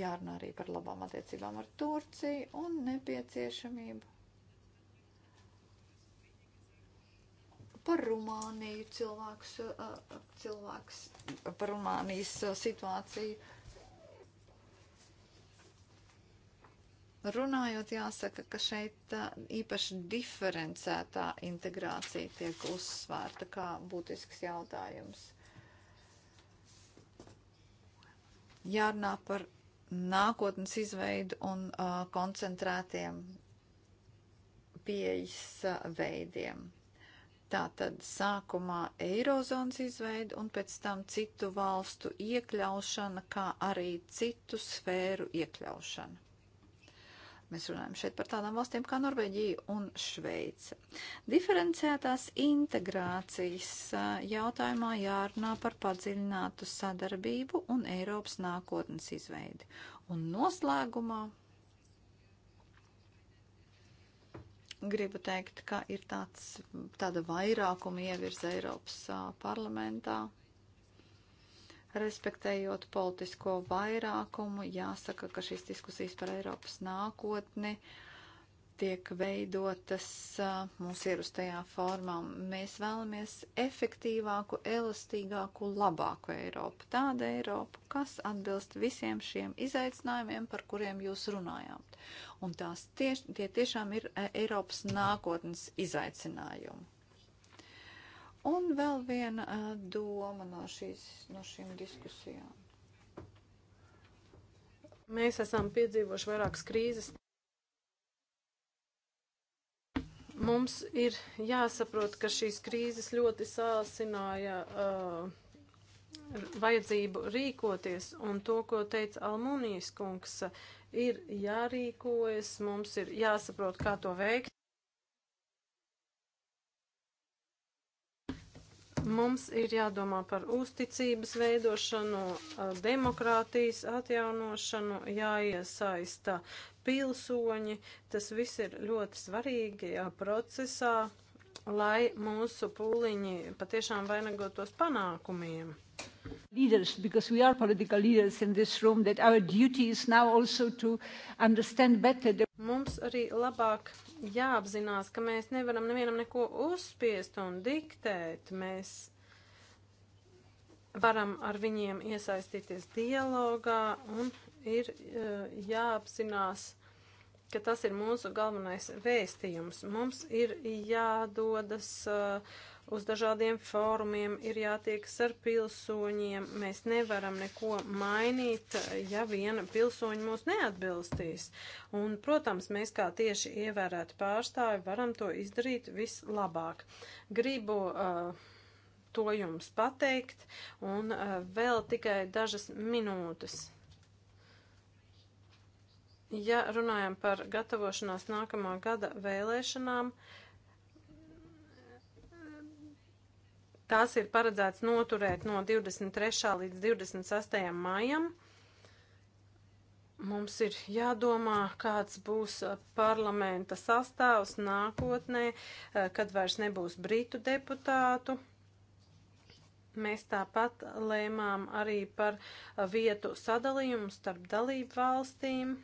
Jārunā arī par labām attiecībām ar Turciju un nepieciešamību par Rumāniju cilvēks, uh, uh, cilvēks par Rumānijas uh, situāciju runājot, jāsaka, ka šeit uh, īpaši diferencētā integrācija tiek uzsvērta kā būtisks jautājums. Jārunā par nākotnes izveidu un uh, koncentrētiem pieejas uh, veidiem. Tātad sākumā eirozonas izveida un pēc tam citu valstu iekļaušana, kā arī citu sfēru iekļaušana. Mēs runājam šeit par tādām valstīm kā Norvēģija un Šveice. Diferenciētās integrācijas jautājumā jārunā par padziļinātu sadarbību un Eiropas nākotnes izveidi. Un noslēgumā gribu teikt, ka ir tāds, tāda vairākuma ievirza Eiropas parlamentā respektējot politisko vairākumu, jāsaka, ka šīs diskusijas par Eiropas nākotni tiek veidotas mūsu ierustajā formā. Mēs vēlamies efektīvāku, elastīgāku, labāku Eiropu. Tādu Eiropu, kas atbilst visiem šiem izaicinājumiem, par kuriem jūs runājāt. Un tās tieš, tie tiešām ir Eiropas nākotnes izaicinājumi. Un vēl viena uh, doma no, šīs, no šīm diskusijām. Mēs esam piedzīvojuši vairākas krīzes. Mums ir jāsaprot, ka šīs krīzes ļoti sāsināja uh, vajadzību rīkoties, un to, ko teica Almunijas kungs, ir jārīkojas, mums ir jāsaprot, kā to veikt. Mums ir jādomā par uzticības veidošanu, eh, demokrātijas atjaunošanu, jāiesaista pilsoņi. Tas viss ir ļoti svarīgi jā, procesā, lai mūsu pūliņi patiešām vainagotos panākumiem. Leaders, because we are political leaders in this room, that our duty is now also to understand better. The... Mums arī labāk jāapzinās, ka mēs nevaram nevienam neko uzspiest un diktēt. Mēs varam ar viņiem iesaistīties dialogā un ir e, jāapzinās, ka tas ir mūsu galvenais vēstījums. Mums ir jādodas uh, uz dažādiem fórumiem, ir jātiekas ar pilsoņiem. Mēs nevaram neko mainīt, ja viena pilsoņa mūs neatbilstīs. Un, protams, mēs kā tieši ievērēt pārstāvi varam to izdarīt vislabāk. Gribu uh, to jums pateikt, un uh, vēl tikai dažas minūtes. Ja runājam par gatavošanās nākamā gada vēlēšanām, uh, Tās ir paredzēts noturēt no 23. līdz 26. maijam. Mums ir jādomā, kāds būs uh, parlamenta sastāvs nākotnē, uh, kad vairs nebūs britu deputātu. Mēs tāpat lēmām arī par uh, vietu sadalījumu starp dalību valstīm.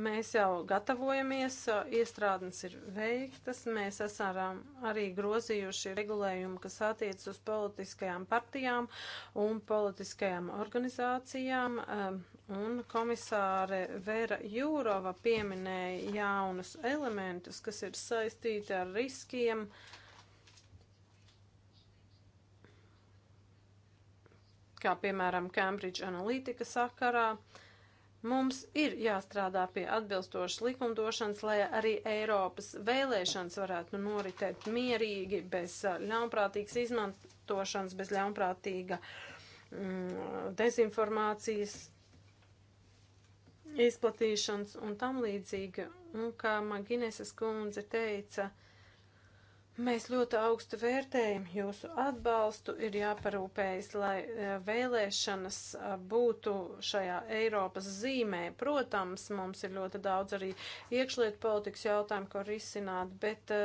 Mēs jau gatavojamies, iestrādnes ir veiktas, mēs esam arī grozījuši regulējumu, kas attiecas uz politiskajām partijām un politiskajām organizācijām, um, un komisāre Vera Jūrova pieminēja jaunus elementus, kas ir saistīti ar riskiem. Kā piemēram Cambridge Analytica sakarā, uh, Mums ir jāstrādā pie atbilstošas likumdošanas, lai arī Eiropas vēlēšanas varētu noritēt mierīgi, bez uh, ļaunprātīgas izmantošanas, bez ļaunprātīga mm, dezinformācijas izplatīšanas un tam līdzīga. Un kā Magineses kundze teica, uh, Mēs ļoti augstu vērtējam jūsu atbalstu, ir jāparūpējas, lai e, vēlēšanas e, būtu šajā Eiropas zīmē. Protams, mums ir ļoti daudz arī iekšliet politikas jautājumu, ko risināt, bet e,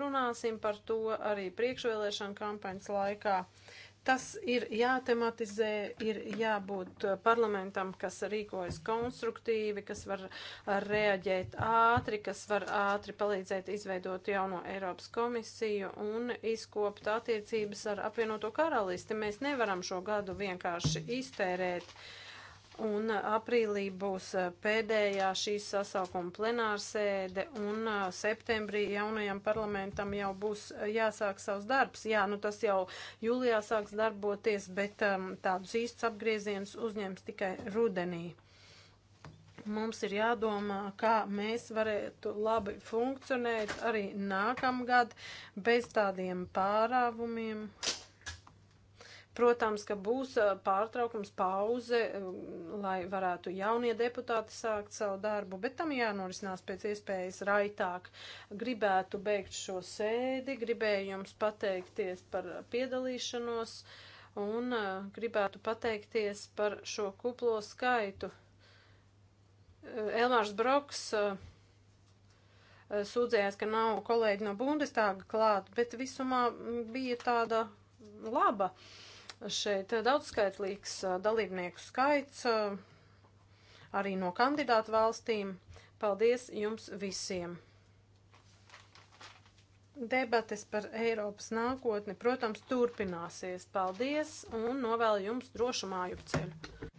runāsim par to arī priekšvēlēšana kampaņas laikā. Uh, Tas ir jātematizē, ir jābūt uh, parlamentam, kas rīkojas konstruktīvi, kas var uh, reaģēt ātri, kas var ātri palīdzēt izveidot jauno Eiropas komisiju un izkopt attiecības ar apvienoto karalisti. Mēs nevaram šo gadu vienkārši iztērēt. Uh, un aprīlī būs eh, pēdējā šīs sasaukuma plenārsēde, un eh, septembrī jaunajam parlamentam jau būs eh, jāsāk savs darbs. Jā, nu tas jau jūlijā sāks darboties, bet um, tādus īstus apgriezienus uzņems tikai rudenī. Mums ir jādomā, kā mēs varētu labi funkcionēt arī nākamgad bez tādiem pārāvumiem. Protams, ka būs pārtraukums, pauze, lai varētu jaunie deputāti sākt savu darbu, bet tam jānorisinās pēc iespējas raitāk. Gribētu beigt šo sēdi, gribēju jums pateikties par piedalīšanos un gribētu pateikties par šo kuplo skaitu. Elmārs Broks sūdzējās, ka nav kolēģi no Bundestāga klāt, bet visumā bija tāda laba. Uh, Šeit daudzskaitlīgs dalībnieku skaits arī no kandidātu valstīm. Paldies jums visiem! Debates par Eiropas nākotni, protams, turpināsies. Paldies un novēlu jums drošu māju ceļu!